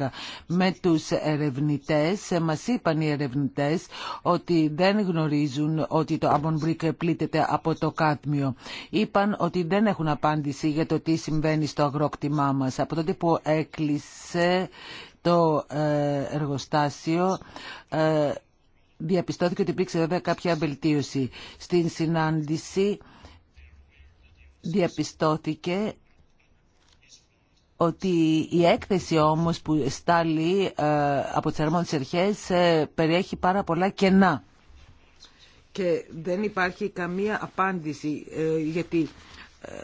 με τους ερευνητές, μας είπαν οι ερευνητές ότι δεν γνωρίζουν ότι το Αμπονμπρίκ πλήττεται από το κάτμιο. Είπαν ότι δεν έχουν απάντηση για το τι συμβαίνει στο αγρόκτημά μας. Από τότε που έκλεισε το ε, εργοστάσιο ε, διαπιστώθηκε ότι υπήρξε βέβαια κάποια βελτίωση. Στην συνάντηση διαπιστώθηκε ότι η έκθεση όμως που στάλει ε, από τις αρμόδιες αρχές ε, περιέχει πάρα πολλά κενά. Και δεν υπάρχει καμία απάντηση ε, γιατί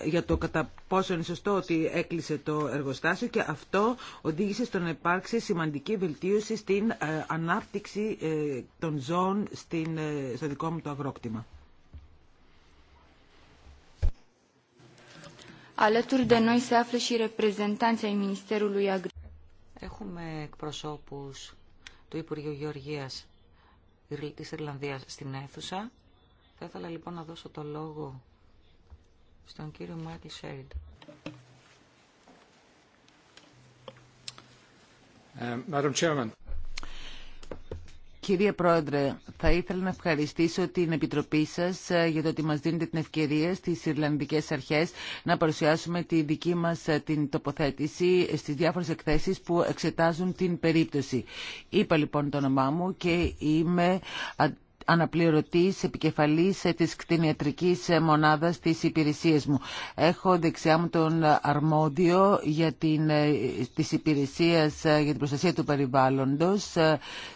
για το κατά πόσο είναι σωστό ότι έκλεισε το εργοστάσιο και αυτό οδήγησε στο να υπάρξει σημαντική βελτίωση στην ανάπτυξη των ζώων στο δικό μου το αγρόκτημα. Alături de noi se află și reprezentanții ai Ministerului Agriculturii. Έχουμε εκπροσώπους του Υπουργείου Γεωργίας της Ιρλανδίας στην αίθουσα. Θα ήθελα λοιπόν να δώσω το λόγο στον κύριο Μάτι Σέριντ. Ε, Madam Chairman. Κύριε Πρόεδρε, θα ήθελα να ευχαριστήσω την Επιτροπή σας ε, για το ότι μας δίνετε την ευκαιρία στις Ιρλανδικές Αρχές να παρουσιάσουμε τη δική μας ε, την τοποθέτηση στις διάφορες εκθέσεις που εξετάζουν την περίπτωση. Είπα λοιπόν το όνομά μου και είμαι αναπληρωτής επικεφαλής ε, της κτηνιατρικής ε, μονάδας της υπηρεσίας μου. Έχω δεξιά μου τον αρμόδιο για την, ε, της υπηρεσίας για την προστασία του περιβάλλοντος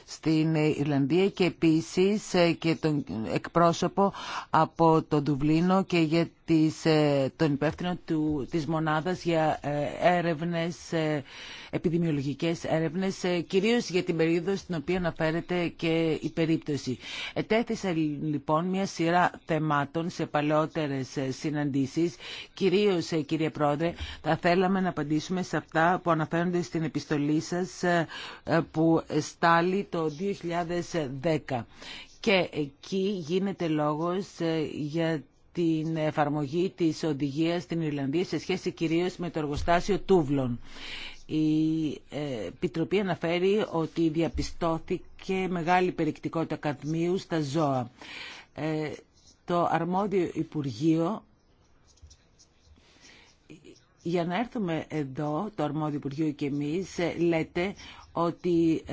στην Ιρλανδία και επίσης και τον εκπρόσωπο από το Δουβλίνο και για της, ε, τον υπεύθυνο του, της μονάδας για ε, έρευνες, ε, επιδημιολογικές έρευνες, κυρίως για την περίοδο στην οποία αναφέρεται και η περίπτωση. Ετέθησα λοιπόν μια σειρά θεμάτων σε παλαιότερες συναντήσεις, κυρίως κύριε Πρόεδρε, θα θέλαμε να απαντήσουμε σε αυτά που αναφέρονται στην επιστολή σας που στάλει το 2010 και εκεί γίνεται λόγος για την εφαρμογή της οδηγίας στην Ιρλανδία σε σχέση κυρίως με το εργοστάσιο Τούβλων. Η ε, Επιτροπή αναφέρει ότι διαπιστώθηκε μεγάλη περιεκτικότητα καδμίου στα ζώα. Ε, το αρμόδιο Υπουργείο για να έρθουμε εδώ, το αρμόδιο Υπουργείο και εμείς, ε, λέτε ότι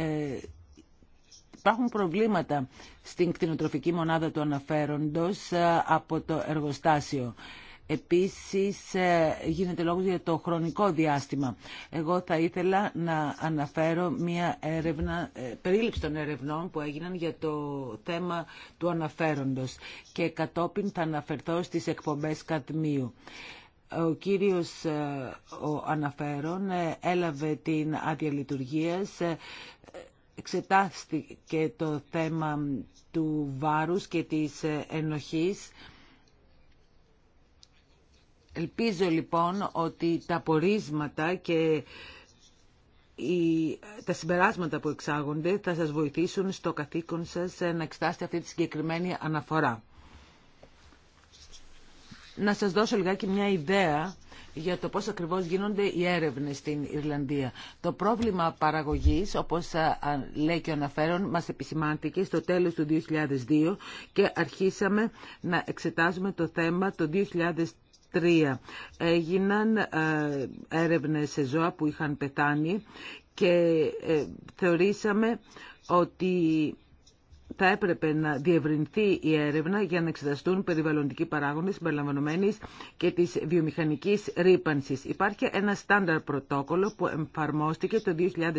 Υπάρχουν προβλήματα στην κτηνοτροφική μονάδα του αναφέροντος ε, από το εργοστάσιο. Επίσης ε, γίνεται λόγος για το χρονικό διάστημα. Εγώ θα ήθελα να αναφέρω μια έρευνα, ε, περίληψη των ερευνών που έγιναν για το θέμα του αναφέροντος και κατόπιν θα αναφερθώ στις εκπομπές Κατμίου. Ο κύριος ο αναφέρον έλαβε την άδεια λειτουργίας εξετάστηκε το θέμα του βάρους και της ενοχής. Ελπίζω λοιπόν ότι τα πορίσματα και τα συμπεράσματα που εξάγονται θα σας βοηθήσουν στο καθήκον σας να εξετάσετε αυτή τη συγκεκριμένη αναφορά. Να σας δώσω λιγάκι μια ιδέα για το πώς ακριβώς γίνονται οι έρευνες στην Ιρλανδία. Το πρόβλημα παραγωγής, όπως ε, λέει και αναφέρον, μας επισημάνθηκε στο τέλος του 2002 και αρχίσαμε να εξετάζουμε το θέμα το 2003. Έγιναν ε, έρευνες σε ζώα που είχαν πεθάνει και ε, θεωρήσαμε ότι θα έπρεπε να διευρυνθεί η έρευνα για να εξεταστούν περιβαλλοντικοί παράγοντες συμπεριλαμβανομένης και της βιομηχανικής ρήπανσης. Υπάρχει ένα στάνταρ πρωτόκολλο που εμφαρμόστηκε το 2004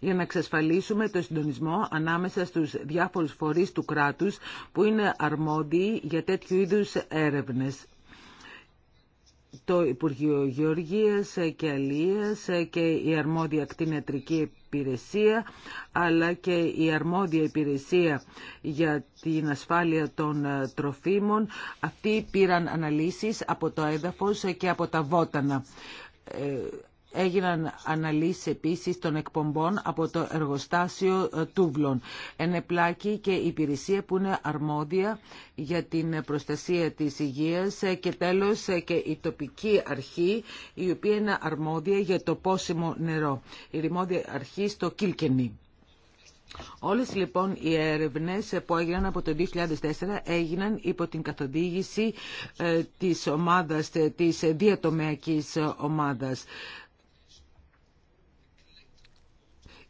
για να εξασφαλίσουμε το συντονισμό ανάμεσα στους διάφορους φορείς του κράτους που είναι αρμόδιοι για τέτοιου είδους έρευνες το Υπουργείο Γεωργίας και Αλίας και η αρμόδια κτηνιατρική υπηρεσία αλλά και η αρμόδια υπηρεσία για την ασφάλεια των ε, τροφίμων. Αυτοί πήραν αναλύσεις από το έδαφος και από τα βότανα. Ε, Έγιναν αναλύσεις επίσης των εκπομπών από το εργοστάσιο ε, Τούβλων. Ενεπλάκη και υπηρεσία που είναι αρμόδια για την προστασία της υγείας ε, και τέλος ε, και η τοπική αρχή η οποία είναι αρμόδια για το πόσιμο νερό. Η ρημόδια αρχή στο Κίλκενι. Όλες λοιπόν οι έρευνες που έγιναν από το 2004 έγιναν υπό την καθοδήγηση της ομάδας, της διατομεακής ομάδας.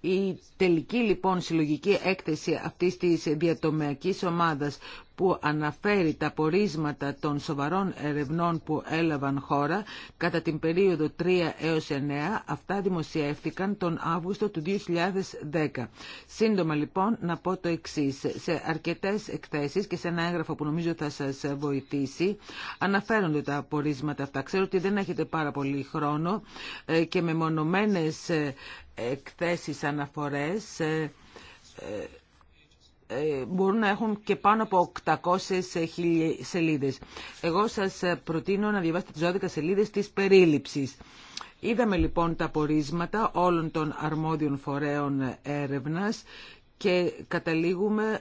Η τελική λοιπόν συλλογική έκθεση αυτής της διατομιακής ομάδας που αναφέρει τα πορίσματα των σοβαρών ερευνών που έλαβαν χώρα κατά την περίοδο 3 έως 9. Αυτά δημοσιεύτηκαν τον Αύγουστο του 2010. Σύντομα λοιπόν να πω το εξή. Σε αρκετές εκθέσεις και σε ένα έγγραφο που νομίζω θα σας βοηθήσει αναφέρονται τα πορίσματα αυτά. Ξέρω ότι δεν έχετε πάρα πολύ χρόνο ε, και με μονομένε ε, εκθέσεις αναφορές ε, ε, μπορούν να έχουν και πάνω από 800 ε, σελίδες. Εγώ σας ε, προτείνω να διαβάσετε τις 12 σελίδες της περίληψης. Είδαμε λοιπόν τα πορίσματα όλων των αρμόδιων φορέων έρευνας και καταλήγουμε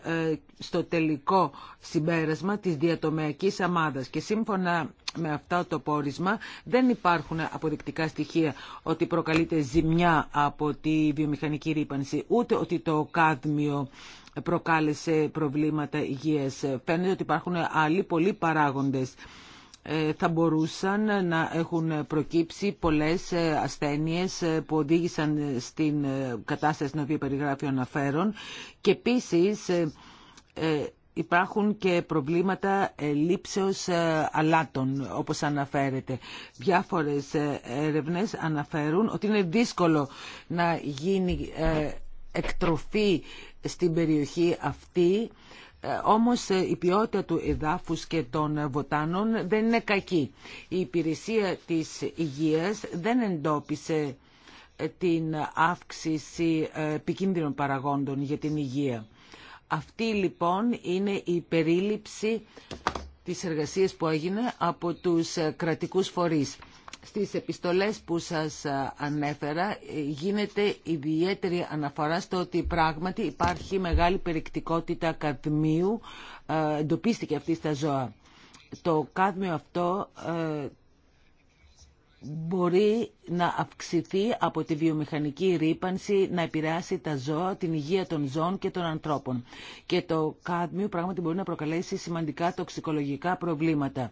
στο τελικό συμπέρασμα της διατομεακής αμάδας. Και σύμφωνα με αυτό το πόρισμα δεν υπάρχουν αποδεικτικά στοιχεία ότι προκαλείται ζημιά από τη βιομηχανική ρήπανση, ούτε ότι το κάδμιο προκάλεσε προβλήματα υγείας. Φαίνεται ότι υπάρχουν άλλοι πολλοί παράγοντες. Ε, θα μπορούσαν να έχουν προκύψει πολλές ε, ασθένειες ε, που οδήγησαν στην κατάσταση στην οποία περιγράφει ο αναφέρον και επίσης υπάρχουν και προβλήματα λήψεως αλάτων, όπως αναφέρεται. Διάφορες ερευνές αναφέρουν ότι είναι δύσκολο να γίνει εκτροφή στην περιοχή αυτή ε, όμως ε, η ποιότητα του εδάφους και των βοτάνων δεν είναι κακή. Η υπηρεσία της υγείας δεν εντόπισε ε, την αύξηση επικίνδυνων παραγόντων για την υγεία. Αυτή λοιπόν είναι η περίληψη της εργασίας που έγινε από τους κρατικούς φορείς στις επιστολές που σας ε, ανέφερα ε, γίνεται ιδιαίτερη αναφορά στο ότι πράγματι υπάρχει μεγάλη περιεκτικότητα καδμίου, ε, εντοπίστηκε αυτή στα ζώα. Το καδμίο αυτό μπορεί να αυξηθεί από τη βιομηχανική ρήπανση, να επηρεάσει τα ζώα, την υγεία των ζώων και των ανθρώπων. Και το κάδμιο πράγματι μπορεί να προκαλέσει σημαντικά τοξικολογικά προβλήματα.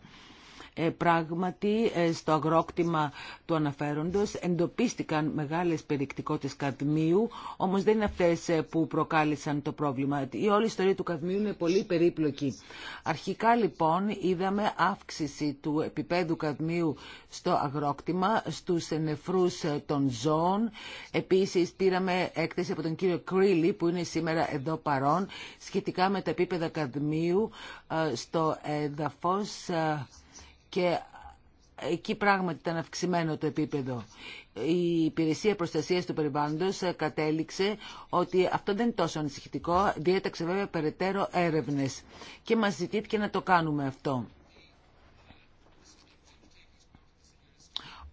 Ε, πράγματι ε, στο αγρόκτημα του αναφέροντος εντοπίστηκαν μεγάλες περιεκτικότητες καδμίου, όμως δεν είναι αυτές ε, που προκάλεσαν το πρόβλημα. Η όλη ιστορία του καδμίου είναι πολύ περίπλοκη. Αρχικά λοιπόν είδαμε αύξηση του επίπεδου καδμίου στο αγρόκτημα, στους νεφρούς των ζώων. Επίσης πήραμε έκθεση από τον κύριο Κρίλι που είναι σήμερα εδώ παρόν σχετικά με τα επίπεδα καδμίου στο έδαφος και εκεί πράγματι ήταν αυξημένο το επίπεδο. Η Υπηρεσία Προστασίας του Περιβάλλοντος ε, κατέληξε ότι αυτό δεν είναι τόσο ανησυχητικό, διέταξε βέβαια περαιτέρω έρευνες και μας ζητήθηκε να το κάνουμε αυτό.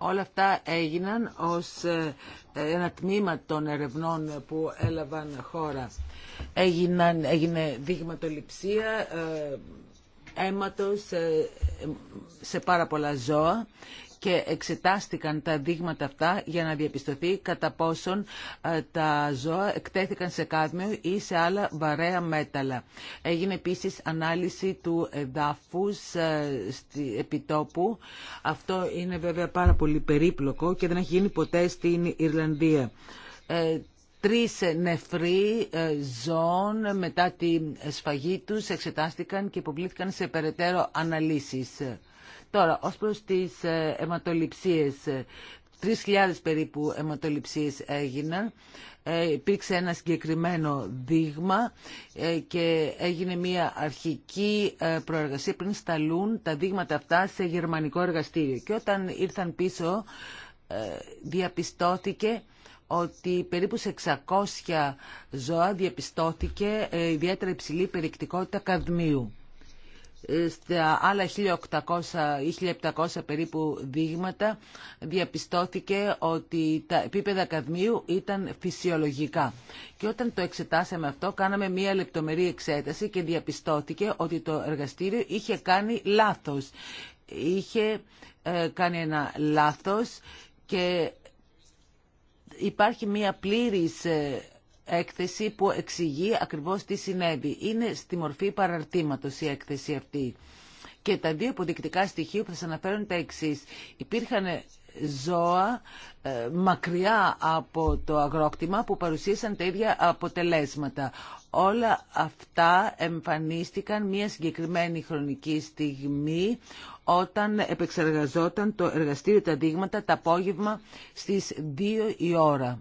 Όλα αυτά έγιναν ως ε, ένα τμήμα των ερευνών που έλαβαν χώρα. Έγιναν, έγινε δείγματοληψία, ε, αίματος σε πάρα πολλά ζώα και εξετάστηκαν τα δείγματα αυτά για να διαπιστωθεί κατά πόσον ε, τα ζώα εκτέθηκαν σε κάδμιο ή σε άλλα βαρέα μέταλλα. Έγινε επίσης ανάλυση του εδάφους ε, στη επιτόπου. Αυτό είναι βέβαια πάρα πολύ περίπλοκο και δεν έχει γίνει ποτέ στην Ιρλανδία. Ε, Τρεις νεφροί ε, ζώων μετά τη σφαγή τους εξετάστηκαν και υποβλήθηκαν σε περαιτέρω αναλύσεις. Τώρα, ως προς τις ε, αιματοληψίες, 3.000 περίπου αιματοληψίες έγιναν. Ε, υπήρξε ένα συγκεκριμένο δείγμα ε, και έγινε μια αρχική προεργασία πριν σταλούν τα δείγματα αυτά σε γερμανικό εργαστήριο. Και όταν ήρθαν πίσω διαπιστώθηκε ότι περίπου σε 600 ζώα διαπιστώθηκε ε, ιδιαίτερα υψηλή περιεκτικότητα καδμίου. Ε, στα άλλα 1.800 ή 1.700 περίπου δείγματα διαπιστώθηκε ότι τα επίπεδα καδμίου ήταν φυσιολογικά. Και όταν το εξετάσαμε αυτό κάναμε μία λεπτομερή εξέταση και διαπιστώθηκε ότι το εργαστήριο είχε κάνει λάθος. Είχε ε, κάνει ένα λάθος και υπάρχει μια πλήρης ε, έκθεση που εξηγεί ακριβώς τι συνέβη. Είναι στη μορφή παραρτήματος η έκθεση αυτή. Και τα δύο αποδεικτικά στοιχεία που θα σας αναφέρουν τα εξή. Υπήρχαν ε, ζώα ε, μακριά από το αγρόκτημα που παρουσίασαν τα ίδια αποτελέσματα. Όλα αυτά εμφανίστηκαν μια συγκεκριμένη χρονική στιγμή όταν επεξεργαζόταν το εργαστήριο τα δείγματα τα απόγευμα στις 2 η ώρα.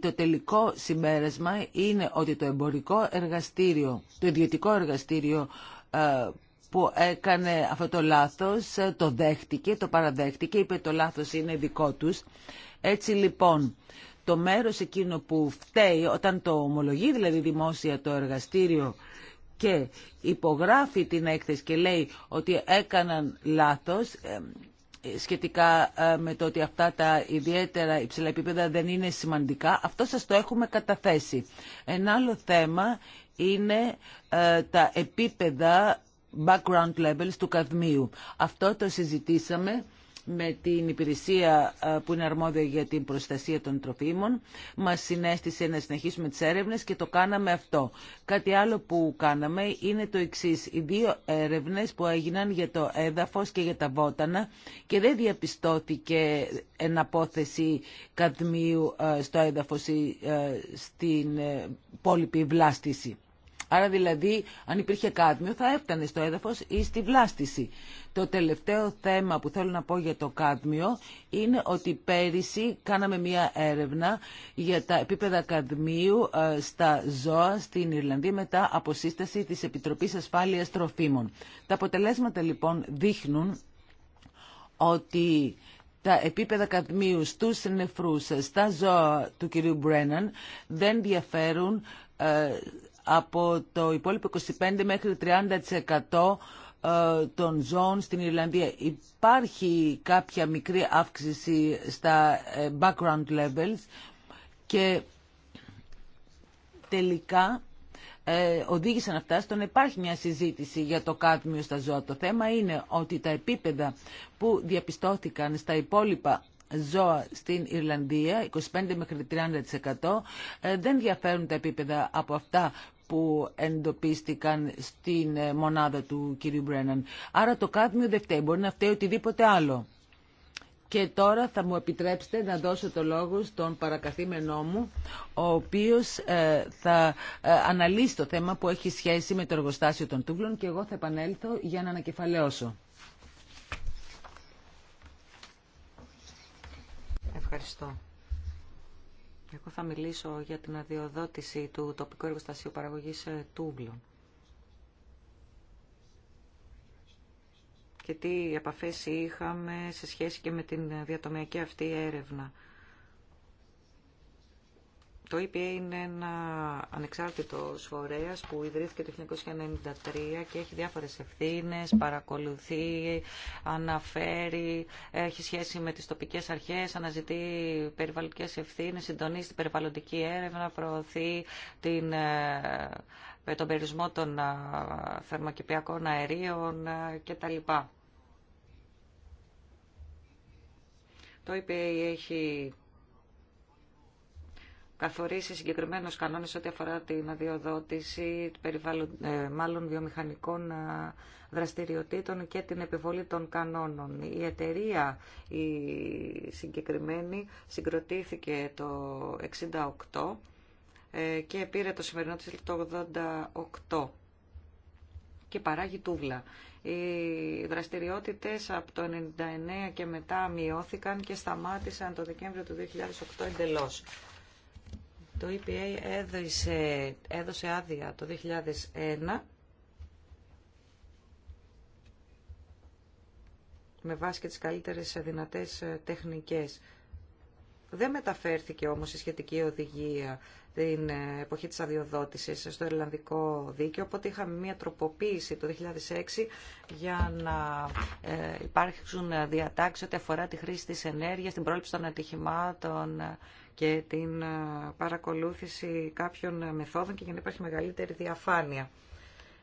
Το τελικό συμπέρασμα είναι ότι το εμπορικό εργαστήριο, το ιδιωτικό εργαστήριο ε, που έκανε αυτό το λάθος, ε, το δέχτηκε, το παραδέχτηκε, είπε το λάθος είναι δικό τους. Έτσι λοιπόν, το μέρος εκείνο που φταίει, όταν το ομολογεί δηλαδή δημόσια το εργαστήριο και υπογράφει την έκθεση και λέει ότι έκαναν λάθος σχετικά ε, με το ότι αυτά τα ιδιαίτερα υψηλά επίπεδα δεν είναι σημαντικά. Αυτό σας το έχουμε καταθέσει. Ένα άλλο θέμα είναι ε, τα επίπεδα background levels του καδμίου. Αυτό το συζητήσαμε με την υπηρεσία ε, που είναι αρμόδια για την προστασία των τροφίμων. Μας συνέστησε να συνεχίσουμε τις έρευνες και το κάναμε αυτό. Κάτι άλλο που κάναμε είναι το εξή. Οι δύο έρευνες που έγιναν για το έδαφος και για τα βότανα και δεν διαπιστώθηκε εναπόθεση καδμίου ε, στο έδαφος ή ε, στην υπόλοιπη βλάστηση. Άρα δηλαδή αν υπήρχε κάδμιο θα έφτανε στο έδαφος ή στη βλάστηση. Το τελευταίο θέμα που θέλω να πω για το κάδμιο είναι ότι πέρυσι κάναμε μία έρευνα για τα επίπεδα καδμίου ε, στα ζώα στην Ιρλανδία μετά από σύσταση της Επιτροπής Ασφάλειας Τροφίμων. Τα αποτελέσματα λοιπόν δείχνουν ότι τα επίπεδα καδμίου στους νεφρούς στα ζώα του κυρίου Μπρέναν δεν διαφέρουν ε, από το υπόλοιπο 25 μέχρι 30% ε, των ζώων στην Ιρλανδία. Υπάρχει κάποια μικρή αύξηση στα ε, background levels και τελικά ε, οδήγησαν αυτά στο υπάρχει μια συζήτηση για το κάτμιο στα ζώα. Το θέμα είναι ότι τα επίπεδα που διαπιστώθηκαν στα υπόλοιπα ζώα στην Ιρλανδία, 25 μέχρι 30%, ε, δεν διαφέρουν τα επίπεδα από αυτά που εντοπίστηκαν στην ε, μονάδα του κ. Μπρέναν. Άρα το κάδμιο δεν φταίει, μπορεί να φταίει οτιδήποτε άλλο. Και τώρα θα μου επιτρέψετε να δώσω το λόγο στον παρακαθήμενό μου, ο οποίος ε, θα αναλύσει το θέμα που έχει σχέση με το εργοστάσιο των τούβλων και εγώ θα επανέλθω για να ανακεφαλαιώσω. Ευχαριστώ. Εγώ θα μιλήσω για την αδειοδότηση του τοπικού εργοστασίου παραγωγής ε, τούμπλων. Και τι επαφές είχαμε σε σχέση και με την διατομιακή αυτή έρευνα. Το EPA είναι ένα ανεξάρτητο φορέας που ιδρύθηκε το 1993 και έχει διάφορες ευθύνες, παρακολουθεί, αναφέρει, έχει σχέση με τις τοπικές αρχές, αναζητεί περιβαλλοντικές ευθύνες, συντονίζει την περιβαλλοντική έρευνα, προωθεί την ε, ε, τον περιορισμό των ε, θερμοκηπιακών αερίων κτλ. Το EPA έχει καθορίσει συγκεκριμένου κανόνες ό,τι αφορά την αδειοδότηση περιβάλλον, ε, μάλλον βιομηχανικών ε, δραστηριοτήτων και την επιβολή των κανόνων. Η εταιρεία η συγκεκριμένη συγκροτήθηκε το 68 ε, και πήρε το σημερινό της το 88 και παράγει τούβλα. Οι δραστηριότητες από το 99 και μετά μειώθηκαν και σταμάτησαν το Δεκέμβριο του 2008 εντελώς. Το EPA έδωσε, έδωσε άδεια το 2001 με βάση και τις καλύτερες δυνατές ε, τεχνικές. Δεν μεταφέρθηκε όμως η σχετική οδηγία την ε, εποχή της αδειοδότησης στο ελληνικό Δίκαιο, οπότε είχαμε μια τροποποίηση το 2006 για να ε, υπάρξουν διατάξεις ότι αφορά τη χρήση της ενέργειας, την πρόληψη των ατυχημάτων, και την παρακολούθηση κάποιων μεθόδων και για να υπάρχει μεγαλύτερη διαφάνεια.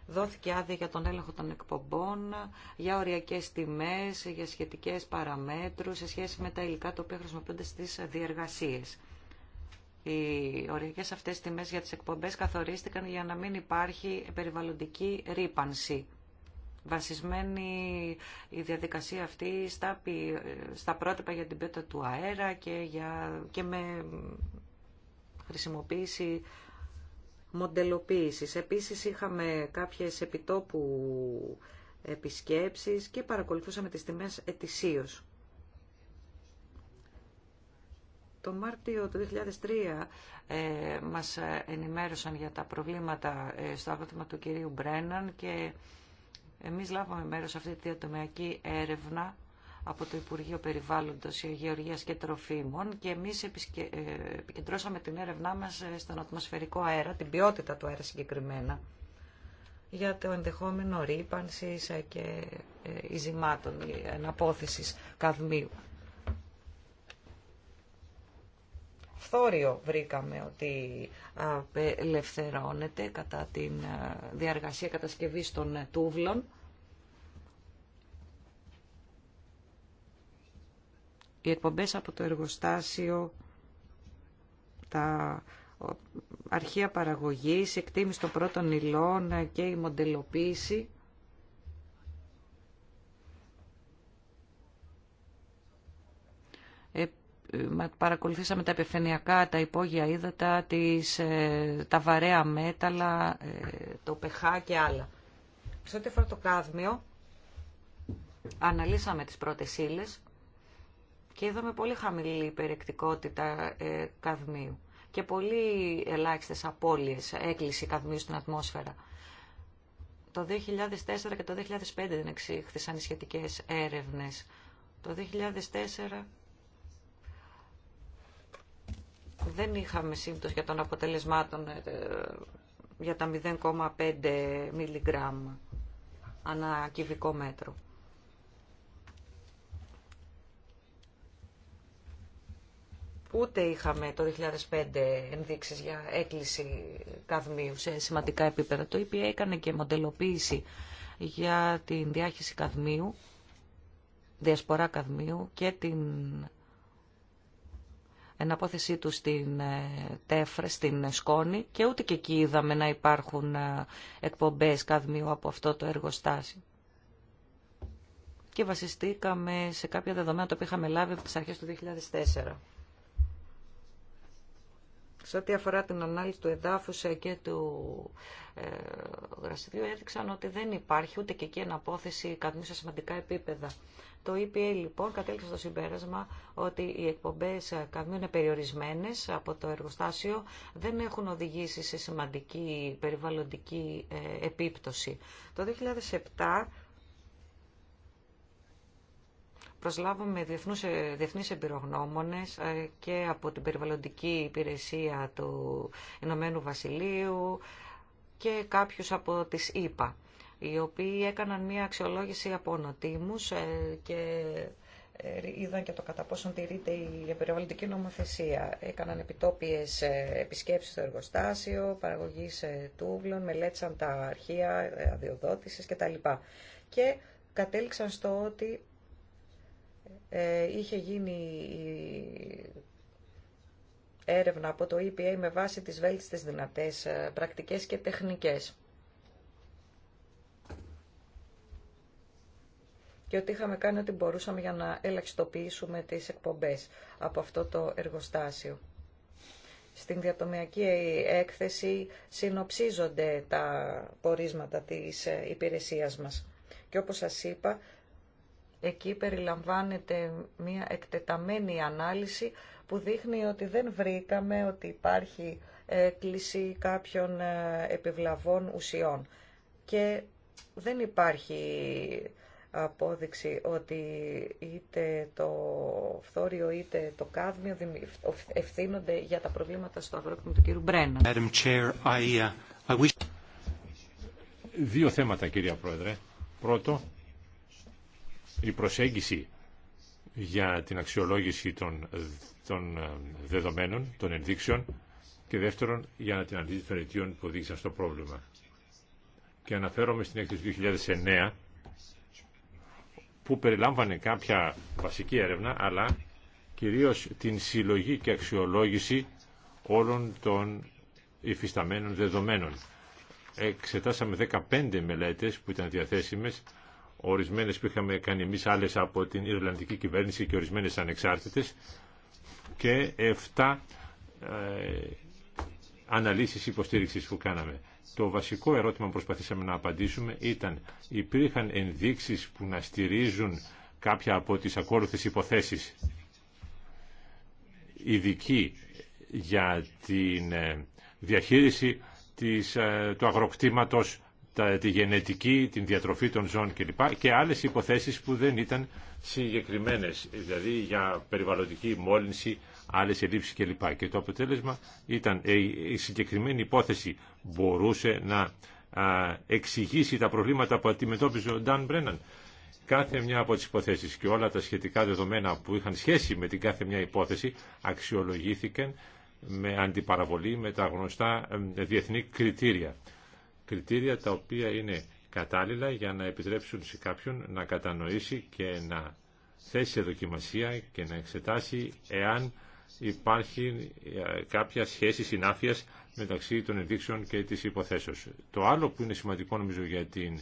Δόθηκε άδεια για τον έλεγχο των εκπομπών, για οριακές τιμές, για σχετικές παραμέτρους σε σχέση με τα υλικά τα οποία χρησιμοποιούνται στις διεργασίες. Οι οριακές αυτές τιμές για τις εκπομπές καθορίστηκαν για να μην υπάρχει περιβαλλοντική ρήπανση βασισμένη η διαδικασία αυτή στα, στα πρότυπα για την πέτα του αέρα και, για, και με χρησιμοποίηση μοντελοποίησης. Επίσης είχαμε κάποιες επιτόπου επισκέψεις και παρακολουθούσαμε τις τιμές ετησίως. Το Μάρτιο του 2003 ε, μας ενημέρωσαν για τα προβλήματα ε, στο αγρότημα του κυρίου Μπρέναν και εμείς λάβαμε μέρος σε αυτή τη διατομιακή έρευνα από το Υπουργείο Περιβάλλοντος, Γεωργίας και Τροφίμων και εμείς ε, επικεντρώσαμε την έρευνά μας ε, στον ατμοσφαιρικό αέρα, την ποιότητα του αέρα συγκεκριμένα, για το ενδεχόμενο ρήπανσης ε, και ειζημάτων, αναπόθεσης καδμίου. φθόριο βρήκαμε ότι απελευθερώνεται κατά τη ε, διαργασία κατασκευής των ε, τούβλων. Οι εκπομπές από το εργοστάσιο, τα αρχεία παραγωγής, εκτίμηση των πρώτων υλών ε, και η μοντελοποίηση παρακολουθήσαμε τα επιφανειακά, τα υπόγεια ύδατα, τις, ε, τα βαρέα μέταλλα, ε, το πεχά και άλλα. Σε ό,τι αφορά το κάδμιο, αναλύσαμε τις πρώτες ύλε και είδαμε πολύ χαμηλή υπερεκτικότητα ε, καδμίου και πολύ ελάχιστες απώλειες, έκκληση καδμίου στην ατμόσφαιρα. Το 2004 και το 2005 δεν εξήχθησαν οι σχετικές έρευνες. Το 2004 δεν είχαμε σύμπτωση για των αποτελεσμάτων ε, για τα 0,5 μιλιγκράμμ ανά κυβικό μέτρο. Ούτε είχαμε το 2005 ενδείξεις για έκκληση καδμίου σε σημαντικά επίπεδα. Το EPA έκανε και μοντελοποίηση για την διάχυση καδμίου, διασπορά καδμίου και την εναπόθεσή του στην ε, τέφρα, στην σκόνη και ούτε και εκεί είδαμε να υπάρχουν ε, εκπομπές καδμίου από αυτό το εργοστάσιο. Και βασιστήκαμε σε κάποια δεδομένα τα είχαμε λάβει από τις αρχές του 2004 σε ό,τι αφορά την ανάλυση του εδάφους ε, και του ε, γρασιδιού έδειξαν ότι δεν υπάρχει ούτε και εκεί αναπόθεση κατά σε σημαντικά επίπεδα. Το EPA λοιπόν κατέληξε στο συμπέρασμα ότι οι εκπομπές ε, καδμίου είναι περιορισμένες από το εργοστάσιο, δεν έχουν οδηγήσει σε σημαντική περιβαλλοντική ε, επίπτωση. Το 2007 Προσλάβαμε διεθνούς, ε, διεθνείς εμπειρογνώμονες ε, και από την περιβαλλοντική υπηρεσία του Ηνωμένου Βασιλείου και κάποιους από τις ΗΠΑ, οι οποίοι έκαναν μία αξιολόγηση από νοτήμους ε, και είδαν και το κατά πόσον τηρείται η περιβαλλοντική νομοθεσία. Έκαναν επιτόπιες επισκέψεις στο εργοστάσιο, παραγωγής τούβλων, μελέτησαν τα αρχεία αδειοδότησης κτλ. Και κατέληξαν στο ότι ε, είχε γίνει η έρευνα από το EPA με βάση τις βέλτιστες δυνατές ε, πρακτικές και τεχνικές. και ότι είχαμε κάνει ό,τι μπορούσαμε για να ελαχιστοποιήσουμε τις εκπομπές από αυτό το εργοστάσιο. Στην διατομιακή έκθεση συνοψίζονται τα πορίσματα της ε, υπηρεσίας μας. Και όπως σας είπα, Εκεί περιλαμβάνεται μια εκτεταμένη ανάλυση που δείχνει ότι δεν βρήκαμε ότι υπάρχει ε, κλίση κάποιων ε, επιβλαβών ουσιών. Και δεν υπάρχει απόδειξη ότι είτε το φθόριο είτε το κάδμιο ευθύνονται για τα προβλήματα στο αγρόκτημα του κύριου Μπρένα. Uh, Δύο θέματα κυρία Πρόεδρε. Πρώτο, η προσέγγιση για την αξιολόγηση των, των ε, δεδομένων, των ενδείξεων και δεύτερον για την αντίληψη των αιτίων που οδήγησαν στο πρόβλημα. Και αναφέρομαι στην έκθεση 2009 που περιλάμβανε κάποια βασική έρευνα αλλά κυρίως την συλλογή και αξιολόγηση όλων των υφισταμένων δεδομένων. Εξετάσαμε 15 μελέτες που ήταν διαθέσιμες ορισμένες που είχαμε κάνει εμείς άλλες από την Ιρλανδική κυβέρνηση και ορισμένες ανεξάρτητες και 7 ε, αναλύσεις υποστήριξης που κάναμε. Το βασικό ερώτημα που προσπαθήσαμε να απαντήσουμε ήταν υπήρχαν ενδείξεις που να στηρίζουν κάποια από τις ακόλουθες υποθέσεις ειδική για την ε, διαχείριση της, ε, του αγροκτήματος τη γενετική, την διατροφή των ζώων κλπ. και άλλες υποθέσεις που δεν ήταν συγκεκριμένες, δηλαδή για περιβαλλοντική μόλυνση, άλλες ελλείψεις κλπ. Και το αποτέλεσμα ήταν ε, η συγκεκριμένη υπόθεση μπορούσε να εξηγήσει τα προβλήματα που αντιμετώπιζε ο Νταν Μπρέναν. Κάθε μια από τις υποθέσεις και όλα τα σχετικά δεδομένα που είχαν σχέση με την κάθε μια υπόθεση αξιολογήθηκαν με αντιπαραβολή με τα γνωστά διεθνή κριτήρια κριτήρια τα οποία είναι κατάλληλα για να επιτρέψουν σε κάποιον να κατανοήσει και να θέσει σε δοκιμασία και να εξετάσει εάν υπάρχει ε, κάποια σχέση συνάφειας μεταξύ των ενδείξεων και της υποθέσεως. Το άλλο που είναι σημαντικό νομίζω για την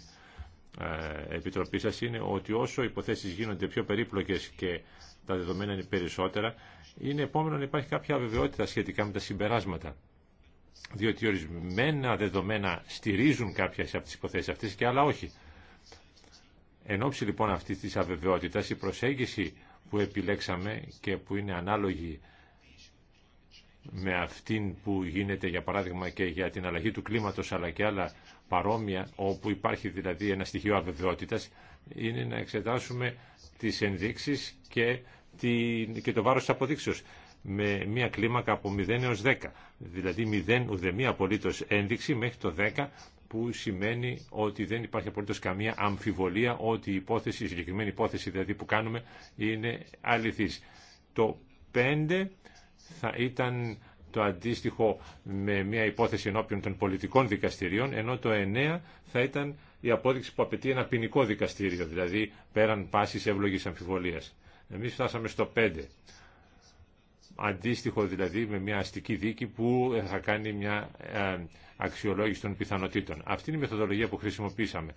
ε, Επιτροπή σας είναι ότι όσο οι υποθέσεις γίνονται πιο περίπλοκες και τα δεδομένα είναι περισσότερα, είναι επόμενο να υπάρχει κάποια αβεβαιότητα σχετικά με τα συμπεράσματα διότι ορισμένα δεδομένα στηρίζουν κάποιε από τις υποθέσεις αυτές και άλλα όχι. Εν ώψη λοιπόν αυτή της αβεβαιότητας η προσέγγιση που επιλέξαμε και που είναι ανάλογη με αυτήν που γίνεται για παράδειγμα και για την αλλαγή του κλίματος αλλά και άλλα παρόμοια όπου υπάρχει δηλαδή ένα στοιχείο αβεβαιότητας είναι να εξετάσουμε τις ενδείξεις και, το βάρος της αποδείξεως με μια κλίμακα από 0 έως 10. Δηλαδή 0 ουδεμία απολύτως ένδειξη μέχρι το 10 που σημαίνει ότι δεν υπάρχει απολύτως καμία αμφιβολία ότι η υπόθεση, η συγκεκριμένη υπόθεση δηλαδή που κάνουμε είναι αληθής. Το 5 θα ήταν το αντίστοιχο με μια υπόθεση ενώπιον των πολιτικών δικαστηρίων, ενώ το 9 θα ήταν η απόδειξη που απαιτεί ένα ποινικό δικαστήριο, δηλαδή πέραν πάσης εύλογης αμφιβολίας. Εμείς φτάσαμε στο 5 αντίστοιχο δηλαδή με μια αστική δίκη που θα κάνει μια ε, αξιολόγηση των πιθανότητων. Αυτή είναι η μεθοδολογία που χρησιμοποίησαμε.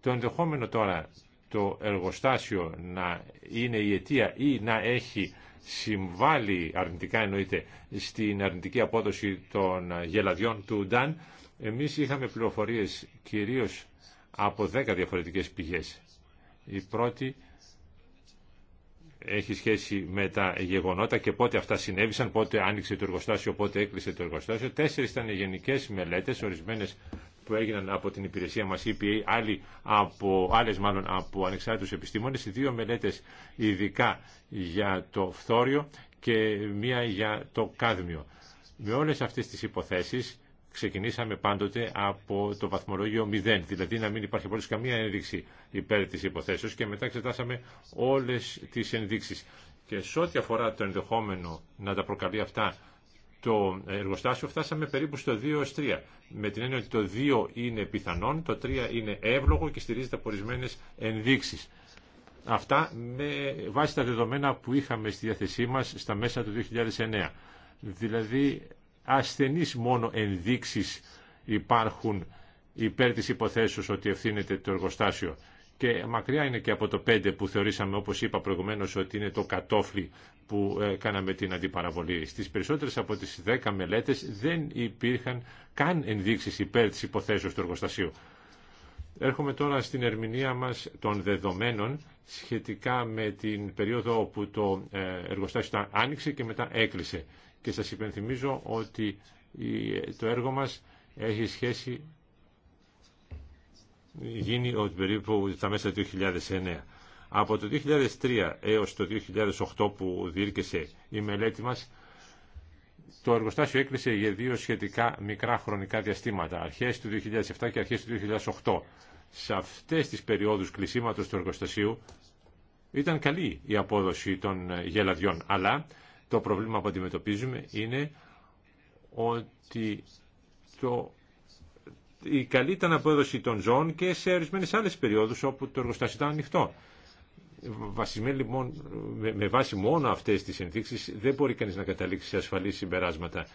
Το ενδεχόμενο τώρα το εργοστάσιο να είναι η αιτία ή να έχει συμβάλει αρνητικά εννοείται στην αρνητική απόδοση των γελαδιών του Ουντάν, εμείς είχαμε πληροφορίες κυρίως από 10 διαφορετικές πηγές. Η να εχει συμβαλει αρνητικα εννοειται στην αρνητικη αποδοση των γελαδιων του Νταν. εμεις ειχαμε πληροφοριες κυριως απο 10 διαφορετικες πηγες η πρωτη έχει σχέση με τα γεγονότα και πότε αυτά συνέβησαν, πότε άνοιξε το εργοστάσιο, πότε έκλεισε το εργοστάσιο. Τέσσερι ήταν οι γενικέ μελέτε, ορισμένε που έγιναν από την υπηρεσία μα EPA, άλλοι από, άλλες μάλλον από ανεξάρτητους επιστήμονες, δύο μελέτες ειδικά για το φθόριο και μία για το κάδμιο. Με όλε αυτέ τι υποθέσει ξεκινήσαμε πάντοτε από το βαθμολόγιο 0, δηλαδή να μην υπάρχει πολύ καμία ένδειξη υπέρ της υποθέσεως και μετά εξετάσαμε όλες τις ενδείξεις. Και σε ό,τι αφορά το ενδεχόμενο να τα προκαλεί αυτά το εργοστάσιο, φτάσαμε περίπου στο 2 3. Με την έννοια ότι το 2 είναι πιθανόν, το 3 είναι εύλογο και στηρίζεται από ορισμένε ενδείξεις. Αυτά με βάση τα δεδομένα που είχαμε στη διάθεσή μας στα μέσα του 2009. Δηλαδή ασθενείς μόνο ενδείξεις υπάρχουν υπέρ της υποθέσεως ότι ευθύνεται το εργοστάσιο. Και μακριά είναι και από το 5 που θεωρήσαμε, όπως είπα προηγουμένως, ότι είναι το κατόφλι που ε, κάναμε την αντιπαραβολή. Στις περισσότερες από τις 10 μελέτες δεν υπήρχαν καν ενδείξεις υπέρ της υποθέσεως του εργοστασίου. Έρχομαι τώρα στην ερμηνεία μας των δεδομένων σχετικά με την περίοδο όπου το ε, εργοστάσιο άνοιξε και μετά έκλεισε και σας υπενθυμίζω ότι το έργο μας έχει σχέση γίνει ότι περίπου τα μέσα του 2009. Από το 2003 έως το 2008 που διήρκεσε η μελέτη μας, το εργοστάσιο έκλεισε για δύο σχετικά μικρά χρονικά διαστήματα, αρχές του 2007 και αρχές του 2008. Σε αυτές τις περιόδους κλεισίματος του εργοστασίου ήταν καλή η απόδοση των γελαδιών, αλλά το πρόβλημα που αντιμετωπίζουμε είναι ότι το, η καλή ήταν απόδοση των ζώων και σε ορισμένε άλλε περιόδους όπου το εργοστάσιο ήταν ανοιχτό. Βασισμένη λοιπόν με βάση μόνο αυτές τις ενδείξει, δεν μπορεί κανείς να καταλήξει σε ασφαλή συμπεράσματα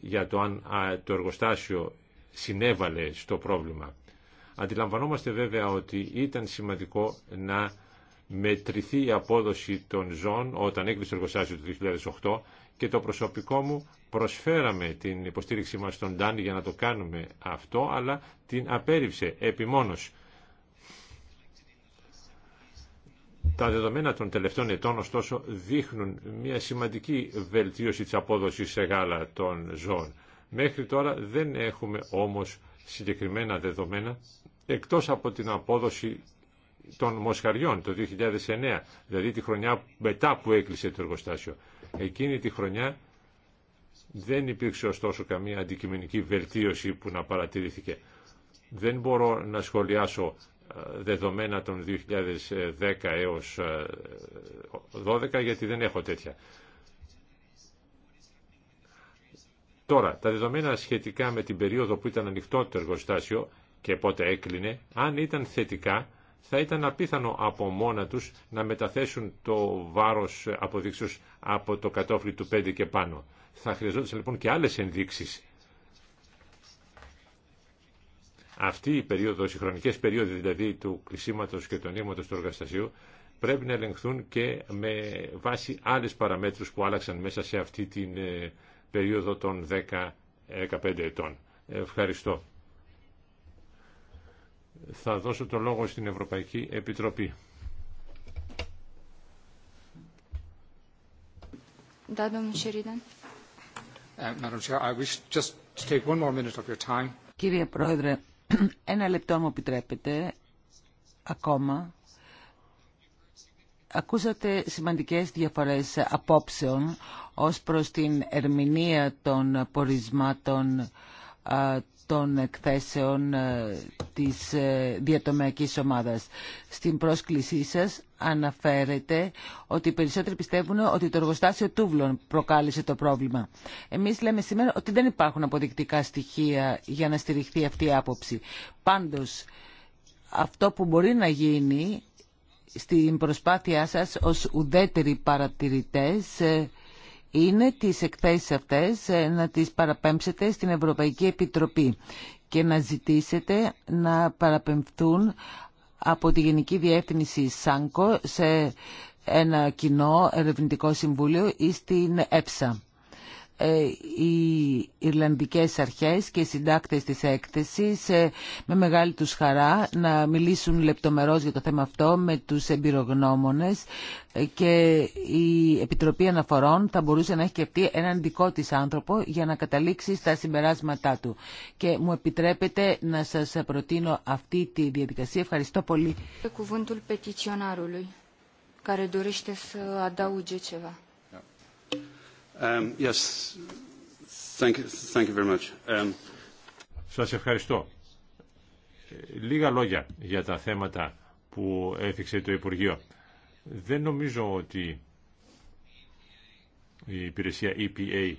για το αν το εργοστάσιο συνέβαλε στο πρόβλημα. Αντιλαμβανόμαστε βέβαια ότι ήταν σημαντικό να μετρηθεί η απόδοση των ζώων όταν έκλεισε το εργοστάσιο του 2008 και το προσωπικό μου προσφέραμε την υποστήριξή μας στον Ντάν για να το κάνουμε αυτό, αλλά την απέρριψε επιμόνως. Τα δεδομένα των τελευταίων ετών, ωστόσο, δείχνουν μια σημαντική βελτίωση της απόδοσης σε γάλα των ζώων. Μέχρι τώρα δεν έχουμε όμως συγκεκριμένα δεδομένα, εκτός από την απόδοση των Μοσχαριών το 2009, δηλαδή τη χρονιά μετά που έκλεισε το εργοστάσιο. Εκείνη τη χρονιά δεν υπήρξε ωστόσο καμία αντικειμενική βελτίωση που να παρατηρήθηκε. Δεν μπορώ να σχολιάσω ε, δεδομένα των 2010 έως 2012 ε, γιατί δεν έχω τέτοια. Τώρα, τα δεδομένα σχετικά με την περίοδο που ήταν ανοιχτό το εργοστάσιο και πότε έκλεινε, αν ήταν θετικά, θα ήταν απίθανο από μόνα τους να μεταθέσουν το βάρος αποδείξεως από το κατόφλι του 5 και πάνω. Θα χρειαζόντουσαν λοιπόν και άλλες ενδείξεις. Αυτή η περίοδος, οι χρονικές περίοδοι δηλαδή του κλεισίματος και του ανοίγματος του εργαστασίου πρέπει να ελεγχθούν και με βάση άλλες παραμέτρους που άλλαξαν μέσα σε αυτή την ε, περίοδο των 10-15 ετών. Ευχαριστώ θα δώσω το λόγο στην Ευρωπαϊκή Επιτροπή. Κύριε Πρόεδρε, *clears throat* ένα λεπτό μου επιτρέπετε ακόμα. Ακούσατε σημαντικές διαφορές απόψεων ως προς την ερμηνεία των πορισμάτων των εκθέσεων ε, της ε, διατομιακής ομάδας. Στην πρόσκλησή σας αναφέρεται ότι οι περισσότεροι πιστεύουν ότι το εργοστάσιο τούβλων προκάλεσε το πρόβλημα. Εμείς λέμε σήμερα ότι δεν υπάρχουν αποδεικτικά στοιχεία για να στηριχθεί αυτή η άποψη. Πάντως, αυτό που μπορεί να γίνει στην προσπάθειά σας ως ουδέτεροι παρατηρητές ε, είναι τις εκθέσεις αυτές ε, να τις παραπέμψετε στην Ευρωπαϊκή Επιτροπή και να ζητήσετε να παραπεμφθούν από τη Γενική Διεύθυνση ΣΑΝΚΟ σε ένα κοινό ερευνητικό συμβούλιο ή στην ΕΨΑ. Ε, οι Ιρλανδικές αρχές και οι συντάκτες της έκθεσης ε, με μεγάλη τους χαρά να μιλήσουν λεπτομερώς για το θέμα αυτό με τους εμπειρογνώμονες ε, και η Επιτροπή Αναφορών θα μπορούσε να έχει και αυτή έναν δικό της άνθρωπο για να καταλήξει στα συμπεράσματά του. Και μου επιτρέπετε να σας προτείνω αυτή τη διαδικασία. Ευχαριστώ πολύ. Um, um, Σας ευχαριστώ. Λίγα λόγια για τα θέματα που έφυξε το Υπουργείο. Δεν νομίζω ότι η υπηρεσία EPA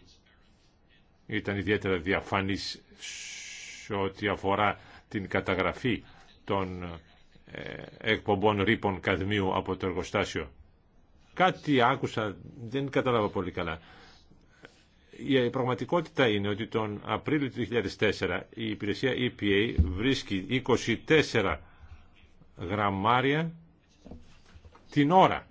ήταν ιδιαίτερα διαφανής σε ό,τι αφορά την καταγραφή των ε, εκπομπών ρήπων καδμίου από το εργοστάσιο. Κάτι άκουσα, δεν κατάλαβα πολύ καλά. Η πραγματικότητα είναι ότι τον Απρίλιο του 2004 η υπηρεσία EPA βρίσκει 24 γραμμάρια την ώρα.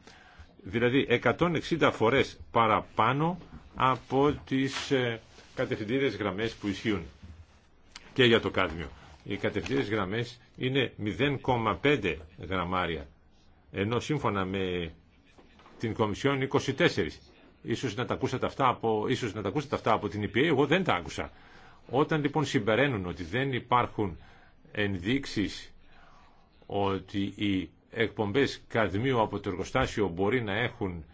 Δηλαδή 160 φορές παραπάνω από τις ε, κατευθυντήριες γραμμές που ισχύουν και για το κάδμιο. Οι κατευθυντήριες γραμμές είναι 0,5 γραμμάρια, ενώ σύμφωνα με την Κομισιόν 24. Ίσως να τα ακούσατε αυτά από, ίσως να τα ακούσατε αυτά από την EPA, εγώ δεν τα άκουσα. Όταν λοιπόν συμπεραίνουν ότι δεν υπάρχουν ενδείξεις ότι οι εκπομπές καδμίου από το εργοστάσιο μπορεί να έχουν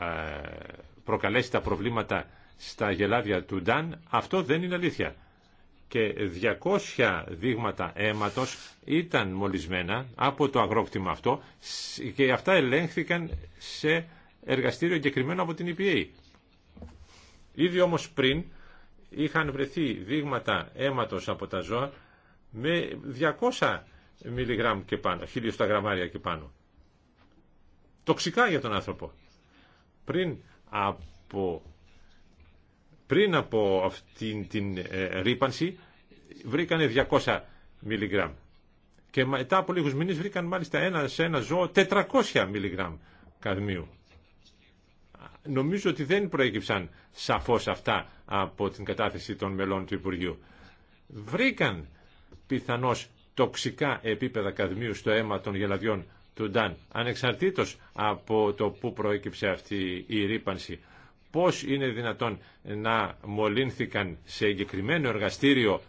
ε, προκαλέσει τα προβλήματα στα γελάδια του Νταν, αυτό δεν είναι αλήθεια. Και 200 δείγματα αίματος ήταν μολυσμένα από το αγρόκτημα αυτό και αυτά ελέγχθηκαν σε εργαστήριο εγκεκριμένο από την EPA. Ήδη όμως πριν είχαν βρεθεί δείγματα αίματος από τα ζώα με 200 μιλιγράμμ και πάνω, 1000 γραμμάρια και πάνω. Τοξικά για τον άνθρωπο. Πριν από, πριν από αυτήν την ε, ρήπανση βρήκανε 200 μιλιγράμμ. Και μετά από λίγους μήνες βρήκαν μάλιστα ένα, σε ένα ζώο 400 μιλιγράμμ καρμίου νομίζω ότι δεν προέκυψαν σαφώς αυτά από την κατάθεση των μελών του Υπουργείου. Βρήκαν πιθανώς τοξικά επίπεδα καδμίου στο αίμα των γελαδιών του Ντάν, ανεξαρτήτως από το που προέκυψε αυτή η ρήπανση. Πώς είναι δυνατόν να μολύνθηκαν σε εγκεκριμένο εργαστήριο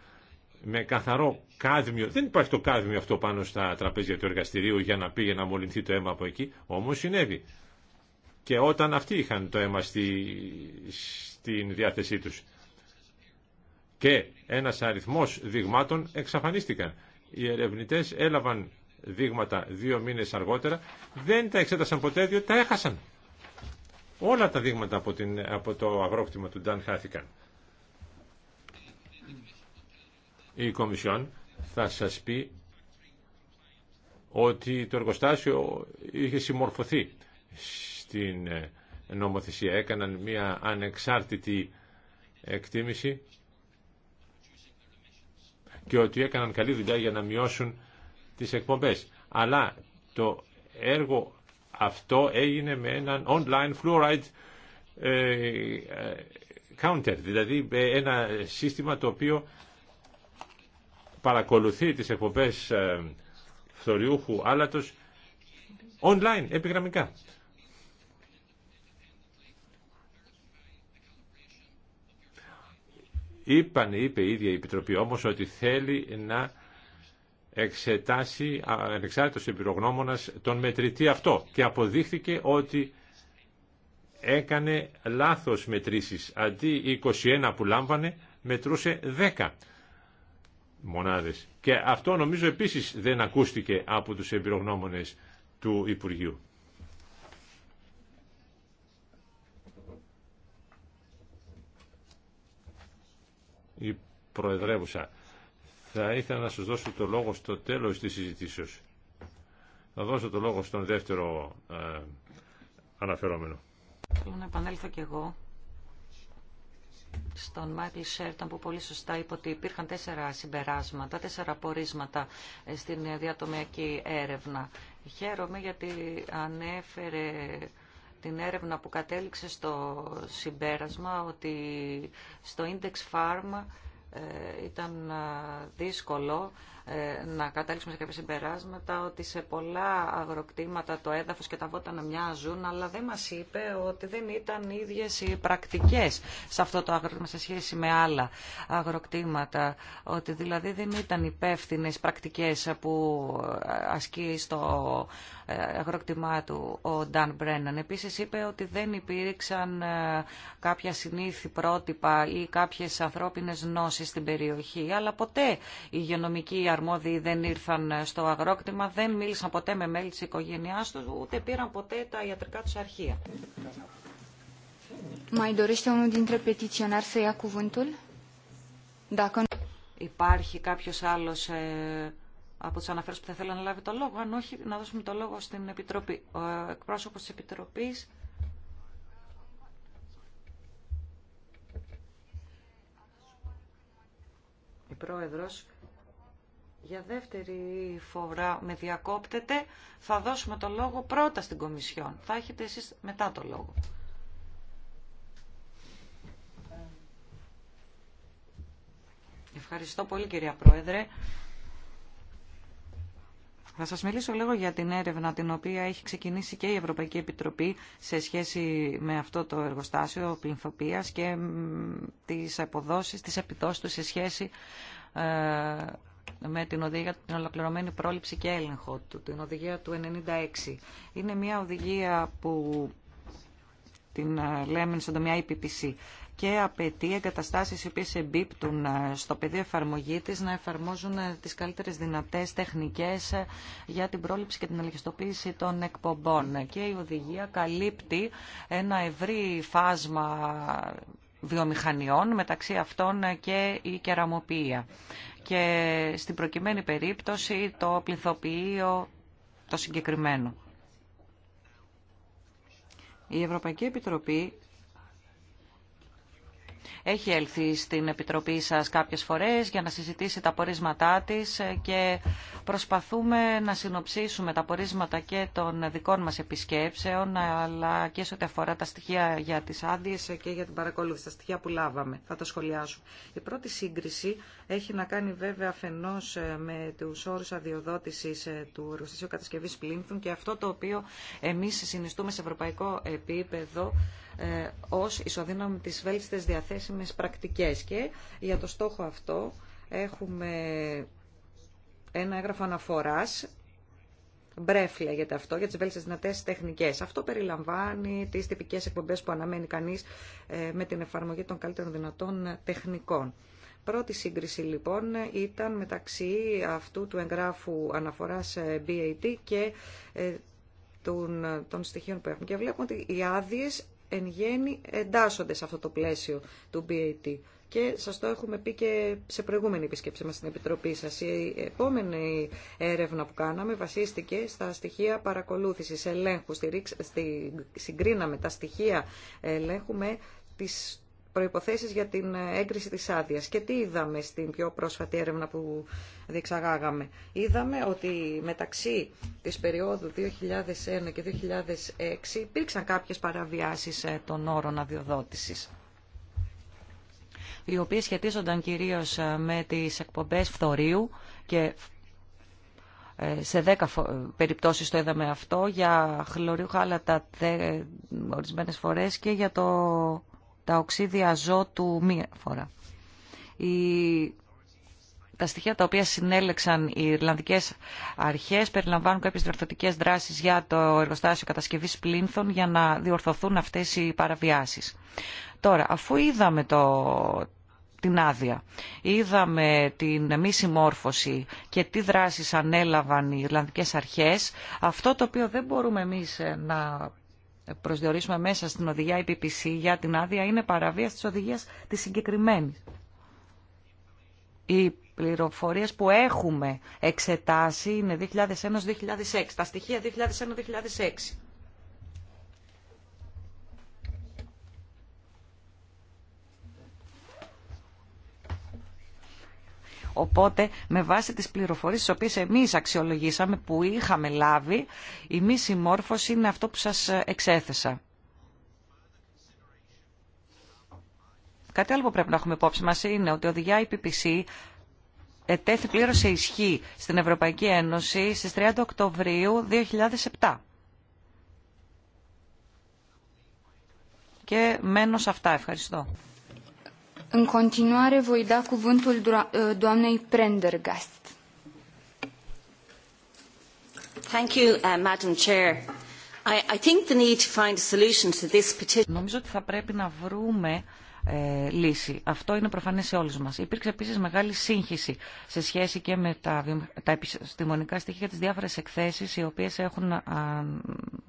με καθαρό κάδμιο. Δεν υπάρχει το κάδμιο αυτό πάνω στα τραπέζια του εργαστηρίου για να πήγε να μολυνθεί το αίμα από εκεί, όμως συνέβη και όταν αυτοί είχαν το αίμα στην διάθεσή τους. Και ένας αριθμός δειγμάτων εξαφανίστηκαν. Οι ερευνητές έλαβαν δείγματα δύο μήνες αργότερα, δεν τα εξέτασαν ποτέ διότι τα έχασαν. Όλα τα δείγματα από, την, από το αγρόκτημα του Ντάν χάθηκαν. Η Κομισιόν θα σας πει ότι το εργοστάσιο είχε συμμορφωθεί στην ε, νομοθεσία. Έκαναν μια ανεξάρτητη εκτίμηση και ότι έκαναν καλή δουλειά για να μειώσουν τις εκπομπές. Αλλά το έργο αυτό έγινε με έναν online fluoride ε, ε, counter, δηλαδή ένα σύστημα το οποίο παρακολουθεί τις εκπομπές φθοριούχου άλατος online, επιγραμμικά. Είπαν, είπε η ίδια η Επιτροπή όμως ότι θέλει να εξετάσει ανεξάρτητος εμπειρογνώμονας τον μετρητή αυτό και αποδείχθηκε ότι έκανε λάθος μετρήσεις. Αντί 21 που λάμβανε μετρούσε 10 μονάδες. Και αυτό νομίζω επίσης δεν ακούστηκε από τους εμπειρογνώμονες του Υπουργείου. η Προεδρεύουσα. Θα ήθελα να σας δώσω το λόγο στο τέλος της συζητήσεως. Θα δώσω το λόγο στον δεύτερο ε, αναφερόμενο. Να επανέλθω κι εγώ στον Μάικλ Σέρτον που πολύ σωστά είπε ότι υπήρχαν τέσσερα συμπεράσματα, τέσσερα πορίσματα ε, στην διατομιακή έρευνα. Χαίρομαι γιατί ανέφερε την έρευνα που κατέληξε στο συμπέρασμα ότι στο Index Farm ε, ήταν ε, δύσκολο ε, να καταλήξουμε σε κάποια συμπεράσματα ότι σε πολλά αγροκτήματα το έδαφος και τα βότανα μοιάζουν, αλλά δεν μας είπε ότι δεν ήταν οι ίδιες οι πρακτικές σε αυτό το αγροκτήμα σε σχέση με άλλα αγροκτήματα, ότι δηλαδή δεν ήταν υπεύθυνε πρακτικές που ε, ασκεί στο ε, αγροκτημά του ο Νταν Μπρέναν. Επίσης είπε ότι δεν υπήρξαν κάποια συνήθη πρότυπα ή κάποιες ανθρώπινε γνώσει στην περιοχή, αλλά ποτέ η καποιες ανθρωπινες γνωσεις στην περιοχη αλλα ποτε η αρμόδιοι δεν ήρθαν στο αγρόκτημα, δεν μίλησαν ποτέ με μέλη της οικογένειάς τους, ούτε πήραν ποτέ τα ιατρικά τους αρχεία. Υπάρχει κάποιος άλλος ε, από τους αναφέρους που θα θέλει να λάβει το λόγο, αν όχι να δώσουμε το λόγο στην Επιτροπή. Ο εκπρόσωπος της Επιτροπής... Η Πρόεδρος για δεύτερη φορά με διακόπτεται, Θα δώσουμε το λόγο πρώτα στην Κομισιόν. Θα έχετε εσείς μετά το λόγο. Ευχαριστώ πολύ κυρία Πρόεδρε. Θα σας μιλήσω λίγο για την έρευνα την οποία έχει ξεκινήσει και η Ευρωπαϊκή Επιτροπή σε σχέση με αυτό το εργοστάσιο πληθοποίησης και τις αποδόσεις, τις επιδόσεις του σε σχέση ε, με την οδηγία την ολοκληρωμένη πρόληψη και έλεγχο του, την οδηγία του 96. Είναι μια οδηγία που την ε, λέμε στον τομέα IPPC και απαιτεί εγκαταστάσεις οι οποίες εμπίπτουν ε, στο πεδίο εφαρμογή της να εφαρμόζουν ε, τις καλύτερες δυνατές τεχνικές για την πρόληψη και την ελεγχιστοποίηση των εκπομπών. Και η οδηγία καλύπτει ένα ευρύ φάσμα βιομηχανιών, μεταξύ αυτών και η κεραμοποιία και στην προκειμένη περίπτωση το πληθοποιείο το συγκεκριμένο. Η Ευρωπαϊκή Επιτροπή έχει έλθει στην Επιτροπή σας κάποιες φορές για να συζητήσει τα πορίσματά της και προσπαθούμε να συνοψίσουμε τα πορίσματα και των δικών μας επισκέψεων αλλά και σε ό,τι αφορά τα στοιχεία για τις άδειε και για την παρακολούθηση, τα στοιχεία που λάβαμε. Θα τα σχολιάσω. Η πρώτη σύγκριση έχει να κάνει βέβαια αφενός ε, με τους όρους αδειοδότησης ε, του εργοστασίου κατασκευής πλήνθων και αυτό το οποίο εμείς συνιστούμε σε ευρωπαϊκό επίπεδο ε, ως ισοδύναμη τις βέλτιστες διαθέσιμες πρακτικές. Και για το στόχο αυτό έχουμε ένα έγγραφο αναφοράς Μπρεφ λέγεται αυτό, για τι βέλτιστες δυνατέ τεχνικέ. Αυτό περιλαμβάνει τι τυπικέ εκπομπέ που αναμένει κανεί ε, με την εφαρμογή των καλύτερων δυνατών τεχνικών. Πρώτη σύγκριση λοιπόν ήταν μεταξύ αυτού του εγγράφου αναφοράς ε, BAT και των στοιχείων που έχουμε. Και βλέπουμε ότι οι άδειε εν γέννη εντάσσονται σε αυτό το πλαίσιο του BAT. Και σας το έχουμε πει και σε προηγούμενη επίσκεψη μας στην Επιτροπή σας. Η επόμενη έρευνα που κάναμε βασίστηκε στα στοιχεία παρακολούθησης ελέγχου. Στη, συγκρίναμε τα στοιχεία ελέγχου με τις, προϋποθέσεις για την ε, έγκριση της άδεια. Και τι είδαμε στην πιο πρόσφατη έρευνα που διεξαγάγαμε. Είδαμε ότι μεταξύ της περίοδου 2001 και 2006 υπήρξαν κάποιες παραβιάσεις ε, των όρων αδειοδότησης οι οποίες σχετίζονταν κυρίως ε, με τις εκπομπές φθορίου και σε δέκα περιπτώσεις το είδαμε αυτό, για χλωριού χάλατα ορισμένες φορές και για το τα οξύδια ζώτου μία φορά. Η... Τα στοιχεία τα οποία συνέλεξαν οι Ιρλανδικές αρχές περιλαμβάνουν κάποιες διορθωτικές δράσεις για το εργοστάσιο κατασκευής πλήνθων για να διορθωθούν αυτές οι παραβιάσεις. Τώρα, αφού είδαμε το, την άδεια. Είδαμε την μη συμμόρφωση και τι δράσεις ανέλαβαν οι Ιρλανδικές αρχές. Αυτό το οποίο δεν μπορούμε εμείς ε, να προσδιορίσουμε μέσα στην οδηγία IPPC για την άδεια είναι παραβία της οδηγίας της συγκεκριμένης. Οι πληροφορίες που έχουμε εξετάσει είναι 2001-2006, τα στοιχεία 2001-2006. Οπότε με βάση τις πληροφορίες τις οποίες εμείς αξιολογήσαμε που είχαμε λάβει η μη συμμόρφωση είναι αυτό που σας εξέθεσα. Κάτι άλλο που πρέπει να έχουμε υπόψη μας είναι ότι οδηγιά η PPC ετέθη πλήρω σε ισχύ στην Ευρωπαϊκή Ένωση στις 30 Οκτωβρίου 2007. Και μένω σε αυτά. Ευχαριστώ. În continuare voi da cuvântul doamnei Prendergast. Νομίζω ότι θα πρέπει να βρούμε ε, λύση. Αυτό είναι προφανέ σε όλου μα. Υπήρξε επίση μεγάλη σύγχυση σε σχέση και με τα, τα επιστημονικά στοιχεία τι διάφορε εκθέσει, οι οποίε έχουν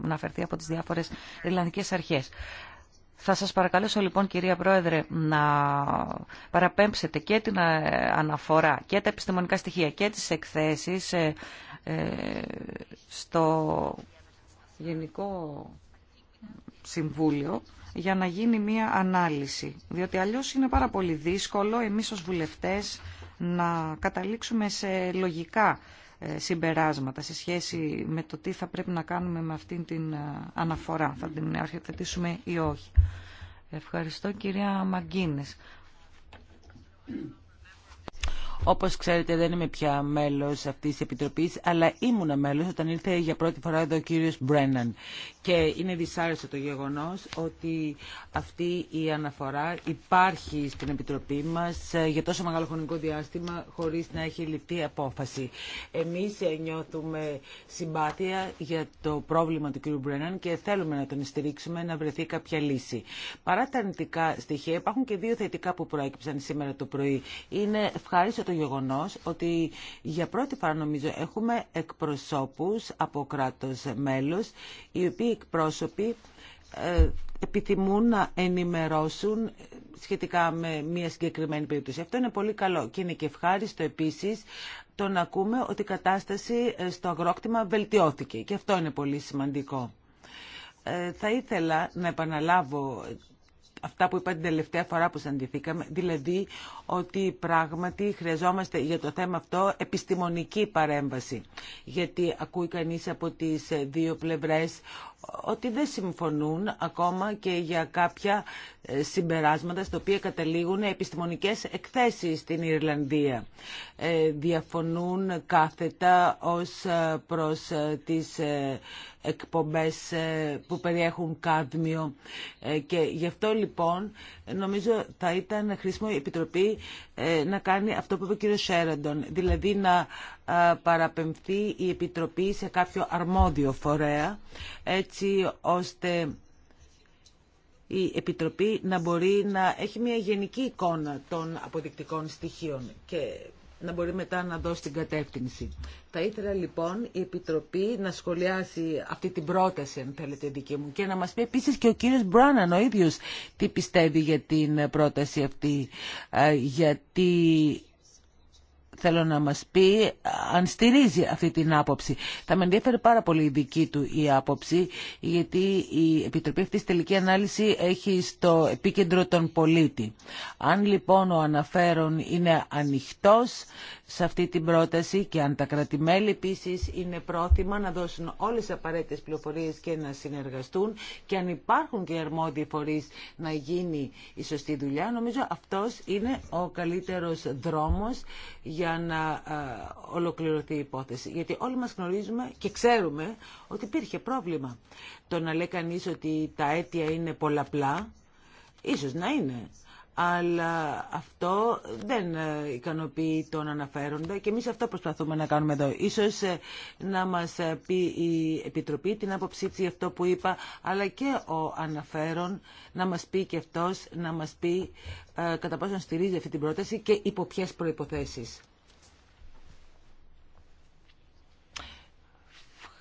αναφερθεί από τι διάφορε Ιρλανδικέ αρχέ. Θα σας παρακαλέσω λοιπόν κυρία Πρόεδρε να παραπέμψετε και την ε, αναφορά και τα επιστημονικά στοιχεία και τις εκθέσεις ε, ε, στο Γενικό Συμβούλιο για να γίνει μία ανάλυση. Διότι αλλιώς είναι πάρα πολύ δύσκολο εμείς ως βουλευτές να καταλήξουμε σε λογικά ε, συμπεράσματα σε σχέση με το τι θα πρέπει να κάνουμε με αυτήν την ε, αναφορά. Θα την αρχιοθετήσουμε ή όχι. Ευχαριστώ κυρία Μαγκίνες. Όπως ξέρετε δεν είμαι πια μέλος αυτής της Επιτροπής, αλλά ήμουν μέλος όταν ήρθε για πρώτη φορά εδώ ο κύριος Μπρέναν. Και είναι δυσάρεστο το γεγονός ότι αυτή η αναφορά υπάρχει στην Επιτροπή μας ε, για τόσο μεγάλο χρονικό διάστημα χωρίς να έχει ληφθεί απόφαση. Εμείς ε, νιώθουμε συμπάθεια για το πρόβλημα του κ. Μπρέναν και θέλουμε να τον στηρίξουμε να βρεθεί κάποια λύση. Παρά τα αρνητικά στοιχεία υπάρχουν και δύο θετικά που προέκυψαν σήμερα το πρωί. Είναι ευχάριστο το γεγονός ότι για πρώτη φορά νομίζω έχουμε εκπροσώπους από κράτος μέλος οι οποίοι εκπρόσωποι ε, επιθυμούν να ενημερώσουν σχετικά με μια συγκεκριμένη περίπτωση. Αυτό είναι πολύ καλό και είναι και ευχάριστο επίσης το να ακούμε ότι η κατάσταση ε, στο αγρόκτημα βελτιώθηκε και αυτό είναι πολύ σημαντικό. Ε, θα ήθελα να επαναλάβω αυτά που είπα την τελευταία φορά που συναντηθήκαμε, δηλαδή ότι πράγματι χρειαζόμαστε για το θέμα αυτό επιστημονική παρέμβαση. Γιατί ακούει κανείς από τις δύο πλευρές ότι δεν συμφωνούν ακόμα και για κάποια ε, συμπεράσματα στα οποία καταλήγουν επιστημονικές εκθέσεις στην Ιρλανδία. Ε, διαφωνούν κάθετα ως ε, προς τις εκπομπές που περιέχουν κάδμιο και γι' αυτό λοιπόν νομίζω θα ήταν χρήσιμο η Επιτροπή να κάνει αυτό που είπε ο κ. Σέραντον, δηλαδή να ε, παραπεμφθεί η Επιτροπή σε κάποιο αρμόδιο φορέα, έτσι ώστε η Επιτροπή να μπορεί να έχει μια γενική εικόνα των αποδεικτικών στοιχείων και να μπορεί μετά να δώσει την κατεύθυνση. Θα ήθελα λοιπόν η Επιτροπή να σχολιάσει αυτή την πρόταση, αν θέλετε, δική μου και να μας πει επίσης και ο κύριος Μπράναν ο ίδιος τι πιστεύει για την πρόταση αυτή, ε, γιατί θέλω να μας πει αν στηρίζει αυτή την άποψη. Θα με ενδιαφέρει πάρα πολύ η δική του η άποψη, γιατί η Επιτροπή αυτή τη τελική ανάλυση έχει στο επίκεντρο τον πολίτη. Αν λοιπόν ο αναφέρον είναι ανοιχτός σε αυτή την πρόταση και αν τα κρατημέλη επίση είναι πρόθυμα να δώσουν όλες τις απαραίτητες πληροφορίες και να συνεργαστούν και αν υπάρχουν και αρμόδιοι φορείς να γίνει η σωστή δουλειά, νομίζω αυτός είναι ο καλύτερος για για να ε, ολοκληρωθεί η υπόθεση. Γιατί όλοι μας γνωρίζουμε και ξέρουμε ότι υπήρχε πρόβλημα. Το να λέει κανείς ότι τα αίτια είναι πολλαπλά, ίσως να είναι. Αλλά αυτό δεν ε, ικανοποιεί τον αναφέροντα και εμείς αυτό προσπαθούμε να κάνουμε εδώ. Ίσως ε, να μας πει η Επιτροπή την άποψή της αυτό που είπα, αλλά και ο αναφέρον να μας πει και αυτός, να μας πει κατά πόσο στηρίζει αυτή την πρόταση και υπό ποιες προϋποθέσεις.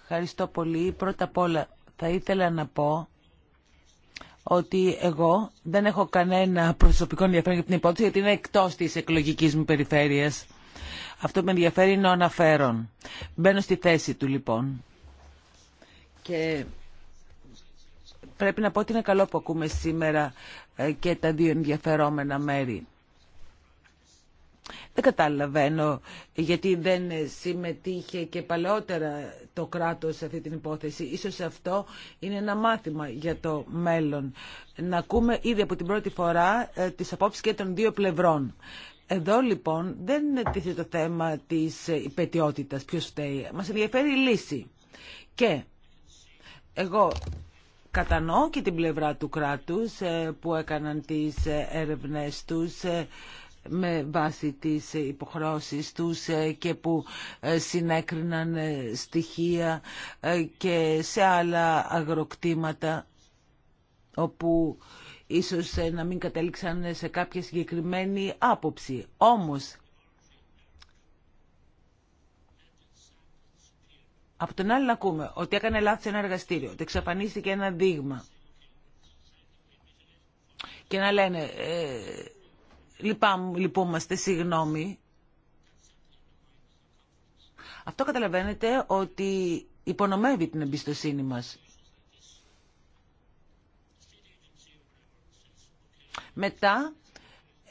Ευχαριστώ πολύ. Πρώτα απ' όλα θα ήθελα να πω ότι εγώ δεν έχω κανένα προσωπικό ενδιαφέρον για την υπόθεση γιατί είναι εκτός της εκλογικής μου περιφέρειας. Αυτό που με ενδιαφέρει είναι ο αναφέρον. Μπαίνω στη θέση του λοιπόν. Και πρέπει να πω ότι είναι καλό που ακούμε σήμερα ε, και τα δύο ενδιαφερόμενα μέρη. Δεν καταλαβαίνω γιατί δεν συμμετείχε και παλαιότερα το κράτος σε αυτή την υπόθεση. Ίσως αυτό είναι ένα μάθημα για το μέλλον. Να ακούμε ήδη από την πρώτη φορά ε, τις απόψεις και των δύο πλευρών. Εδώ λοιπόν δεν τίθεται το θέμα της ε, υπετιότητας, ποιος φταίει. Μας ενδιαφέρει η λύση. Και εγώ κατανοώ και την πλευρά του κράτους ε, που έκαναν τις έρευνες τους με βάση τις υποχρώσεις τους ε, και που ε, συνέκριναν ε, στοιχεία και σε άλλα αγροκτήματα όπου ίσως να μην κατέληξαν σε κάποια συγκεκριμένη άποψη. Όμως, από τον άλλο να ακούμε ότι έκανε λάθος ένα εργαστήριο, ότι εξαφανίστηκε ένα δείγμα και να λένε Λυπά, λυπούμαστε, συγγνώμη. Αυτό καταλαβαίνετε ότι υπονομεύει την εμπιστοσύνη μας. Μετά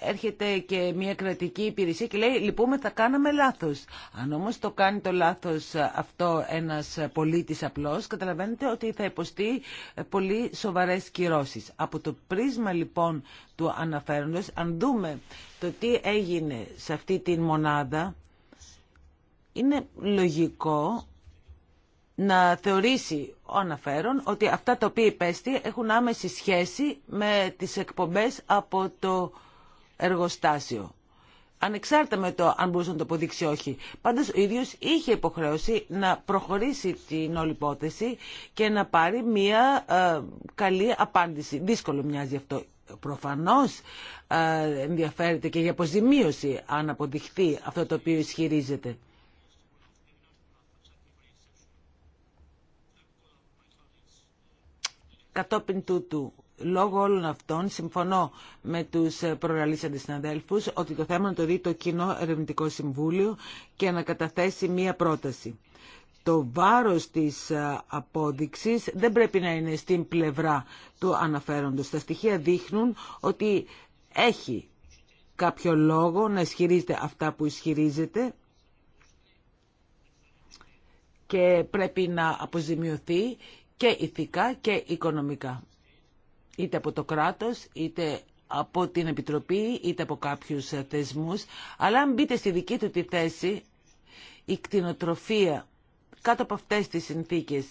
έρχεται και μια κρατική υπηρεσία και λέει λυπούμε θα κάναμε λάθος. Αν όμως το κάνει το λάθος αυτό ένας πολίτης απλός καταλαβαίνετε ότι θα υποστεί πολύ σοβαρές κυρώσεις. Από το πρίσμα λοιπόν του αναφέροντος αν δούμε το τι έγινε σε αυτή την μονάδα είναι λογικό να θεωρήσει ο αναφέρον ότι αυτά τα οποία υπέστη έχουν άμεση σχέση με τις εκπομπές από το εργοστάσιο. Ανεξάρτητα με το αν μπορούσε να το αποδείξει όχι. Πάντως ο ίδιο είχε υποχρέωση να προχωρήσει την όλη υπόθεση και να πάρει μια ε, καλή απάντηση. Δύσκολο μοιάζει αυτό. Προφανώ ε, ενδιαφέρεται και για αποζημίωση αν αποδειχθεί αυτό το οποίο ισχυρίζεται. Κατόπιν τούτου λόγω όλων αυτών συμφωνώ με τους ε, προραλήσαντες συναδέλφους ότι το θέμα το δει το κοινό ερευνητικό συμβούλιο και να καταθέσει μία πρόταση. Το βάρος της ε, απόδειξης δεν πρέπει να είναι στην πλευρά του αναφέροντος. Τα στοιχεία δείχνουν ότι έχει κάποιο λόγο να ισχυρίζεται αυτά που ισχυρίζεται και πρέπει να αποζημιωθεί και ηθικά και οικονομικά είτε από το κράτος, είτε από την Επιτροπή, είτε από κάποιους θεσμούς. Αλλά αν μπείτε στη δική του τη θέση, η κτηνοτροφία κάτω από αυτές τις συνθήκες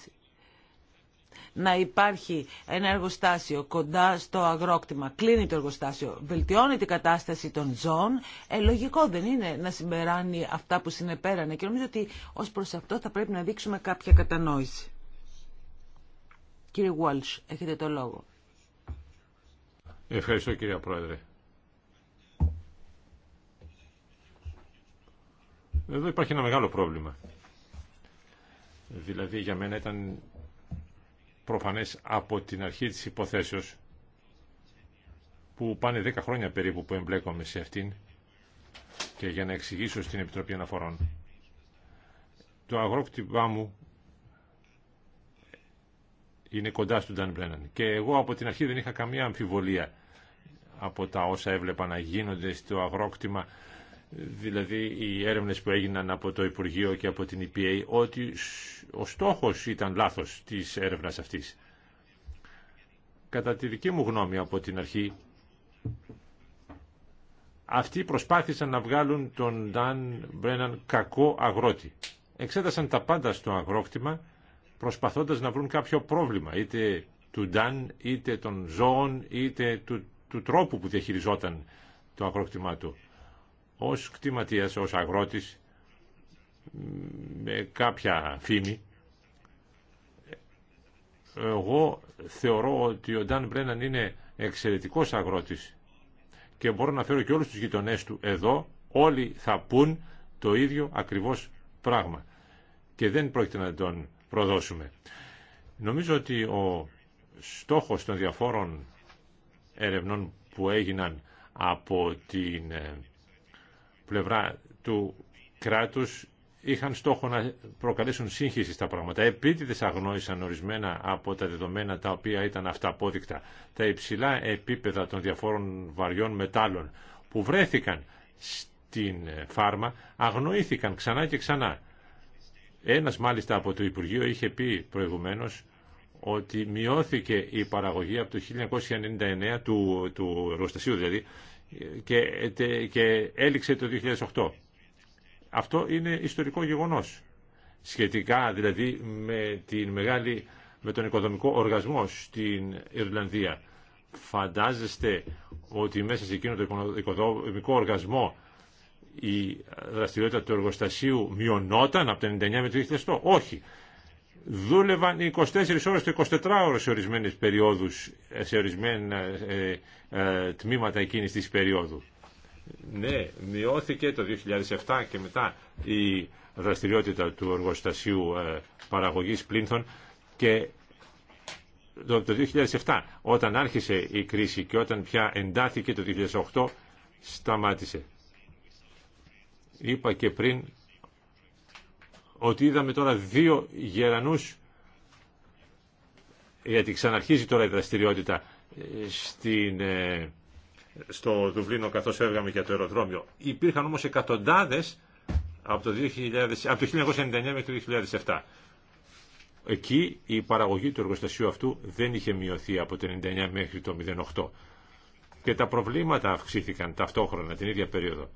να υπάρχει ένα εργοστάσιο κοντά στο αγρόκτημα, κλείνει το εργοστάσιο, βελτιώνει την κατάσταση των ζώων, ε, λογικό δεν είναι να συμπεράνει αυτά που συνεπέρανε και νομίζω ότι ως προς αυτό θα πρέπει να δείξουμε κάποια κατανόηση. Κύριε έχετε το λόγο. Ευχαριστώ κυρία Πρόεδρε. Εδώ υπάρχει ένα μεγάλο πρόβλημα. Δηλαδή για μένα ήταν προφανές από την αρχή της υποθέσεως που πάνε 10 χρόνια περίπου που εμπλέκομαι σε αυτήν και για να εξηγήσω στην Επιτροπή Αναφορών. Το αγρόκτημά μου είναι κοντά στον Ταν και εγώ από την αρχή δεν είχα καμία αμφιβολία από τα όσα έβλεπα να γίνονται στο αγρόκτημα, δηλαδή οι έρευνες που έγιναν από το Υπουργείο και από την EPA, ότι ο στόχος ήταν λάθος της έρευνας αυτής. Κατά τη δική μου γνώμη από την αρχή, αυτοί προσπάθησαν να βγάλουν τον Νταν Brennan κακό αγρότη. Εξέτασαν τα πάντα στο αγρόκτημα, προσπαθώντας να βρουν κάποιο πρόβλημα, είτε του Νταν, είτε των ζώων, είτε του του τρόπου που διαχειριζόταν το αγρόκτημά του. Ως κτηματίας, ως αγρότης, με κάποια φήμη, εγώ θεωρώ ότι ο Νταν Μπρέναν είναι εξαιρετικός αγρότης και μπορώ να φέρω και όλους τους γειτονές του εδώ, όλοι θα πούν το ίδιο ακριβώς πράγμα και δεν πρόκειται να τον προδώσουμε. Νομίζω ότι ο στόχος των διαφόρων ερευνών που έγιναν από την ε, πλευρά του κράτους είχαν στόχο να προκαλέσουν σύγχυση στα πράγματα. Επίτηδες αγνόησαν ορισμένα από τα δεδομένα τα οποία ήταν αυταπόδεικτα. Τα υψηλά επίπεδα των διαφόρων βαριών μετάλλων που βρέθηκαν στην ε, φάρμα αγνοήθηκαν ξανά και ξανά. Ένας μάλιστα από το Υπουργείο είχε πει προηγουμένως ότι μειώθηκε η παραγωγή από το 1999 του, του εργοστασίου δηλαδή και, και έληξε το 2008. Αυτό είναι ιστορικό γεγονός. Σχετικά δηλαδή με, την μεγάλη, με τον οικοδομικό οργασμό στην Ιρλανδία. Φαντάζεστε ότι μέσα σε εκείνο το οικοδομικό οργασμό η δραστηριότητα του εργοστασίου μειωνόταν από το 99 με το 2008. Όχι δούλευαν 24 ώρες το 24 ώρες σε ορισμένες περιόδους, σε ορισμένα ε, ε, τμήματα εκείνης της περίοδου. Ναι, μειώθηκε το 2007 και μετά η δραστηριότητα του εργοστασίου ε, παραγωγής πλήνθων και το 2007 όταν άρχισε η κρίση και όταν πια εντάθηκε το 2008 σταμάτησε. Είπα και πριν ότι είδαμε τώρα δύο γερανούς γιατί ξαναρχίζει τώρα η δραστηριότητα ε, στην, ε, στο Δουβλίνο καθώς έβγαμε για το αεροδρόμιο. Υπήρχαν όμως εκατοντάδες από το, 2000, από το 1999 μέχρι το 2007. Εκεί η παραγωγή του εργοστασίου αυτού δεν είχε μειωθεί από το 1999 μέχρι το 2008. Και τα προβλήματα αυξήθηκαν ταυτόχρονα την ίδια περίοδο.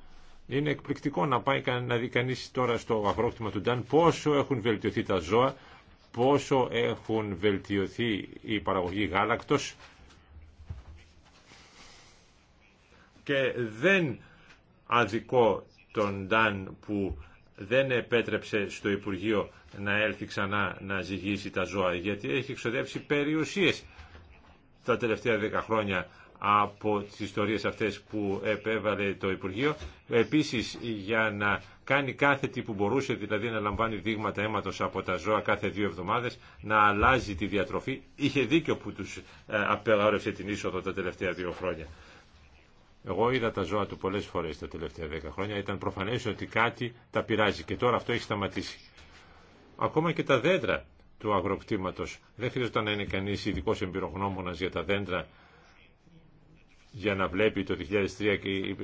Είναι εκπληκτικό να πάει να δει κανεί τώρα στο αγρόκτημα του Ντάν πόσο έχουν βελτιωθεί τα ζώα, πόσο έχουν βελτιωθεί η παραγωγή γάλακτος και δεν αδικό τον Ντάν που δεν επέτρεψε στο Υπουργείο να έλθει ξανά να ζυγίσει τα ζώα γιατί έχει εξοδεύσει περιουσίες τα τελευταία δέκα χρόνια από τις ιστορίες αυτές που επέβαλε το Υπουργείο. Επίσης για να κάνει κάθε τι που μπορούσε, δηλαδή να λαμβάνει δείγματα αίματος από τα ζώα κάθε δύο εβδομάδες, να αλλάζει τη διατροφή. Είχε δίκιο που τους ε, απελαόρευσε την είσοδο τα τελευταία δύο χρόνια. Εγώ είδα τα ζώα του πολλές φορές τα τελευταία δέκα χρόνια. Ήταν προφανές ότι κάτι τα πειράζει και τώρα αυτό έχει σταματήσει. Ακόμα και τα δέντρα του αγροκτήματος. Δεν χρειάζεται να είναι κανείς ειδικό εμπειρογνώμονας για τα δέντρα για να βλέπει το 2003 και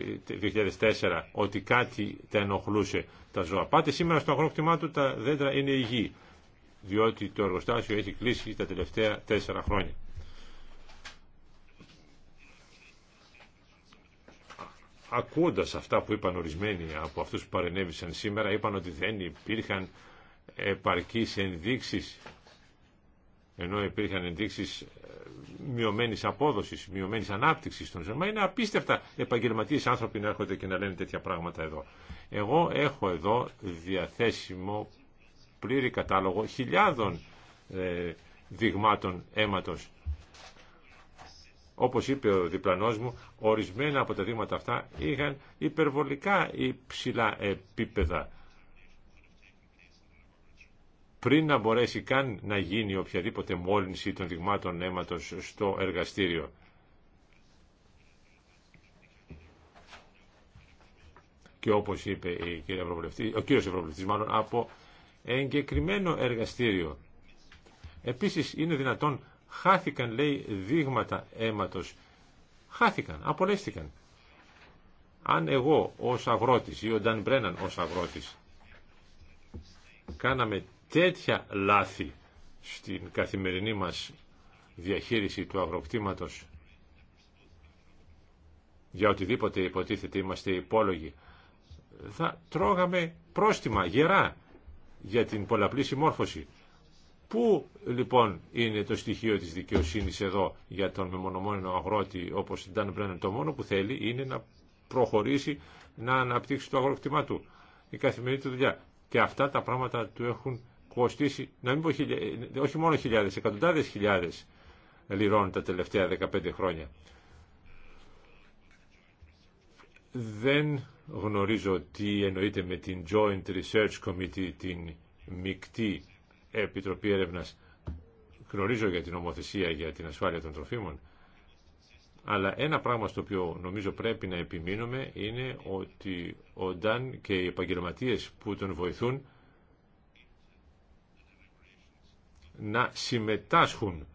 2004 ότι κάτι τα ενοχλούσε τα ζώα. Πάτε σήμερα στο αγρόκτημά του τα δέντρα είναι υγιή, διότι το εργοστάσιο έχει κλείσει τα τελευταία τέσσερα χρόνια. Ακούοντας αυτά που είπαν ορισμένοι από αυτούς που παρενέβησαν σήμερα, είπαν ότι δεν υπήρχαν επαρκείς ενδείξεις, ενώ υπήρχαν ενδείξεις μειωμένη απόδοση, μειωμένη ανάπτυξη των σώμα. Είναι απίστευτα επαγγελματίε άνθρωποι να έρχονται και να λένε τέτοια πράγματα εδώ. Εγώ έχω εδώ διαθέσιμο πλήρη κατάλογο χιλιάδων ε, δειγμάτων αίματος. Όπως είπε ο διπλανό μου, ορισμένα από τα δείγματα αυτά είχαν υπερβολικά υψηλά επίπεδα πριν να μπορέσει καν να γίνει οποιαδήποτε μόλυνση των δειγμάτων αίματος στο εργαστήριο. Και όπως είπε η κυρία ο κύριος Ευρωβουλευτής μάλλον από εγκεκριμένο εργαστήριο. Επίσης είναι δυνατόν χάθηκαν λέει δείγματα αίματος. Χάθηκαν, απολέστηκαν. Αν εγώ ως αγρότης ή ο Νταν Μπρέναν ως αγρότης κάναμε τέτοια λάθη στην καθημερινή μας διαχείριση του αγροκτήματος για οτιδήποτε υποτίθεται είμαστε υπόλογοι θα τρώγαμε πρόστιμα γερά για την πολλαπλή συμμόρφωση. Πού λοιπόν είναι το στοιχείο της δικαιοσύνης εδώ για τον μεμονωμένο αγρότη όπως την Τάν Μπρένεν. Το μόνο που θέλει είναι να προχωρήσει να αναπτύξει το αγροκτημά του, η καθημερινή του δουλειά. Και αυτά τα πράγματα του έχουν κοστίσει, να μην πω όχι μόνο χιλιάδες, εκατοντάδες χιλιάδες λιρών τα τελευταία 15 χρόνια. Δεν γνωρίζω τι εννοείται με την Joint Research Committee, την μεικτή Επιτροπή Έρευνας. Γνωρίζω για την ομοθεσία για την ασφάλεια των τροφίμων. Αλλά ένα πράγμα στο οποίο νομίζω πρέπει να επιμείνουμε είναι ότι ο Νταν και οι επαγγελματίε που τον βοηθούν να συμμετάσχουν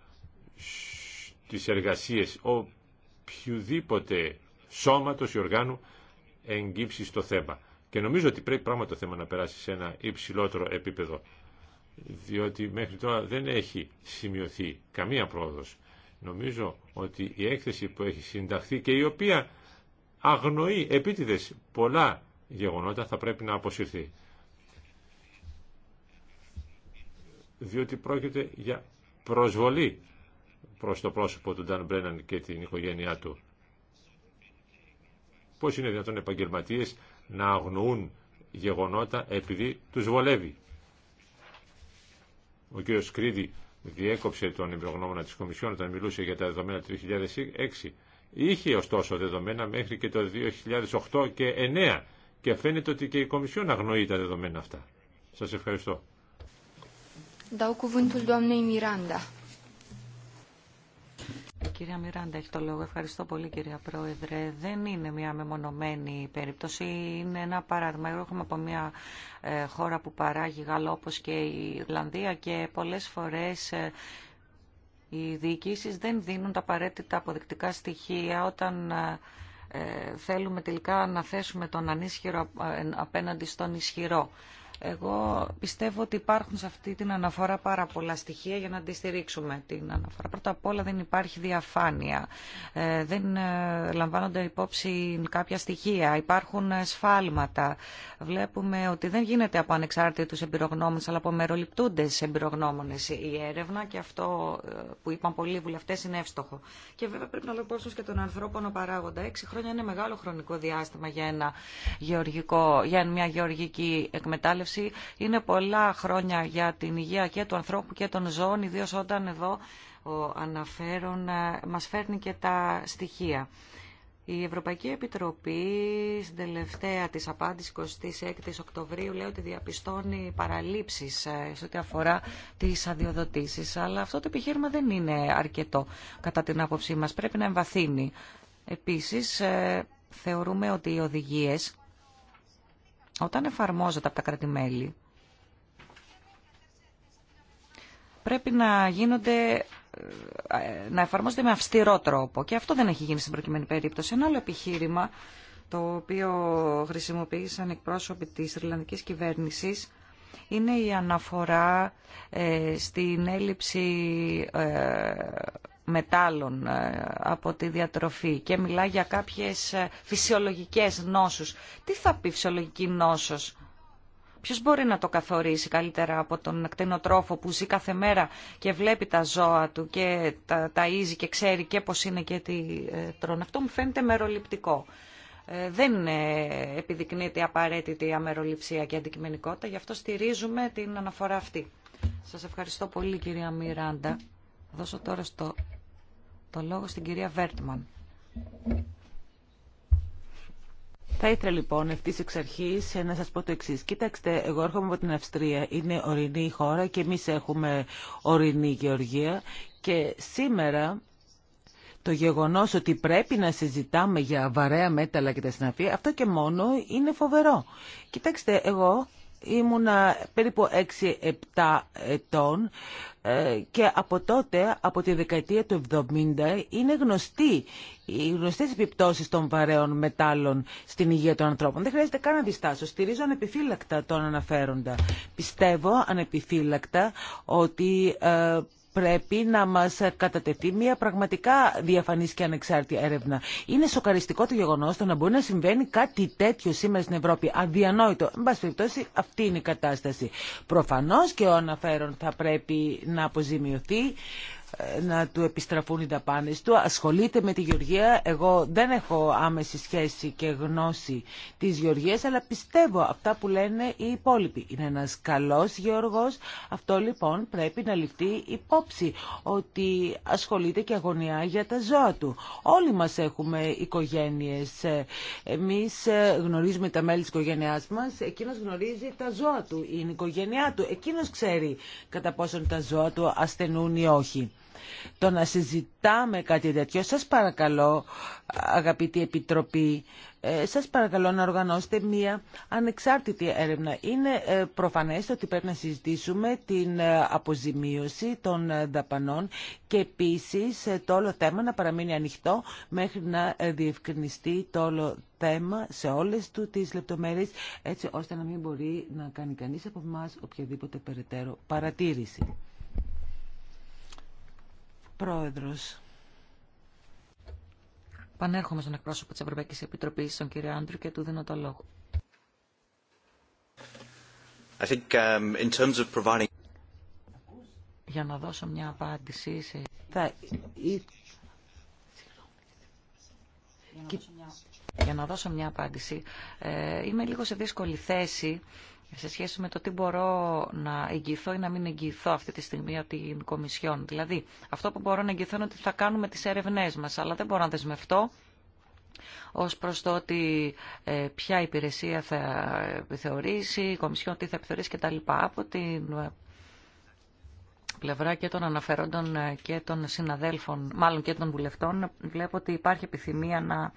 στις εργασίες οποιοδήποτε σώματος ή οργάνου εγκύψει στο θέμα. Και νομίζω ότι πρέπει πράγμα το θέμα να περάσει σε ένα υψηλότερο επίπεδο, διότι μέχρι τώρα δεν έχει σημειωθεί καμία πρόοδος. Νομίζω ότι η έκθεση που έχει συνταχθεί και η οποία αγνοεί επίτηδες πολλά γεγονότα θα πρέπει να αποσυρθεί. διότι πρόκειται για προσβολή προς το πρόσωπο του Νταν Μπρέναν και την οικογένειά του. Πώς είναι δυνατόν επαγγελματίες να αγνοούν γεγονότα επειδή τους βολεύει. Ο κύριος Σκρίδη διέκοψε τον εμπειρογνώμονα της Κομισιόν όταν μιλούσε για τα δεδομένα του 2006. Είχε ωστόσο δεδομένα μέχρι και το 2008 και 2009 και φαίνεται ότι και η Κομισιόν αγνοεί τα δεδομένα αυτά. Σας ευχαριστώ. Κυρία Μιράντα, έχει το λόγο. Ευχαριστώ πολύ, κυρία Πρόεδρε. Δεν είναι μια μεμονωμένη περίπτωση. Είναι ένα παράδειγμα. Εγώ έχουμε από μια ε, χώρα που παράγει γαλλό, όπως και η Ιρλανδία, και πολλές φορές ε, οι διοικήσεις δεν δίνουν τα απαραίτητα αποδεικτικά στοιχεία όταν ε, θέλουμε τελικά να θέσουμε τον ανίσχυρο απέναντι στον ισχυρό. Εγώ πιστεύω ότι υπάρχουν σε αυτή την αναφορά πάρα πολλά στοιχεία για να αντιστηρίξουμε την αναφορά. Πρώτα απ' όλα δεν υπάρχει διαφάνεια. Ε, δεν ε, λαμβάνονται υπόψη κάποια στοιχεία. Υπάρχουν ε, σφάλματα. Βλέπουμε ότι δεν γίνεται από ανεξάρτητους εμπειρογνώμονες, αλλά από μεροληπτούντες εμπειρογνώμονες η έρευνα και αυτό που είπαν πολλοί βουλευτέ είναι εύστοχο. Και βέβαια πρέπει να λέω πόσο και τον ανθρώπινο παράγοντα. Έξι χρόνια είναι μεγάλο χρονικό διάστημα για, ένα γεωργικό, για μια γεωργική εκμετάλλευση είναι πολλά χρόνια για την υγεία και του ανθρώπου και των ζώων, ιδίω όταν εδώ ο αναφέρον ε, μας φέρνει και τα στοιχεία. Η Ευρωπαϊκή Επιτροπή στην τελευταία της απάντηση 26 Οκτωβρίου λέει ότι διαπιστώνει παραλήψεις ε, σε ό,τι αφορά τις αδειοδοτήσεις. Αλλά αυτό το επιχείρημα δεν είναι αρκετό κατά την άποψή μας. Πρέπει να εμβαθύνει. Επίσης, ε, θεωρούμε ότι οι οδηγίες όταν εφαρμόζονται από τα κράτη-μέλη, πρέπει να γίνονται ε, να εφαρμόζονται με αυστηρό τρόπο. Και αυτό δεν έχει γίνει στην προκειμένη περίπτωση. Ένα άλλο επιχείρημα, το οποίο χρησιμοποίησαν εκπρόσωποι της Ιρλανδικής κυβέρνησης, είναι η αναφορά ε, στην έλλειψη ε, μετάλλων ε, από τη διατροφή και μιλά για κάποιες ε, φυσιολογικές νόσους. Τι θα πει φυσιολογική νόσος. Ποιος μπορεί να το καθορίσει καλύτερα από τον κτηνοτρόφο που ζει κάθε μέρα και βλέπει τα ζώα του και τα ταΐζει και ξέρει και πώς είναι και τι ε, τρώνε. Αυτό μου φαίνεται μεροληπτικό. Δεν επιδεικνύεται απαραίτητη αμεροληψία και αντικειμενικότητα, γι' αυτό στηρίζουμε την αναφορά αυτή. Σας ευχαριστώ πολύ κυρία Μιράντα. δώσω τώρα στο το λόγο στην κυρία Βέρτμαν. Θα ήθελα λοιπόν ευθύ εξ αρχή ε, να σα πω το εξή. Κοίταξτε, εγώ έρχομαι από την Αυστρία. Είναι ορεινή η χώρα και εμεί έχουμε ορεινή γεωργία. Και σήμερα το γεγονός ότι πρέπει να συζητάμε για βαρέα μέταλλα και τα συναφή, αυτό και μόνο είναι φοβερό. Κοιτάξτε, εγώ ήμουνα περίπου 6-7 ετών ε, και από τότε, από τη δεκαετία του 70, είναι γνωστή οι γνωστέ επιπτώσει των βαρέων μετάλλων στην υγεία των ανθρώπων. Δεν χρειάζεται καν να διστάσω. Στηρίζω ανεπιφύλακτα τον αναφέροντα. Πιστεύω ανεπιφύλακτα ότι ε, πρέπει να μας κατατεθεί μια πραγματικά διαφανής και ανεξάρτητη έρευνα. Είναι σοκαριστικό το γεγονός το να μπορεί να συμβαίνει κάτι τέτοιο σήμερα στην Ευρώπη. Αδιανόητο. Εν πάση περιπτώσει αυτή είναι η κατάσταση. Προφανώς και ο αναφέρον θα πρέπει να αποζημιωθεί να του επιστραφούν οι δαπάνες του. Ασχολείται με τη Γεωργία. Εγώ δεν έχω άμεση σχέση και γνώση της Γεωργίας, αλλά πιστεύω αυτά που λένε οι υπόλοιποι. Είναι ένας καλός Γεωργός. Αυτό λοιπόν πρέπει να ληφθεί υπόψη ότι ασχολείται και αγωνιά για τα ζώα του. Όλοι μας έχουμε οικογένειες. Εμείς ε, γνωρίζουμε τα μέλη της οικογένειάς μας. Εκείνος γνωρίζει τα ζώα του, είναι η οικογένειά του. Εκείνος ξέρει κατά πόσον τα ζώα του ασθενούν ή όχι. Το να συζητάμε κάτι τέτοιο, σας παρακαλώ αγαπητή Επιτροπή, ε, σας παρακαλώ να οργανώσετε μία ανεξάρτητη έρευνα. Είναι ε, προφανές ότι πρέπει να συζητήσουμε την ε, αποζημίωση των δαπανών και επίσης το όλο θέμα να παραμείνει ανοιχτό μέχρι να διευκρινιστεί το όλο θέμα σε όλες του τις λεπτομέρειες έτσι ώστε να μην μπορεί να κάνει κανείς από εμά οποιαδήποτε περαιτέρω παρατήρηση. Πρόεδρος. Πανέρχομαι στον εκπρόσωπο της Ευρωπαϊκής Επιτροπής, τον κύριο Άντρου και του δίνω το λόγο. Um, Για να δώσω μια απάντηση Θα... Για να δώσω μια απάντηση, ε, είμαι λίγο σε δύσκολη θέση σε σχέση με το τι μπορώ να εγγυηθώ ή να μην εγγυηθώ αυτή τη στιγμή από την Κομισιόν. Δηλαδή, αυτό που μπορώ να εγγυηθώ είναι ότι θα κάνουμε τις έρευνές μας, αλλά δεν μπορώ να δεσμευτώ ως προς το ότι ε, ποια υπηρεσία θα επιθεωρήσει, η Κομισιόν τι θα επιθεωρήσει κτλ. Από την ε, πλευρά και των αναφερόντων ε, και των συναδέλφων, μάλλον και των βουλευτών, βλέπω ότι υπάρχει επιθυμία να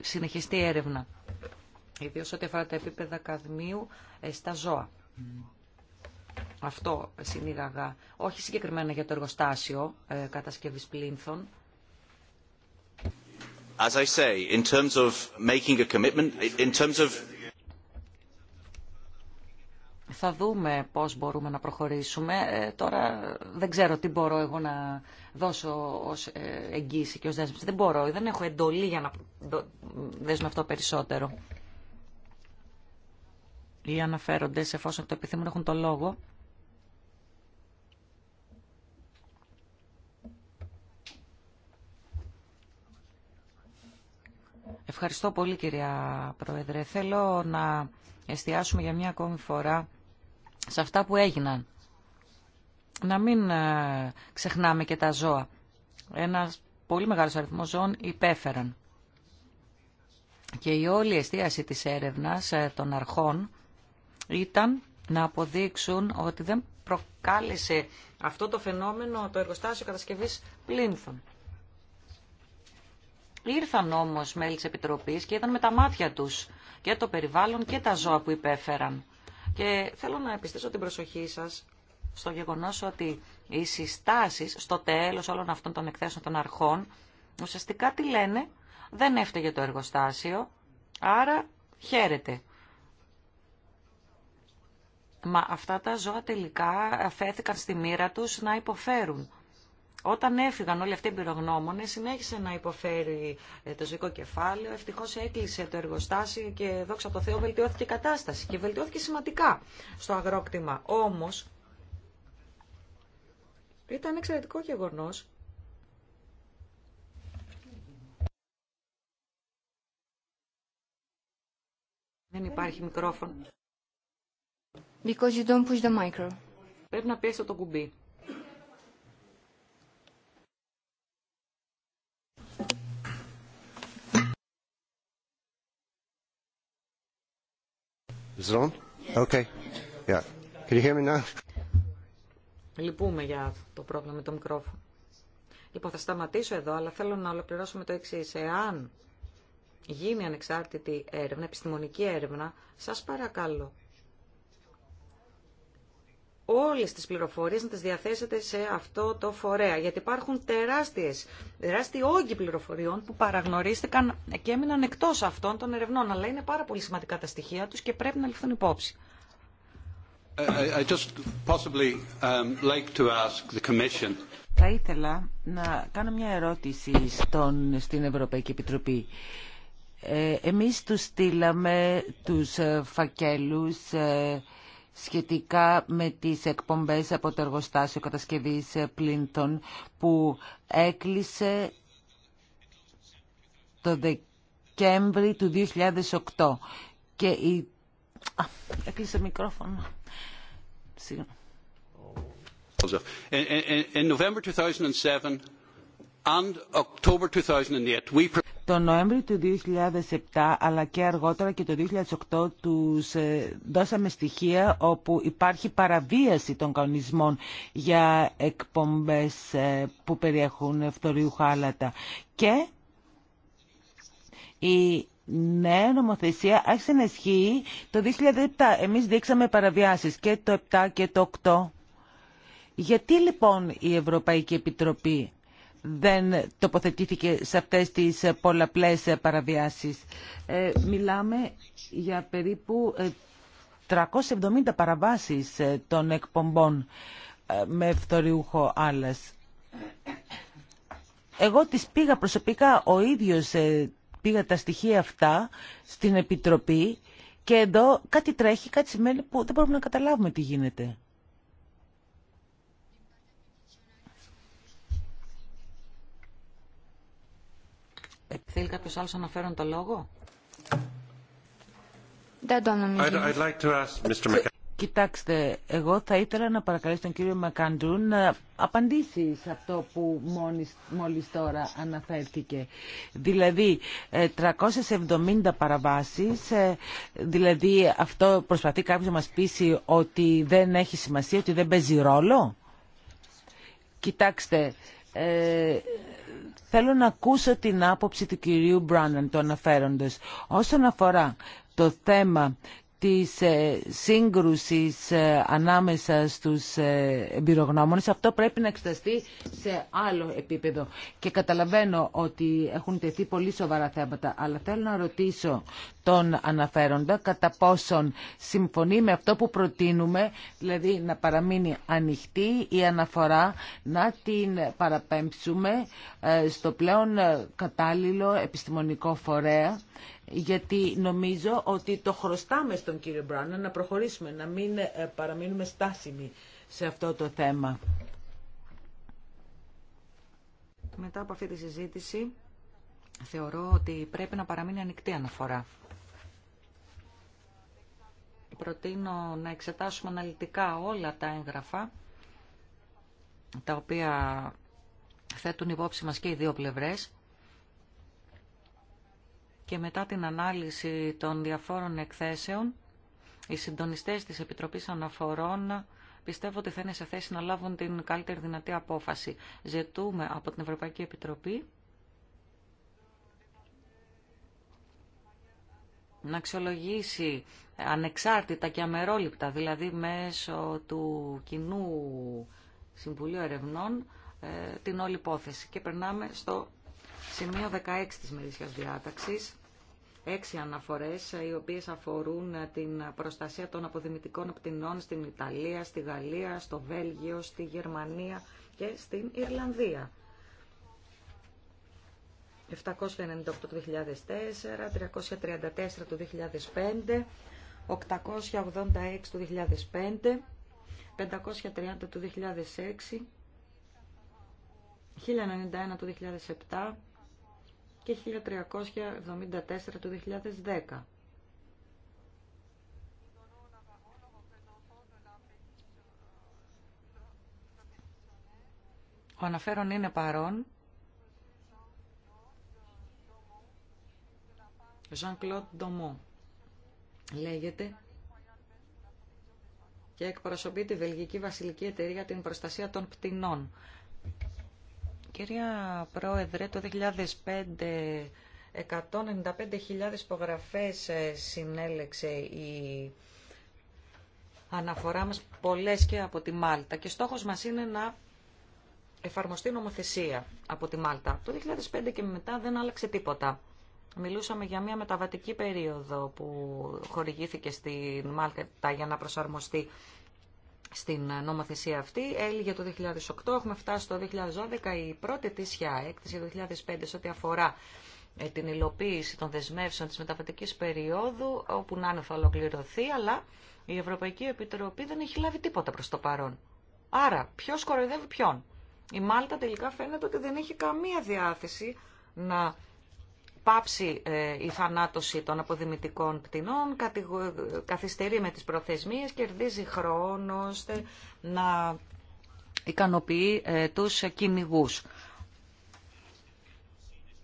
συνεχιστεί η έρευνα. Ιδίω ό,τι αφορά τα επίπεδα καδμίου ε, στα ζώα. Αυτό συνήγαγα, όχι συγκεκριμένα για το εργοστάσιο ε, κατασκευής πλήνθων. Θα δούμε πώς μπορούμε να προχωρήσουμε. Ε, τώρα δεν ξέρω τι μπορώ εγώ να δώσω ως ε, εγγύηση και ως δέσμευση. Δεν μπορώ, δεν έχω εντολή για να δέσουμε αυτό περισσότερο αναφέρονται σε εφόσον το επιθυμούν έχουν το λόγο. Ευχαριστώ πολύ κυρία Πρόεδρε. Θέλω να εστιάσουμε για μια ακόμη φορά σε αυτά που έγιναν. Να μην ε, ξεχνάμε και τα ζώα. Ένας πολύ μεγάλος αριθμός ζώων υπέφεραν. Και η όλη εστίαση της έρευνας ε, των αρχών ήταν να αποδείξουν ότι δεν προκάλεσε αυτό το φαινόμενο το εργοστάσιο κατασκευής πλήνθων. Ήρθαν όμως μέλη της Επιτροπής και ήταν με τα μάτια τους και το περιβάλλον και τα ζώα που υπέφεραν. Και θέλω να επιστήσω την προσοχή σας στο γεγονός ότι οι συστάσεις στο τέλος όλων αυτών των εκθέσεων των αρχών ουσιαστικά τι λένε, δεν έφταιγε το εργοστάσιο, άρα χαίρεται. Μα αυτά τα ζώα τελικά αφέθηκαν στη μοίρα τους να υποφέρουν. Όταν έφυγαν όλοι αυτοί οι πυρογνώμονες, συνέχισε να υποφέρει ε, το ζωικό κεφάλαιο. Ευτυχώ έκλεισε το εργοστάσιο και δόξα το Θεώ βελτιώθηκε η κατάσταση και βελτιώθηκε σημαντικά στο αγρόκτημα. Όμω, ήταν εξαιρετικό γεγονό Δεν υπάρχει μικρόφωνο. Πρέπει να πιέσω το κουμπί. Λυπούμε για το πρόβλημα με το μικρόφωνο. Λοιπόν, θα σταματήσω εδώ, αλλά θέλω να ολοκληρώσω το εξή. Εάν γίνει ανεξάρτητη έρευνα, επιστημονική έρευνα, σας παρακαλώ, όλες τις πληροφορίες να τις διαθέσετε σε αυτό το φορέα. Γιατί υπάρχουν τεράστιες, τεράστιοι όγκοι πληροφοριών που παραγνωρίστηκαν και έμειναν εκτός αυτών των ερευνών. Αλλά είναι πάρα πολύ σημαντικά τα στοιχεία τους και πρέπει να ληφθούν υπόψη. Θα ήθελα να κάνω μια ερώτηση στον, στην Ευρωπαϊκή Επιτροπή. Ε, εμείς τους στείλαμε τους ε, φακέλους... Ε, σχετικά με τις εκπομπές από το εργοστάσιο κατασκευής ε, Πλίντον που έκλεισε το Δεκέμβρη του 2008 και η... Α, έκλεισε μικρόφωνο. Συγγνώμη. 2007, τον Το Νοέμβριο του 2007 αλλά και αργότερα και το 2008 τους ε, δώσαμε στοιχεία όπου υπάρχει παραβίαση των κανονισμών για εκπομπές ε, που περιέχουν φθοριού χάλατα. Και η νέα νομοθεσία άρχισε να ισχύει το 2007. Εμείς δείξαμε παραβιάσεις και το 7 και το 8. Γιατί λοιπόν η Ευρωπαϊκή Επιτροπή δεν τοποθετήθηκε σε αυτές τις πολλαπλές παραβιάσεις. Ε, μιλάμε για περίπου 370 ε, παραβάσεις ε, των εκπομπών με φθοριούχο άλλας. Εγώ τις πήγα προσωπικά, ο ίδιος πήγα τα στοιχεία αυτά στην Επιτροπή και εδώ κάτι τρέχει, κάτι σημαίνει που δεν μπορούμε να καταλάβουμε τι γίνεται. Θέλει κάποιος άλλος αναφέρον το λόγο. Δεν το νομίζω. Κοιτάξτε, εγώ θα ήθελα να παρακαλέσω τον κύριο Μακαντρού να απαντήσει σε αυτό που μόλις, μόλις τώρα αναφέρθηκε. Δηλαδή, 370 ε, παραβάσεις, ε, δηλαδή αυτό προσπαθεί κάποιος να μας πείσει ότι δεν έχει σημασία, ότι δεν παίζει ρόλο. Κοιτάξτε, ε, Θέλω να ακούσω την άποψη του κυρίου Μπράνναν το αναφέροντος, όσον αφορά το θέμα της ε, σύγκρουσης ε, ανάμεσα στους ε, εμπειρογνώμονες. Αυτό πρέπει να εξεταστεί σε άλλο επίπεδο. Και καταλαβαίνω ότι έχουν τεθεί πολύ σοβαρά θέματα, αλλά θέλω να ρωτήσω τον αναφέροντα κατά πόσον συμφωνεί με αυτό που προτείνουμε, δηλαδή να παραμείνει ανοιχτή η αναφορά, να την παραπέμψουμε στο πλέον κατάλληλο επιστημονικό φορέα, γιατί νομίζω ότι το χρωστάμε στον κύριο Μπράνα να προχωρήσουμε, να μην ε, παραμείνουμε στάσιμοι σε αυτό το θέμα. Μετά από αυτή τη συζήτηση, θεωρώ ότι πρέπει να παραμείνει ανοιχτή αναφορά. Προτείνω να εξετάσουμε αναλυτικά όλα τα έγγραφα, τα οποία θέτουν υπόψη μας και οι δύο πλευρές, και μετά την ανάλυση των διαφόρων εκθέσεων, οι συντονιστές της Επιτροπής Αναφορών πιστεύω ότι θα είναι σε θέση να λάβουν την καλύτερη δυνατή απόφαση. Ζητούμε από την Ευρωπαϊκή Επιτροπή να αξιολογήσει ανεξάρτητα και αμερόληπτα, δηλαδή μέσω του κοινού Συμβουλίου Ερευνών, ε, την όλη υπόθεση. Και περνάμε στο σημείο 16 της μερίσιας διάταξης έξι αναφορές ε, οι οποίες αφορούν ε, την προστασία των αποδημητικών πτηνών στην Ιταλία, στη Γαλλία, στο Βέλγιο, στη Γερμανία και στην Ιρλανδία. 798 του 2004, 334 του 2005, 886 του 2005, 530 του 2006, 1091 του 2007, και 1374 του 2010. Ο αναφέρον είναι παρόν. Jean-Claude Domo λέγεται και εκπροσωπεί τη Βελγική Βασιλική Εταιρεία την Προστασία των Πτηνών. Κυρία Πρόεδρε, το 2005 195.000 υπογραφές ε, συνέλεξε η αναφορά μας, πολλές και από τη Μάλτα. Και στόχος μας είναι να εφαρμοστεί νομοθεσία από τη Μάλτα. Το 2005 και μετά δεν άλλαξε τίποτα. Μιλούσαμε για μια μεταβατική περίοδο που χορηγήθηκε στη Μάλτα για να προσαρμοστεί στην νομοθεσία αυτή. για το 2008, έχουμε φτάσει το 2012, η πρώτη ετήσια έκθεση το 2005 σε ό,τι αφορά ε, την υλοποίηση των δεσμεύσεων της μεταβατικής περίοδου, όπου να είναι θα ολοκληρωθεί, αλλά η Ευρωπαϊκή Επιτροπή δεν έχει λάβει τίποτα προς το παρόν. Άρα, ποιο κοροϊδεύει ποιον. Η Μάλτα τελικά φαίνεται ότι δεν έχει καμία διάθεση να πάψει ε, η θανάτωση των αποδημητικών πτηνών, καθυστερεί με τις προθεσμίες, κερδίζει χρόνο ώστε να ικανοποιεί ε, τους κυνηγού.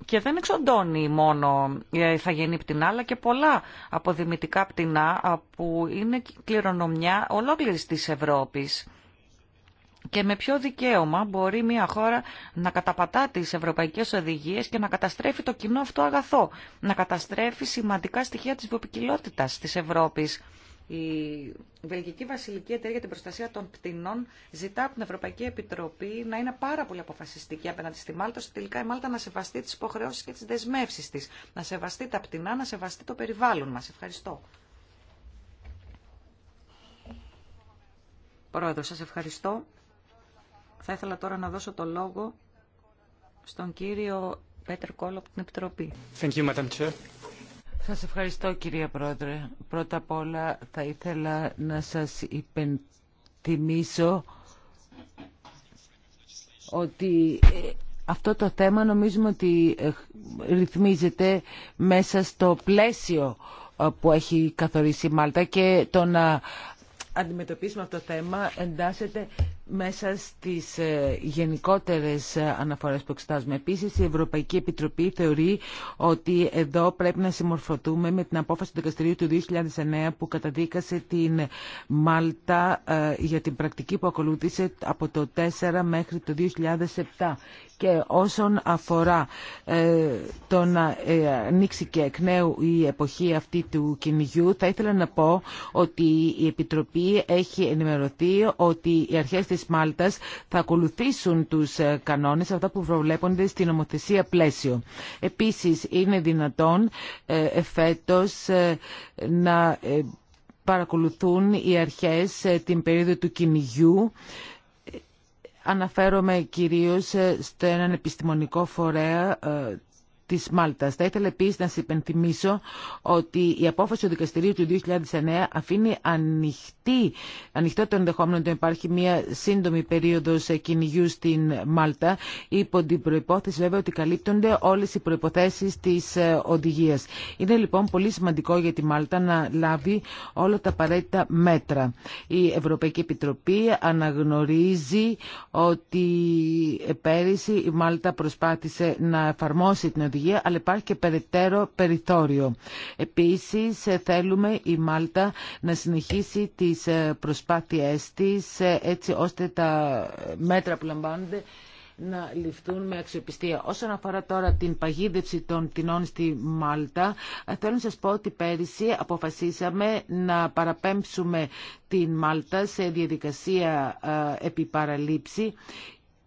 Και δεν εξοντώνει μόνο ε, η θαγενή πτηνά, αλλά και πολλά αποδημητικά πτηνά που είναι κληρονομιά ολόκληρης της Ευρώπης και με ποιο δικαίωμα μπορεί μια χώρα να καταπατά τις ευρωπαϊκές οδηγίες και να καταστρέφει το κοινό αυτό αγαθό, να καταστρέφει σημαντικά στοιχεία της βιοπικιλότητας της Ευρώπης. Η Βελγική Βασιλική Εταιρεία για την Προστασία των Πτηνών ζητά από την Ευρωπαϊκή Επιτροπή να είναι πάρα πολύ αποφασιστική απέναντι στη Μάλτα, ώστε τελικά η Μάλτα να σεβαστεί τι υποχρεώσει και τι δεσμεύσει τη. Να σεβαστεί τα πτηνά, να σεβαστεί το περιβάλλον μα. Ευχαριστώ. Πρόεδρο, σα ευχαριστώ. Θα ήθελα τώρα να δώσω το λόγο στον κύριο Πέτερ Κόλλο από την Επιτροπή. Thank Σας ευχαριστώ κυρία Πρόεδρε. Πρώτα απ' όλα θα ήθελα να σας υπενθυμίσω ότι ε, αυτό το θέμα νομίζουμε ότι ε, ρυθμίζεται μέσα στο πλαίσιο ε, που έχει καθορίσει η Μάλτα και το να αντιμετωπίσουμε αυτό το θέμα εντάσσεται μέσα στις ε, γενικότερες ε, αναφορές που εξετάζουμε. Επίσης, η Ευρωπαϊκή Επιτροπή θεωρεί ότι εδώ πρέπει να συμμορφωθούμε με την απόφαση του δικαστηρίου του 2009 που καταδίκασε την Μάλτα ε, για την πρακτική που ακολούθησε από το 4 μέχρι το 2007. Και όσον αφορά το να ανοίξει και εκ νέου η εποχή αυτή του κυνηγιού, θα ήθελα να πω ότι η Επιτροπή έχει ενημερωθεί ότι οι αρχές της Μάλτας θα ακολουθήσουν τους ε, κανόνες αυτά που προβλέπονται στην νομοθεσία πλαίσιο. Επίσης είναι δυνατόν ε, εφέτος ε, να παρακολουθούν οι αρχές την περίοδο του κυνηγιού Αναφέρομαι κυρίως στο έναν επιστημονικό φορέα τη Θα ήθελα επίση να σα υπενθυμίσω ότι η απόφαση του δικαστηρίου του 2009 αφήνει ανοιχτή, ανοιχτό το ενδεχόμενο ότι υπάρχει μια σύντομη περίοδο κυνηγιού στην Μάλτα υπό την προπόθεση βέβαια ότι καλύπτονται όλε οι προποθέσει τη ε, οδηγία. Είναι λοιπόν πολύ σημαντικό για τη Μάλτα να λάβει όλα τα απαραίτητα μέτρα. Η Ευρωπαϊκή Επιτροπή αναγνωρίζει ότι πέρυσι η Μάλτα προσπάθησε να εφαρμόσει την οδηγία αλλά υπάρχει και περαιτέρω περιθώριο. Επίσης, ε, θέλουμε η Μάλτα να συνεχίσει τις ε, προσπάθειές της, ε, έτσι ώστε τα μέτρα που λαμβάνονται να ληφθούν με αξιοπιστία. Όσον αφορά τώρα την παγίδευση των τεινών στη Μάλτα, θέλω να σας πω ότι πέρυσι αποφασίσαμε να παραπέμψουμε την Μάλτα σε διαδικασία επιπαραλήψη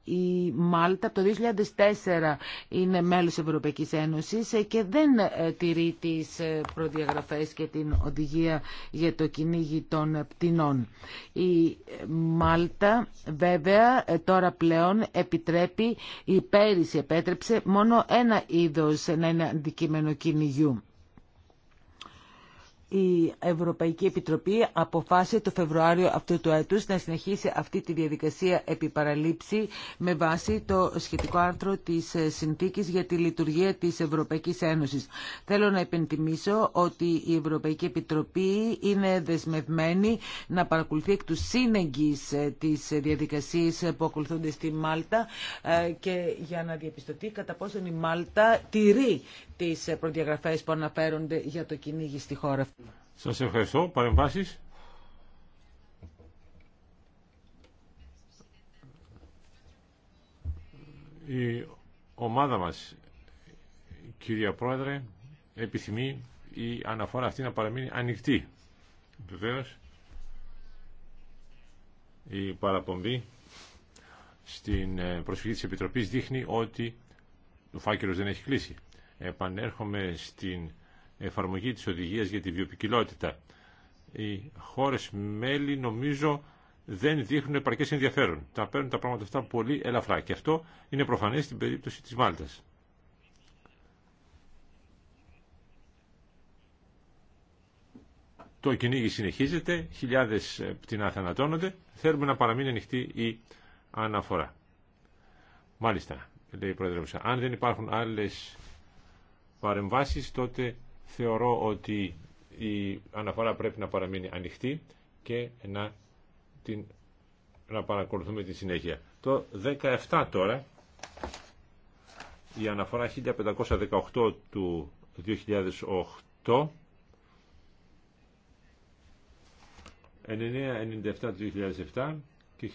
η Μάλτα από το 2004 είναι μέλος Ευρωπαϊκής Ένωσης και δεν ε, τηρεί τις ε, προδιαγραφές και την οδηγία για το κυνήγι των πτηνών. Η ε, Μάλτα βέβαια τώρα πλέον επιτρέπει, η πέρυσι επέτρεψε μόνο ένα είδος να είναι αντικείμενο κυνηγιού η Ευρωπαϊκή Επιτροπή αποφάσισε το Φεβρουάριο αυτού του έτους να συνεχίσει αυτή τη διαδικασία επιπαραλήψη με βάση το σχετικό άρθρο της ε, Συνθήκης για τη λειτουργία της Ευρωπαϊκής Ένωσης. Θέλω να επενθυμίσω ότι η Ευρωπαϊκή Επιτροπή είναι δεσμευμένη να παρακολουθεί εκ του σύνεγγυς ε, της διαδικασίας που ακολουθούνται στη Μάλτα ε, και για να διαπιστωθεί κατά πόσον η Μάλτα τηρεί τις προδιαγραφές που αναφέρονται για το κυνήγι στη χώρα σας ευχαριστώ. Παρεμβάσεις. Η ομάδα μας, κυρία Πρόεδρε, επιθυμεί η αναφορά αυτή να παραμείνει ανοιχτή. Βεβαίω, η παραπομπή στην ε, προσφυγή της Επιτροπής δείχνει ότι ο φάκελος δεν έχει κλείσει. Επανέρχομαι στην εφαρμογή της οδηγίας για τη βιοπικιλότητα. Οι χώρες μέλη νομίζω δεν δείχνουν επαρκές ενδιαφέρον. Τα παίρνουν τα πράγματα αυτά πολύ ελαφρά και αυτό είναι προφανές στην περίπτωση της Μάλτας. Το κυνήγι συνεχίζεται, χιλιάδες πτηνά θανατώνονται, θέλουμε να παραμείνει ανοιχτή η αναφορά. Μάλιστα, λέει η Πρόεδρε, αν δεν υπάρχουν άλλες παρεμβάσεις, τότε θεωρώ ότι η αναφορά πρέπει να παραμείνει ανοιχτή και να, την, να παρακολουθούμε τη συνέχεια. Το 17 τώρα, η αναφορά 1518 του 2008, 997 του 2007 και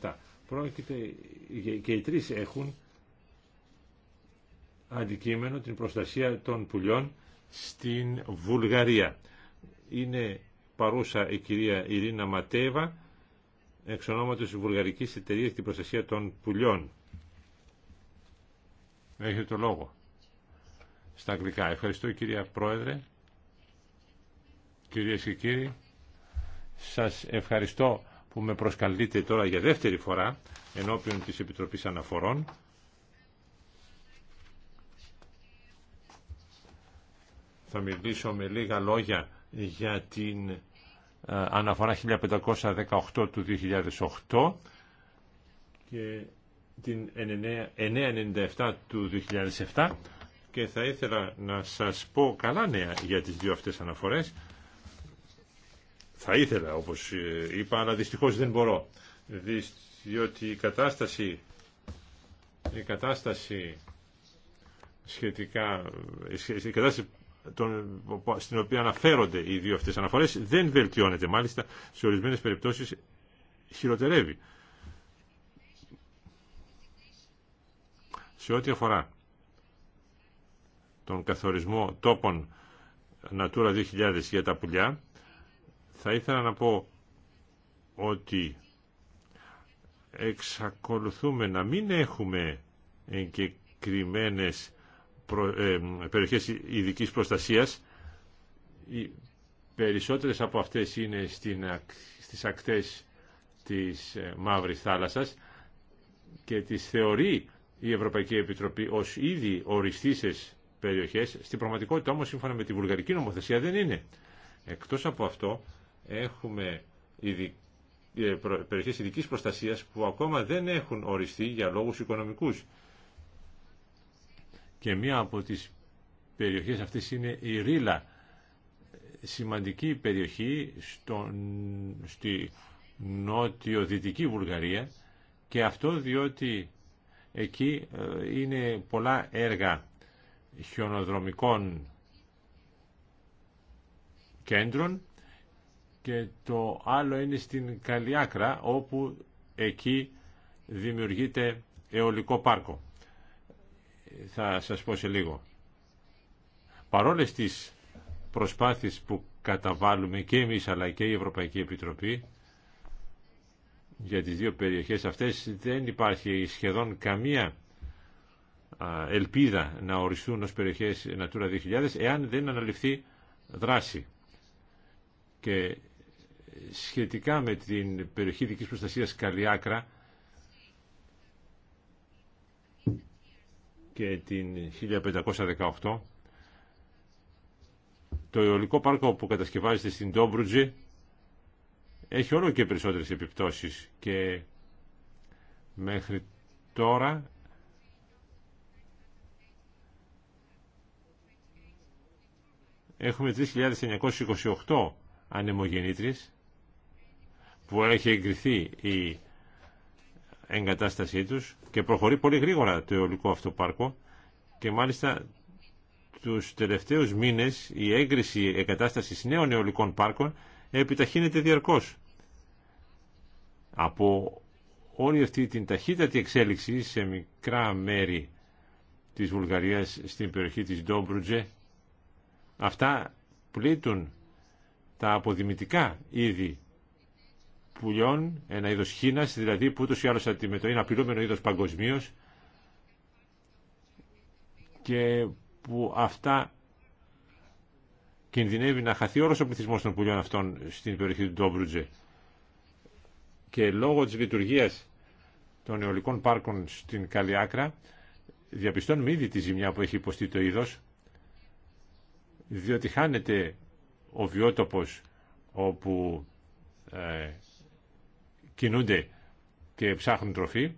1503-07. Πρόκειται και οι τρεις έχουν αντικείμενο την προστασία των πουλιών στην Βουλγαρία. Είναι παρούσα η κυρία Ειρήνα Ματέβα, εξ ονόματος της Βουλγαρικής Εταιρείας για την Προστασία των Πουλιών. Έχετε το λόγο. Στα αγγλικά. Ευχαριστώ κυρία Πρόεδρε. Κυρίες και κύριοι, σας ευχαριστώ που με προσκαλείτε τώρα για δεύτερη φορά ενώπιον της Επιτροπής Αναφορών. Θα μιλήσω με λίγα λόγια για την ε, αναφορά 1518 του 2008 και την 997 του 2007 και θα ήθελα να σας πω καλά νέα για τις δύο αυτές αναφορές. Θα ήθελα, όπως ε, είπα, αλλά δυστυχώς δεν μπορώ, διότι η κατάσταση, η κατάσταση σχετικά, ε, η κατάσταση στην οποία αναφέρονται οι δύο αυτές αναφορές δεν βελτιώνεται. Μάλιστα σε ορισμένες περιπτώσεις χειροτερεύει. Σε ό,τι αφορά τον καθορισμό τόπων Natura 2000 για τα πουλιά, θα ήθελα να πω ότι εξακολουθούμε να μην έχουμε εγκεκριμένες ε, περιοχές ειδικής προστασίας. Οι περισσότερες από αυτές είναι στις ακτές της ε, Μαύρης Θάλασσας και τις θεωρεί η Ευρωπαϊκή Επιτροπή ως ήδη οριστήσεις περιοχές. Στην πραγματικότητα όμως σύμφωνα με τη βουλγαρική νομοθεσία δεν είναι. Εκτός από αυτό έχουμε ε, περιοχές ειδικής προστασίας που ακόμα δεν έχουν οριστεί για λόγους οικονομικούς και μία από τις περιοχές αυτές είναι η Ρίλα, σημαντική περιοχή στο, στη νότιο-δυτική Βουλγαρία και αυτό διότι εκεί ε, είναι πολλά έργα χιονοδρομικών κέντρων και το άλλο είναι στην Καλιάκρα όπου εκεί δημιουργείται αιωλικό πάρκο θα σας πω σε λίγο. Παρόλες τις προσπάθειες που καταβάλουμε και εμείς αλλά και η Ευρωπαϊκή Επιτροπή για τις δύο περιοχές αυτές δεν υπάρχει σχεδόν καμία ελπίδα να οριστούν ως περιοχές Natura 2000 εάν δεν αναλυφθεί δράση. Και σχετικά με την περιοχή δικής προστασίας Καλλιάκρα και την 1518 το αιωλικό πάρκο που κατασκευάζεται στην Ντόμπρουτζη έχει όλο και περισσότερες επιπτώσεις και μέχρι τώρα έχουμε 3.928 ανεμογεννήτριες που έχει εγκριθεί η εγκατάστασή τους και προχωρεί πολύ γρήγορα το αιωλικό αυτό πάρκο και μάλιστα τους τελευταίους μήνες η έγκριση εγκατάστασης νέων αιωλικών πάρκων επιταχύνεται διαρκώς. Από όλη αυτή την ταχύτατη εξέλιξη σε μικρά μέρη της Βουλγαρίας στην περιοχή της Ντόμπρουτζε αυτά πλήττουν τα αποδημητικά είδη πουλιών, ένα είδος χήνας, δηλαδή που ούτως ή άλλως αντιμετωπίζει, είναι απειλούμενο είδος παγκοσμίω και που αυτά κινδυνεύει να χαθεί όλος ο πληθυσμός των πουλιών αυτών στην περιοχή του Ντόμπρουτζε. Και λόγω της λειτουργίας των αιωλικών πάρκων στην Καλλιάκρα διαπιστώνουμε ήδη τη ζημιά που έχει υποστεί το είδος διότι χάνεται ο βιότοπος όπου ε, κινούνται και ψάχνουν τροφή.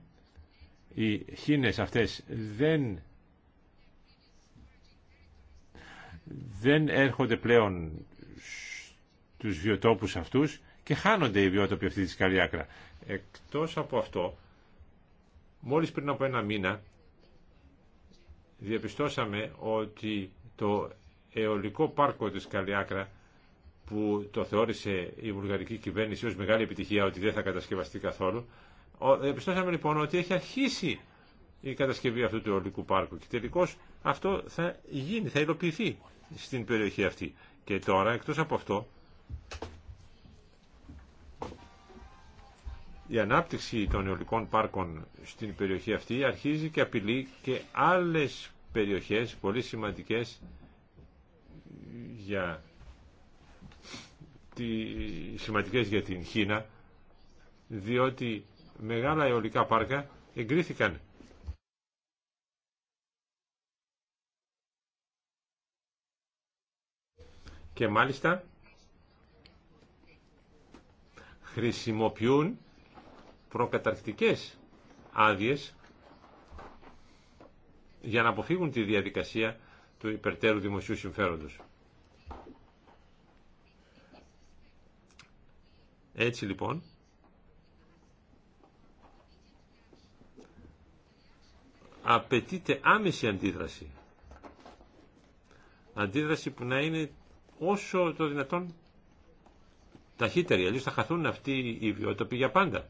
Οι χήνες αυτές δεν, δεν έρχονται πλέον στους βιοτόπους αυτούς και χάνονται οι βιότοποι αυτή της Καλιάκρα. Εκτός από αυτό, μόλις πριν από ένα μήνα διαπιστώσαμε ότι το αιωλικό πάρκο της Καλιάκρα που το θεώρησε η βουλγαρική κυβέρνηση ως μεγάλη επιτυχία ότι δεν θα κατασκευαστεί καθόλου. Επιστώσαμε λοιπόν ότι έχει αρχίσει η κατασκευή αυτού του ολικού πάρκου και τελικώ αυτό θα γίνει, θα υλοποιηθεί στην περιοχή αυτή. Και τώρα εκτός από αυτό η ανάπτυξη των αιωλικών πάρκων στην περιοχή αυτή αρχίζει και απειλεί και άλλες περιοχές πολύ σημαντικές για σημαντικές για την Χίνα διότι μεγάλα αιωλικά πάρκα εγκρίθηκαν και μάλιστα χρησιμοποιούν προκαταρκτικές άδειες για να αποφύγουν τη διαδικασία του υπερτέρου δημοσίου συμφέροντος. Έτσι λοιπόν, απαιτείται άμεση αντίδραση. Αντίδραση που να είναι όσο το δυνατόν ταχύτερη, αλλιώς θα χαθούν αυτοί οι βιότοποι για πάντα.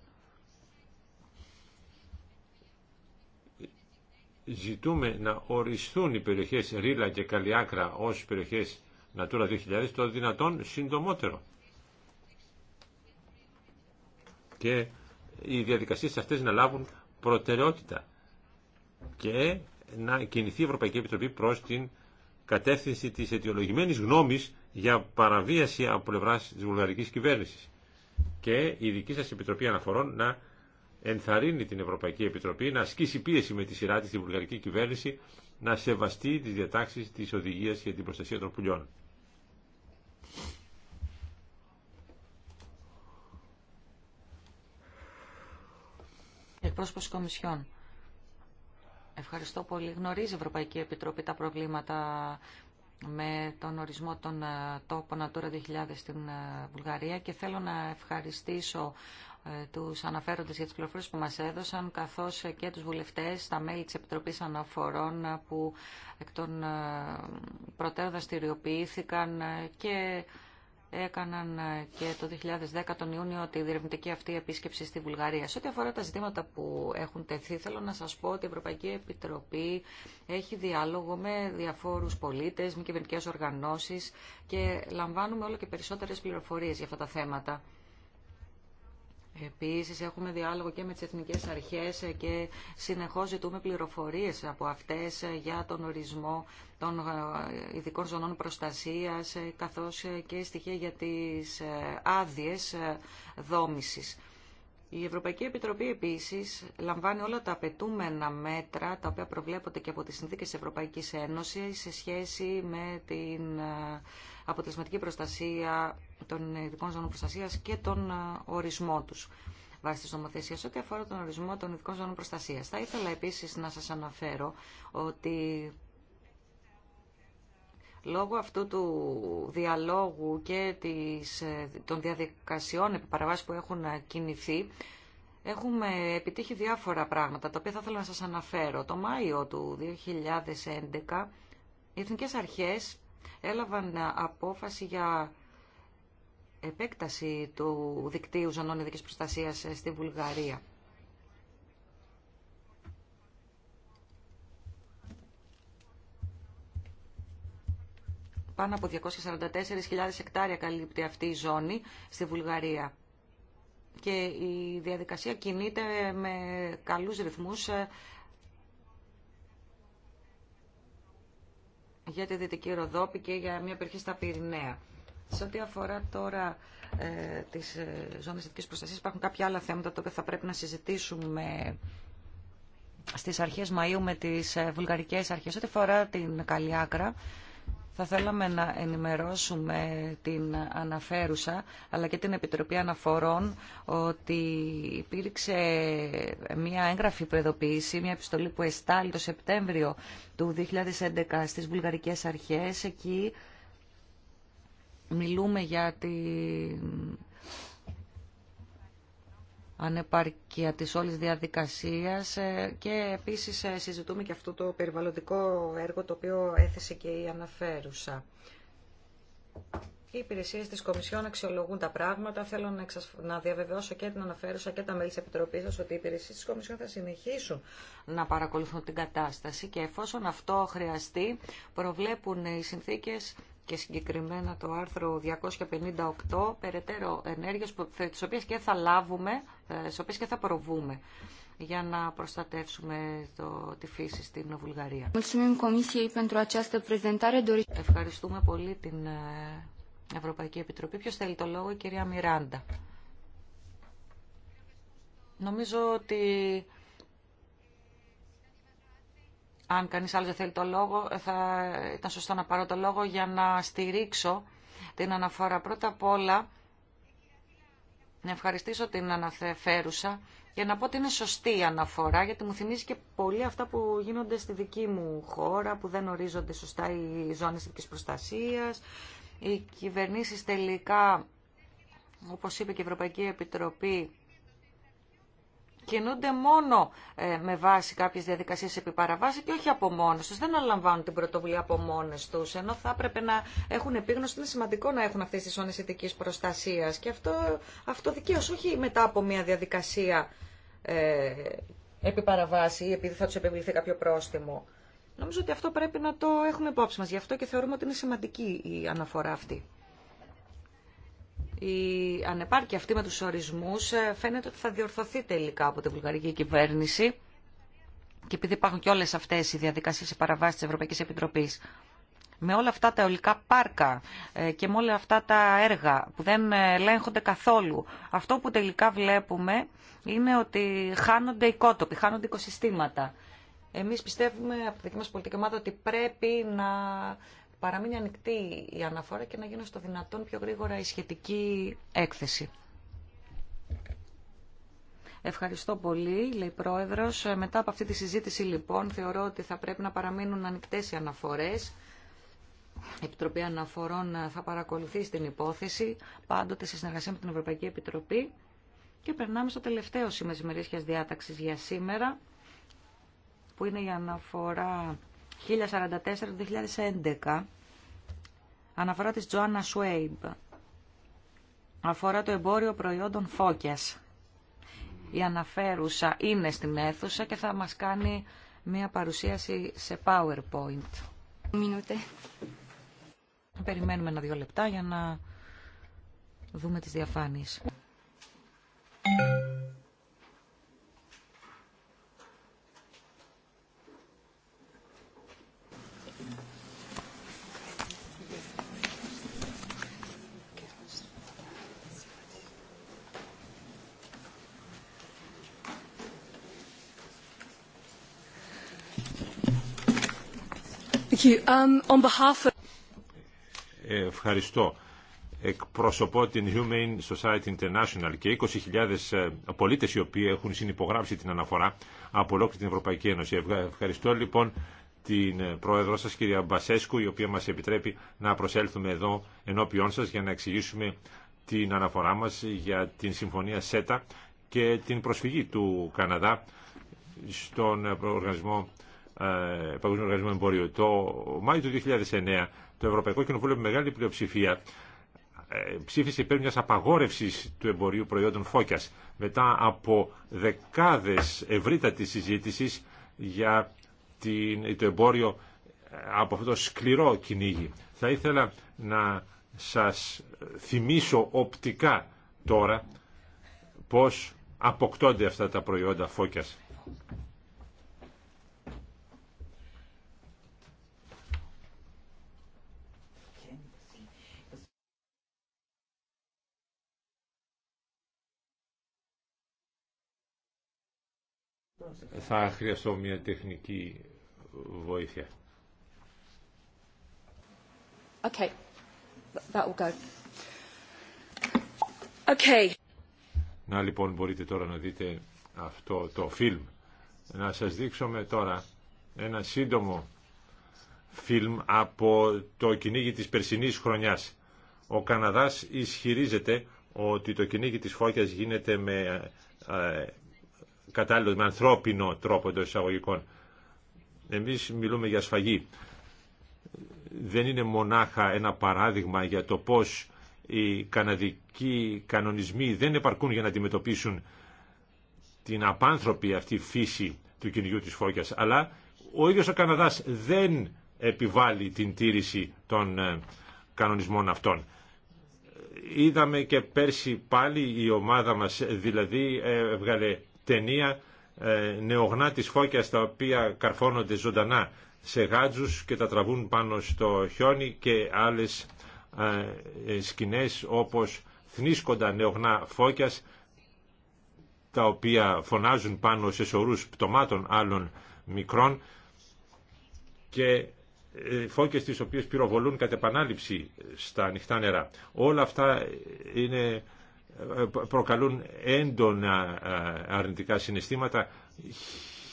Ζητούμε να οριστούν οι περιοχές Ρίλα και Καλλιάκρα ως περιοχές Natura 2000 το δυνατόν συντομότερο και οι διαδικασίες αυτές να λάβουν προτεραιότητα και να κινηθεί η Ευρωπαϊκή Επιτροπή προς την κατεύθυνση της αιτιολογημένης γνώμης για παραβίαση από πλευρά της βουλγαρικής κυβέρνησης και η δική σας Επιτροπή Αναφορών να ενθαρρύνει την Ευρωπαϊκή Επιτροπή να ασκήσει πίεση με τη σειρά της στη βουλγαρική κυβέρνηση να σεβαστεί τις διατάξεις της οδηγίας για την προστασία των πουλιών. εκπρόσωπος Κομισιόν. Ευχαριστώ πολύ. Γνωρίζει η Ευρωπαϊκή Επιτροπή τα προβλήματα με τον ορισμό των ε, τόπων Natura 2000 στην ε, Βουλγαρία και θέλω να ευχαριστήσω ε, τους αναφέροντες για τις πληροφορίες που μας έδωσαν, καθώς και τους βουλευτές, τα μέλη της Επιτροπής Αναφορών που εκ των προτέρων δραστηριοποιήθηκαν και έκαναν ε, και το 2010 τον Ιούνιο τη διερευνητική αυτή επίσκεψη στη Βουλγαρία. Σε ό,τι αφορά τα ζητήματα που έχουν τεθεί, θέλω να σας πω ότι η Ευρωπαϊκή Επιτροπή έχει διάλογο με διαφόρους πολίτες, με κυβερνικές οργανώσεις και λαμβάνουμε όλο και περισσότερες πληροφορίες για αυτά τα θέματα. Επίση, έχουμε διάλογο και με τις εθνικέ αρχές και συνεχώς ζητούμε πληροφορίες από αυτές για τον ορισμό των ε, ειδικών ζωνών προστασία, ε, καθώς ε, και στοιχεία για τις άδειες δόμησης. Η Ευρωπαϊκή Επιτροπή επίση λαμβάνει όλα τα απαιτούμενα μέτρα τα οποία προβλέπονται και από τις συνθήκε της Ευρωπαϊκής Ένωσης σε σχέση με την αποτελεσματική προστασία των ειδικών ζώνων προστασίας και τον ε, ορισμό τους βάσει τη νομοθεσία ό,τι αφορά τον ορισμό των ειδικών ζώνων προστασία. Θα ήθελα επίση να σα αναφέρω ότι λόγω αυτού του διαλόγου και της, ε, των διαδικασιών επιπαραβάσεις που έχουν κινηθεί, έχουμε επιτύχει διάφορα πράγματα, τα οποία θα ήθελα να σας αναφέρω. Το Μάιο του 2011, οι Εθνικές Αρχές έλαβαν απόφαση για επέκταση του δικτύου ζωνών ειδικής προστασίας στη Βουλγαρία. Πάνω από 244.000 εκτάρια καλύπτει αυτή η ζώνη στη Βουλγαρία. Και η διαδικασία κινείται με καλούς ρυθμούς για τη Δυτική Ροδόπη και για μια περιοχή στα Πυρηναία. Σε ό,τι αφορά τώρα ε, τι ε, ζώνε Προστασίας προστασία, υπάρχουν κάποια άλλα θέματα τα οποία θα πρέπει να συζητήσουμε στι αρχέ Μαΐου με τις ε, βουλγαρικές αρχές. τι βουλγαρικέ αρχέ. Ό,τι αφορά την Καλλιάκρα, θα θέλαμε να ενημερώσουμε την αναφέρουσα αλλά και την Επιτροπή Αναφορών ότι υπήρξε μια έγγραφη προεδοποίηση, μια επιστολή που εστάλει το Σεπτέμβριο του 2011 στις βουλγαρικές αρχές. Εκεί μιλούμε για την ανεπαρκία της όλης διαδικασίας ε, και επίσης ε, συζητούμε και αυτό το περιβαλλοντικό έργο το οποίο έθεσε και η αναφέρουσα. Οι υπηρεσίε τη Κομισιόν αξιολογούν τα πράγματα. Θέλω να, να διαβεβαιώσω και την αναφέρουσα και τα μέλη τη Επιτροπή σα ότι οι υπηρεσίε τη Κομισιόν θα συνεχίσουν να παρακολουθούν την κατάσταση και εφόσον αυτό χρειαστεί, προβλέπουν οι συνθήκε και συγκεκριμένα το άρθρο 258, περαιτέρω ενέργειες τις οποίες και θα λάβουμε, ε, τις οποίες και θα προβούμε για να προστατεύσουμε το, τη φύση στην Βουλγαρία. Ευχαριστούμε πολύ την ε, Ευρωπαϊκή Επιτροπή. Ποιος θέλει το λόγο, η κυρία Μιράντα. Νομίζω ότι αν κανείς άλλος δεν θέλει το λόγο, ε, θα ήταν σωστό να πάρω το λόγο για να στηρίξω την αναφορά. Πρώτα απ' όλα, να ευχαριστήσω την αναφέρουσα για να πω ότι είναι σωστή η αναφορά, γιατί μου θυμίζει και πολύ αυτά που γίνονται στη δική μου χώρα, που δεν ορίζονται σωστά οι ζώνες της προστασίας. Οι κυβερνήσεις τελικά, όπως είπε και η Ευρωπαϊκή Επιτροπή, κινούνται μόνο ε, με βάση κάποιες διαδικασίες επί παραβάση και όχι από μόνες τους. Δεν αναλαμβάνουν την πρωτοβουλία από μόνες τους, ενώ θα έπρεπε να έχουν επίγνωση είναι σημαντικό να έχουν αυτές τις ζώνες ειδικής προστασίας και αυτό, αυτό δικαίως, όχι μετά από μια διαδικασία ε, επί παραβάση ή επειδή θα τους επιβληθεί κάποιο πρόστιμο. Νομίζω ότι αυτό πρέπει να το έχουμε υπόψη μας. Γι' αυτό και θεωρούμε ότι είναι σημαντική η αναφορά αυτή η ανεπάρκεια αυτή με τους ορισμούς ε, φαίνεται ότι θα διορθωθεί τελικά από την βουλγαρική κυβέρνηση και επειδή υπάρχουν και όλες αυτές οι διαδικασίες σε παραβάσεις της Ευρωπαϊκής Επιτροπής με όλα αυτά τα ολικά πάρκα ε, και με όλα αυτά τα έργα που δεν ελέγχονται καθόλου αυτό που τελικά βλέπουμε είναι ότι χάνονται οι κότοποι, χάνονται οικοσυστήματα. Εμείς πιστεύουμε από τη δική μας πολιτική ομάδα ότι πρέπει να παραμείνει ανοιχτή η αναφορά και να γίνει στο δυνατόν πιο γρήγορα η σχετική έκθεση. Ευχαριστώ πολύ, λέει Πρόεδρος. Ε, μετά από αυτή τη συζήτηση, λοιπόν, θεωρώ ότι θα πρέπει να παραμείνουν ανοιχτές οι αναφορές. Η Επιτροπή Αναφορών ε, θα παρακολουθεί στην υπόθεση, πάντοτε σε συνεργασία με την Ευρωπαϊκή Επιτροπή. Και περνάμε στο τελευταίο σήμερα διάταξης για σήμερα, που είναι η αναφορά 1044 2011 αναφορά της Τζοάννα Σουέιμπ αφορά το εμπόριο προϊόντων φώκιας. Η αναφέρουσα είναι στην αίθουσα και θα μας κάνει μία παρουσίαση σε PowerPoint. Μινούτε. Περιμένουμε ένα-δύο λεπτά για να δούμε τις διαφάνειες. Um, ε, ευχαριστώ. Εκπροσωπώ την Humane Society International και 20.000 ε, πολίτες οι οποίοι έχουν συνυπογράψει την αναφορά από ολόκληρη την Ευρωπαϊκή Ένωση. Ευχαριστώ λοιπόν την ε, πρόεδρό σας κυρία Μπασέσκου η οποία μας επιτρέπει να προσέλθουμε εδώ ενώπιόν σας για να εξηγήσουμε την αναφορά μας για την Συμφωνία ΣΕΤΑ και την προσφυγή του Καναδά στον Οργανισμό ε, Παγκόσμιο Οργανισμό εμπορίου. Το Μάιο του 2009 το Ευρωπαϊκό Κοινοβούλιο με μεγάλη πλειοψηφία ε, ψήφισε υπέρ μιας απαγόρευσης του εμπορίου προϊόντων φώκιας μετά από δεκάδες ευρύτατη συζήτηση για την, το εμπόριο ε, από αυτό το σκληρό κυνήγι. Θα ήθελα να σας θυμίσω οπτικά τώρα πώς αποκτώνται αυτά τα προϊόντα φώκιας. θα χρειαστώ μια τεχνική βοήθεια. Okay. That will go. Okay. Να λοιπόν μπορείτε τώρα να δείτε αυτό το φιλμ. Να σας δείξουμε τώρα ένα σύντομο φιλμ από το κυνήγι της περσινής χρονιάς. Ο Καναδάς ισχυρίζεται ότι το κυνήγι της φώκιας γίνεται με ε, κατάλληλο, με ανθρώπινο τρόπο εντό εισαγωγικών. Εμείς μιλούμε για σφαγή. Δεν είναι μονάχα ένα παράδειγμα για το πώς οι καναδικοί κανονισμοί δεν επαρκούν για να αντιμετωπίσουν την απάνθρωπη αυτή φύση του κυνηγιού της φώκιας, αλλά ο ίδιος ο Καναδάς δεν επιβάλλει την τήρηση των ε, κανονισμών αυτών. Είδαμε και πέρσι πάλι η ομάδα μας δηλαδή ε, έβγαλε ταινία ε, νεογνά της φώκιας τα οποία καρφώνονται ζωντανά σε γάτζους και τα τραβούν πάνω στο χιόνι και άλλες ε, ε, σκηνές όπως θνίσκοντα νεογνά φώκιας τα οποία φωνάζουν πάνω σε σωρούς πτωμάτων άλλων μικρών και φώκες τις οποίες πυροβολούν κατ' επανάληψη στα ανοιχτά νερά. Όλα αυτά είναι προκαλούν έντονα ε, αρνητικά συναισθήματα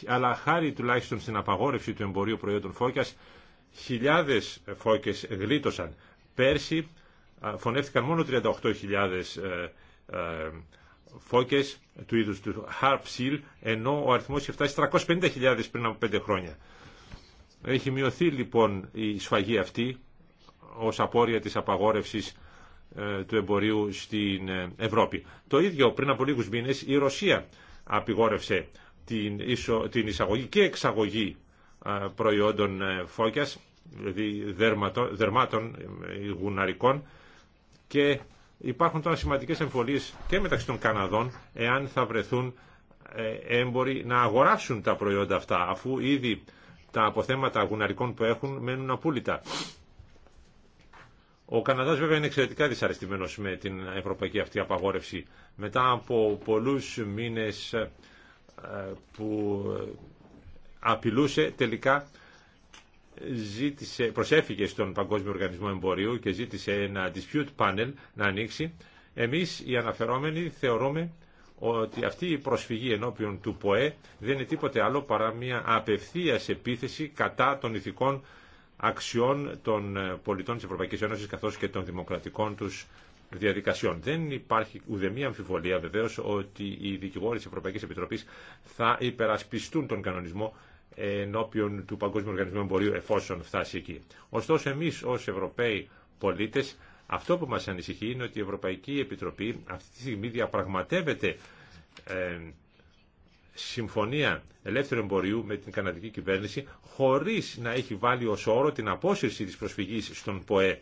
αλλά χάρη τουλάχιστον στην απαγόρευση του εμπορίου προϊόντων φώκιας χιλιάδες φώκες γλίτωσαν. Πέρσι ε, φωνεύτηκαν μόνο 38.000 ε, φώκες του είδους του Harp Seal ενώ ο αριθμός είχε φτάσει 350.000 πριν από 5 χρόνια. Έχει μειωθεί λοιπόν η σφαγή αυτή ως απόρρια της απαγόρευσης ε, του εμπορίου στην ε, Ευρώπη. Το ίδιο πριν από λίγους μήνες η Ρωσία απειγόρευσε την εισαγωγή και εξαγωγή ε, προϊόντων φώκιας, δηλαδή δερμάτων γουναρικών και υπάρχουν τώρα σημαντικές εμφωλίες και μεταξύ των Καναδών εάν θα βρεθούν έμποροι να αγοράσουν τα προϊόντα αυτά αφού ήδη τα αποθέματα γουναρικών που έχουν μένουν απόλυτα. Ο Καναδάς βέβαια είναι εξαιρετικά δυσαρεστημένος με την ευρωπαϊκή αυτή απαγόρευση. Μετά από πολλούς μήνες ε, που απειλούσε τελικά ζήτησε, προσέφηκε στον Παγκόσμιο Οργανισμό Εμπορίου και ζήτησε ένα dispute panel να ανοίξει. Εμείς οι αναφερόμενοι θεωρούμε ότι αυτή η προσφυγή ενώπιον του ΠΟΕ δεν είναι τίποτε άλλο παρά μια απευθείας επίθεση κατά των ηθικών αξιών των ε, πολιτών της Ευρωπαϊκής Ένωσης καθώς και των δημοκρατικών τους διαδικασιών. Δεν υπάρχει ουδέμια αμφιβολία βεβαίως ότι οι δικηγόροι της Ευρωπαϊκής Επιτροπής θα υπερασπιστούν τον κανονισμό ενώπιον του Παγκόσμιου Οργανισμού Εμπορίου εφόσον φτάσει εκεί. Ωστόσο εμείς ως Ευρωπαίοι πολίτες αυτό που μας ανησυχεί είναι ότι η Ευρωπαϊκή Επιτροπή αυτή τη στιγμή διαπραγματεύεται ε, συμφωνία ελεύθερου εμπορίου με την καναδική κυβέρνηση χωρί να έχει βάλει ω όρο την απόσυρση τη προσφυγή στον ΠΟΕ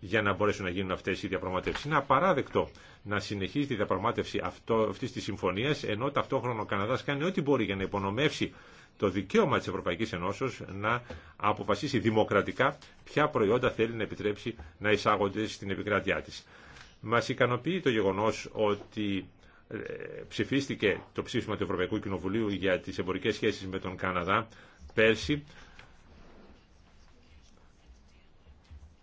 για να μπορέσουν να γίνουν αυτέ οι διαπραγματεύσει. Είναι απαράδεκτο να συνεχίζει τη διαπραγμάτευση αυτή τη συμφωνία, ενώ ταυτόχρονα ο Καναδά κάνει ό,τι μπορεί για να υπονομεύσει το δικαίωμα τη Ευρωπαϊκή Ενώσεω να αποφασίσει δημοκρατικά ποια προϊόντα θέλει να επιτρέψει να εισάγονται στην επικράτειά τη. Μα ικανοποιεί το γεγονό ότι ε, ψηφίστηκε το ψήφισμα του Ευρωπαϊκού Κοινοβουλίου για τις εμπορικές σχέσεις με τον Καναδά πέρσι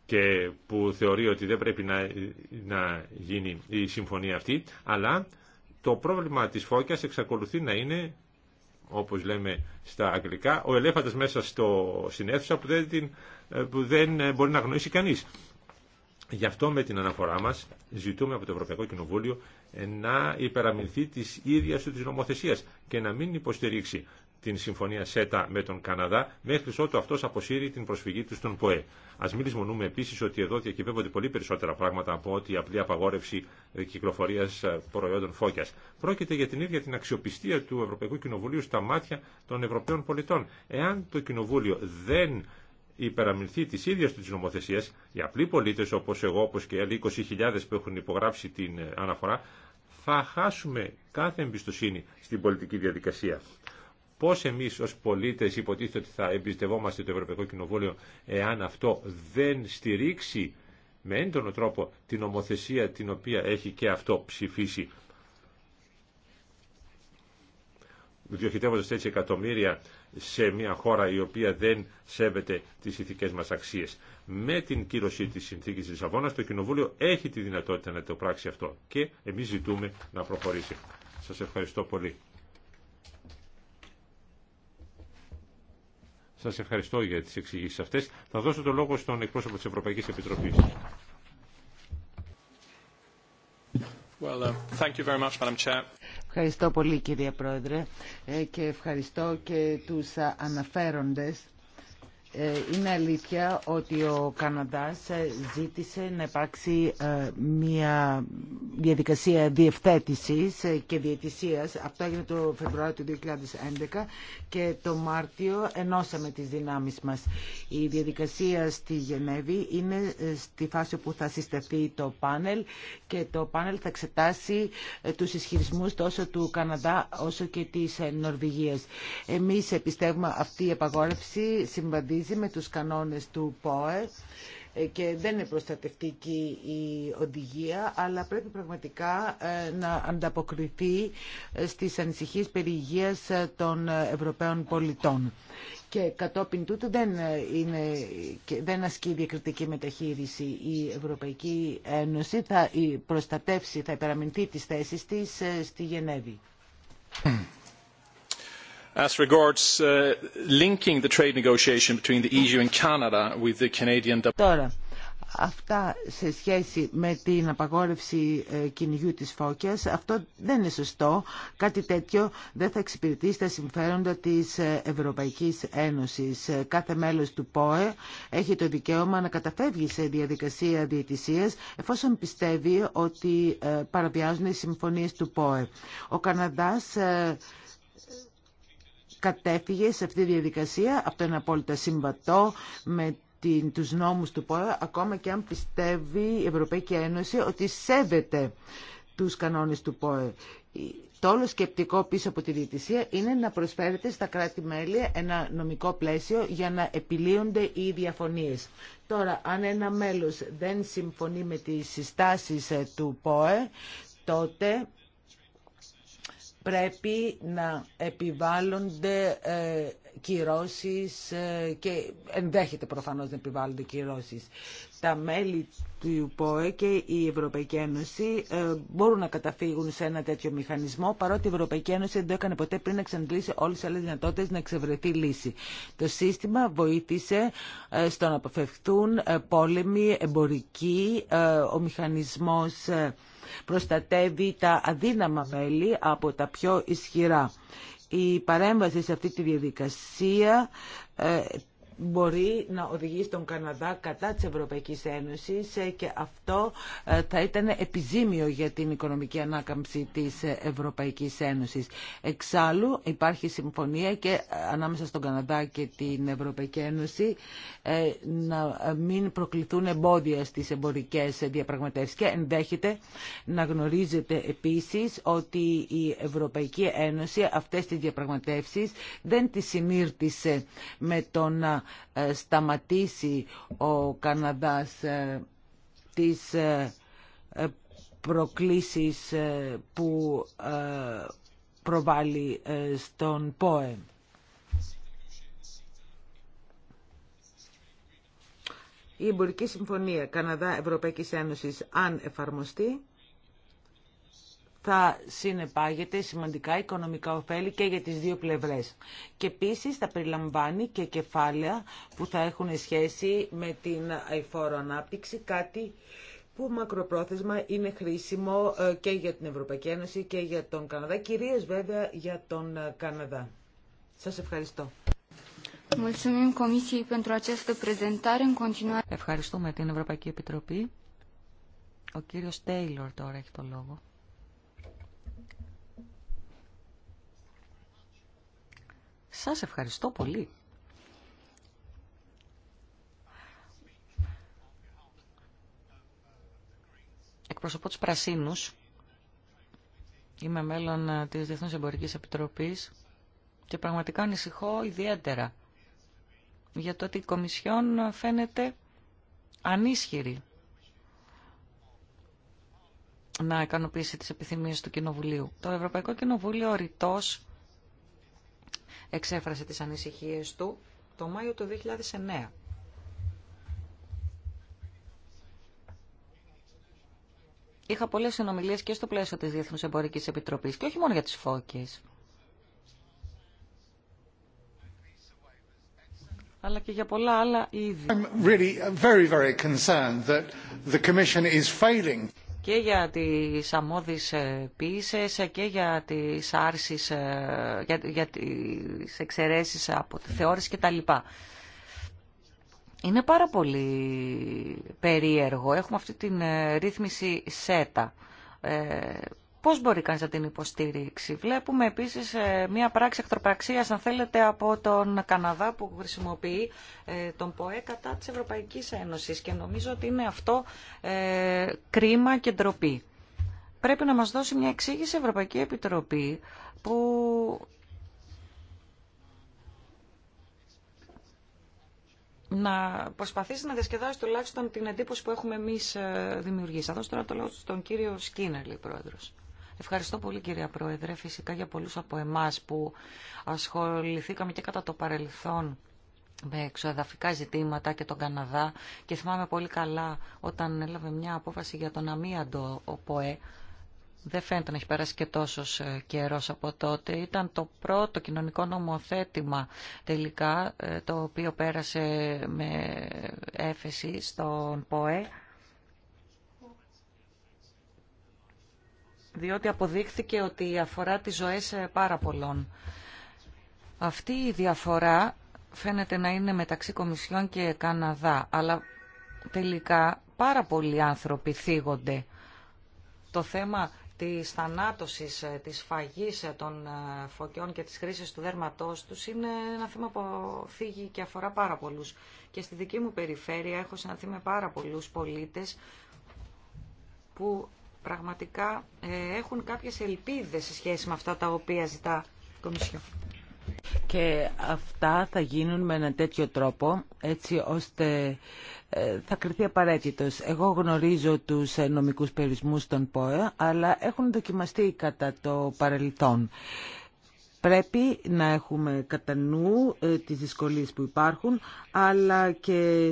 και που θεωρεί ότι δεν πρέπει να, να γίνει η συμφωνία αυτή, αλλά το πρόβλημα της φώκιας εξακολουθεί να είναι, όπως λέμε στα αγγλικά, ο ελέφαντας μέσα στο συνέθουσα που δεν, ε, που δεν μπορεί να γνωρίσει κανείς. Γι' αυτό με την αναφορά μας ζητούμε από το Ευρωπαϊκό Κοινοβούλιο ε, να υπεραμεινθεί της ίδιας του της νομοθεσίας και να μην υποστηρίξει την συμφωνία ΣΕΤΑ με τον Καναδά, μέχρι ότου αυτό αποσύρει την προσφυγή του στον ΠΟΕ. Α μην λησμονούμε επίση ότι εδώ διακυβεύονται πολύ περισσότερα πράγματα από ότι η απλή απαγόρευση ε, κυκλοφορία ε, προϊόντων φώκια. Πρόκειται για την ίδια την αξιοπιστία του Ευρωπαϊκού Κοινοβουλίου στα μάτια των Ευρωπαίων πολιτών. Εάν το Κοινοβούλιο δεν υπεραμεινθεί της ίδιας του τη νομοθεσία, οι απλοί πολίτες όπως εγώ, όπως και άλλοι 20.000 που έχουν υπογράψει την ε, αναφορά, θα χάσουμε κάθε εμπιστοσύνη στην πολιτική διαδικασία. Πώς εμείς ως πολίτες υποτίθεται ότι θα εμπιστευόμαστε το Ευρωπαϊκό Κοινοβούλιο εάν αυτό δεν στηρίξει με έντονο τρόπο την νομοθεσία την οποία έχει και αυτό ψηφίσει. Διοχητεύοντας έτσι εκατομμύρια σε μια χώρα η οποία δεν σέβεται τις ηθικές μας αξίες. Με την κύρωση της συνθήκης της Λισαβόνας το Κοινοβούλιο έχει τη δυνατότητα να το πράξει αυτό και εμείς ζητούμε να προχωρήσει. Σας ευχαριστώ πολύ. Σας ευχαριστώ για τις εξηγήσεις αυτές. Θα δώσω το λόγο στον εκπρόσωπο της Ευρωπαϊκής Επιτροπής. Well, uh, thank you very much, Madam Ευχαριστώ πολύ κυρία Πρόεδρε ε, και ευχαριστώ και τους ε, αναφέροντες ε, είναι αλήθεια ότι ο Καναδάς ε, ζήτησε να υπάρξει ε, μια διαδικασία διευθέτησης και διαιτησίας. Αυτό έγινε το Φεβρουάριο του 2011 και το Μάρτιο ενώσαμε τις δυνάμεις μας. Η διαδικασία στη Γενέβη είναι στη φάση που θα συσταθεί το πάνελ και το πάνελ θα εξετάσει τους ισχυρισμούς τόσο του Καναδά όσο και της Νορβηγίας. Εμείς πιστεύουμε αυτή η απαγόρευση με τους κανόνες του ΠΟΕ ε, και δεν είναι προστατευτική η οδηγία, αλλά πρέπει πραγματικά ε, να ανταποκριθεί ε, στις ανησυχίες περί των Ευρωπαίων πολιτών. Και κατόπιν τούτου δεν, είναι, δεν ασκεί διακριτική μεταχείριση η Ευρωπαϊκή Ένωση, θα προστατεύσει, θα υπεραμεινθεί τις θέσεις της στη Γενέβη. *clears throat* Τώρα, αυτά σε σχέση με την απαγόρευση ε, κυνηγιού της φώκιας, αυτό δεν είναι σωστό. Κάτι τέτοιο δεν θα εξυπηρετήσει τα συμφέροντα της ε, Ευρωπαϊκής Ένωσης. Ε, κάθε μέλος του ΠΟΕ έχει το δικαίωμα να καταφεύγει σε διαδικασία διαιτησίας εφόσον πιστεύει ότι παραβιάζουν οι συμφωνίες του ΠΟΕ. Ο Καναδάς κατέφυγε σε αυτή τη διαδικασία. Αυτό είναι απόλυτα συμβατό με την, τους νόμους του ΠΟΕ, ακόμα και αν πιστεύει η Ευρωπαϊκή Ένωση ότι σέβεται τους κανόνες του ΠΟΕ. Το όλο σκεπτικό πίσω από τη διαιτησία είναι να προσφέρεται στα κράτη-μέλη ένα νομικό πλαίσιο για να επιλύονται οι διαφωνίες. Τώρα, αν ένα μέλος δεν συμφωνεί με τις συστάσεις ε, του ΠΟΕ, τότε πρέπει να επιβάλλονται ε, κυρώσεις ε, και ενδέχεται προφανώς να επιβάλλονται κυρώσεις. Τα μέλη του ΠΟΕ και η Ευρωπαϊκή Ένωση ε, μπορούν να καταφύγουν σε ένα τέτοιο μηχανισμό παρότι η Ευρωπαϊκή Ένωση δεν το έκανε ποτέ πριν να εξαντλήσει όλες τις άλλες δυνατότητες να εξευρεθεί λύση. Το σύστημα βοήθησε ε, στο να αποφευχθούν πόλεμοι εμπορικοί, ο μηχανισμός προστατεύει τα αδύναμα μέλη από τα πιο ισχυρά. Η παρέμβαση σε αυτή τη διαδικασία ε, μπορεί να οδηγήσει τον Καναδά κατά της Ευρωπαϊκής Ένωσης ε, και αυτό ε, θα ήταν επιζήμιο για την οικονομική ανάκαμψη της Ευρωπαϊκής Ένωσης. Εξάλλου υπάρχει συμφωνία και ε, ανάμεσα στον Καναδά και την Ευρωπαϊκή Ένωση να μην προκληθούν εμπόδια στις εμπορικές διαπραγματεύσεις και ενδέχεται να γνωρίζετε επίσης ότι η Ευρωπαϊκή Ένωση αυτές τις διαπραγματεύσεις δεν τις συνήρτησε με το να ε, σταματήσει ο Καναδάς ε, τις ε, προκλήσεις που προβάλλει στον ΠΟΕ. Η εμπορική συμφωνία Καναδά-Ευρωπαϊκής Ένωσης, αν εφαρμοστεί, θα συνεπάγεται σημαντικά οικονομικά ωφέλη και για τις δύο πλευρές. Και επίσης θα περιλαμβάνει και κεφάλαια που θα έχουν σχέση με την αηφόρο ανάπτυξη, κάτι που μακροπρόθεσμα είναι χρήσιμο ε, και για την Ευρωπαϊκή Ένωση και για τον Καναδά, κυρίως βέβαια για τον ε, Καναδά. Σας ευχαριστώ. Ευχαριστούμε την Ευρωπαϊκή Επιτροπή. Ο κύριος Τέιλορ τώρα έχει το λόγο. Σας ευχαριστώ πολύ. Εκπροσωπώ τους Πρασίνους. Είμαι μέλλον ε, της Διεθνούς Εμπορικής Επιτροπής και πραγματικά ανησυχώ ιδιαίτερα για το ότι η Κομισιόν φαίνεται ανίσχυρη να ικανοποιήσει τις επιθυμίες του Κοινοβουλίου. Το Ευρωπαϊκό Κοινοβούλιο ρητός εξέφρασε τις ανησυχίες του το Μάιο του 2009. Είχα πολλέ συνομιλίε και στο πλαίσιο της Διεθνούς Εμπορικής Επιτροπής και όχι μόνο για τις φώκες. αλλά και για πολλά άλλα είδη και για τις αμμώδεις ε, ποιήσεις και για τις άρσεις, ε, για, για τις εξαιρέσεις από τη θεώρηση κτλ. Είναι πάρα πολύ περίεργο. Έχουμε αυτή την ε, ρύθμιση ΣΕΤΑ Πώς μπορεί κανείς να την υποστήριξει. Βλέπουμε επίσης ε, μια πράξη εχθροπραξίας, αν θέλετε, από τον Καναδά που χρησιμοποιεί ε, τον ΠΟΕ κατά της Ευρωπαϊκής Ένωσης και νομίζω ότι είναι αυτό ε, κρίμα και ντροπή. Πρέπει να μας δώσει μια εξήγηση Ευρωπαϊκή Επιτροπή που να προσπαθήσει να διασκεδάσει τουλάχιστον την εντύπωση που έχουμε εμεί δημιουργήσει. Θα δώσω τώρα το λόγο στον κύριο Σκίνερ, λέει πρόεδρο. Ευχαριστώ πολύ κυρία Πρόεδρε, φυσικά για πολλούς από εμάς που ασχοληθήκαμε και κατά το παρελθόν με εξοδαφικά ζητήματα και τον Καναδά και θυμάμαι πολύ καλά όταν έλαβε μια απόφαση για τον αμίαντο ο ΠΟΕ δεν φαίνεται να έχει περάσει και τόσο ε, καιρό από τότε. Ήταν το πρώτο κοινωνικό νομοθέτημα τελικά, ε, το οποίο πέρασε με έφεση στον ΠΟΕ διότι αποδείχθηκε ότι αφορά τις ζωές ε, πάρα πολλών. Αυτή η διαφορά φαίνεται να είναι μεταξύ Κομισιόν και Καναδά, αλλά τελικά πάρα πολλοί άνθρωποι θίγονται. Το θέμα της θανάτωσης, ε, της φαγής ε, των φωκιών και της χρήσης του δέρματός τους είναι ένα θέμα που φύγει και αφορά πάρα πολλούς. Και στη δική μου περιφέρεια έχω συναντηθεί με πάρα πολλούς πολίτες που πραγματικά ε, έχουν κάποιες ελπίδες σε σχέση με αυτά τα οποία ζητά η Κομισιό. Και αυτά θα γίνουν με ένα τέτοιο τρόπο, έτσι ώστε ε, θα κριθεί απαραίτητο. Εγώ γνωρίζω τους ε, νομικούς περισμούς των ΠΟΕ, αλλά έχουν δοκιμαστεί κατά το παρελθόν. Πρέπει να έχουμε κατά νου τις δυσκολίες που υπάρχουν, αλλά και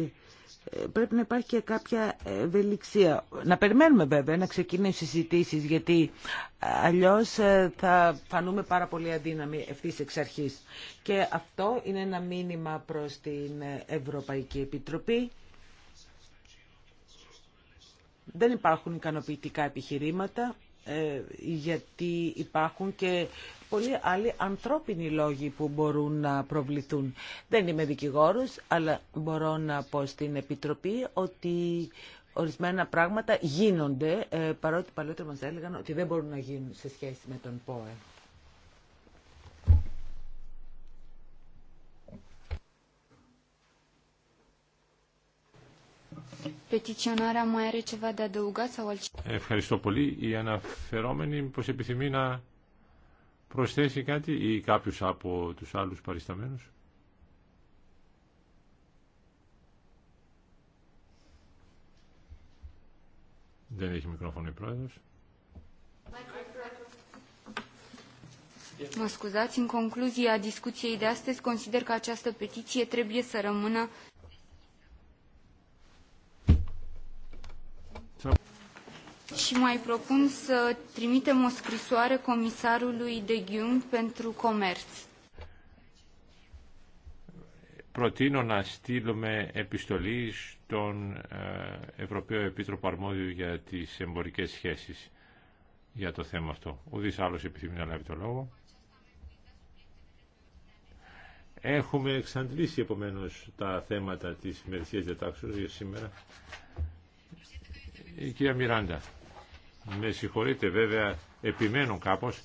πρέπει να υπάρχει και κάποια ευελιξία. Να περιμένουμε βέβαια να οι συζητήσεις γιατί αλλιώς ε, θα φανούμε πάρα πολύ αδύναμοι ευθύς εξ αρχής. Και αυτό είναι ένα μήνυμα προς την Ευρωπαϊκή Επιτροπή. Δεν υπάρχουν ικανοποιητικά επιχειρήματα ε, γιατί υπάρχουν και πολλοί άλλοι ανθρώπινοι λόγοι που μπορούν να προβληθούν. Δεν είμαι δικηγόρος, αλλά μπορώ να πω στην Επιτροπή ότι ορισμένα πράγματα γίνονται, ε, παρότι παλαιότερα μας έλεγαν ότι δεν μπορούν να γίνουν σε σχέση με τον ΠΟΕ. Ευχαριστώ πολύ. Η αναφερόμενη πως επιθυμεί να προσθέσει κάτι ή κάποιο από τους άλλους παρισταμένους. Δεν έχει μικρόφωνο η πρόεδρος. Μα σκουζάτε, στην κλούζια τη κουτσέιδα, θα σα πω η κλούζια Προτείνω να στείλουμε επιστολή στον ε, Ευρωπαίο Επίτροπο Αρμόδιο για τις εμπορικές σχέσεις για το θέμα αυτό. Ουδής άλλος επιθυμεί να λάβει το λόγο. Έχουμε εξαντλήσει επομένως τα θέματα της ημερησίας διατάξεως για σήμερα. Η κυρία Μιράντα. Με συγχωρείτε βέβαια, επιμένω κάπως.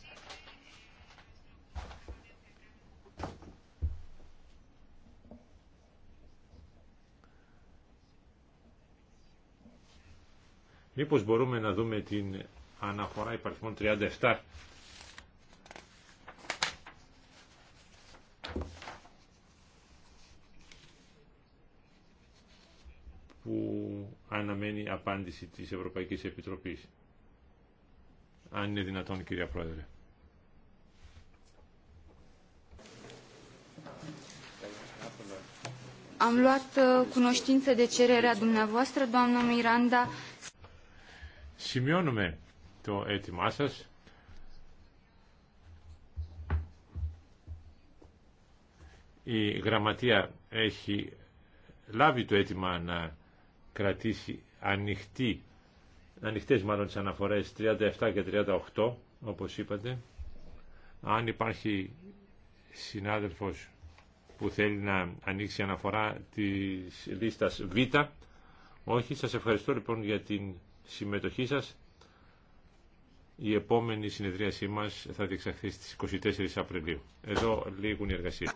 Μήπως μπορούμε να δούμε την αναφορά υπαριθμών 37. που αναμένει απάντηση της Ευρωπαϊκής Επιτροπής αν είναι δυνατόν κυρία Πρόεδρε. Am uh, Σημειώνουμε το αίτημά σα. Η γραμματεία έχει λάβει το αίτημα να κρατήσει ανοιχτή ανοιχτές μάλλον τις αναφορές 37 και 38 όπως είπατε αν υπάρχει συνάδελφος που θέλει να ανοίξει αναφορά της λίστας Β όχι σας ευχαριστώ λοιπόν για την συμμετοχή σας η επόμενη συνεδρίασή μας θα διεξαχθεί στις 24 Απριλίου. Εδώ λήγουν οι εργασίες.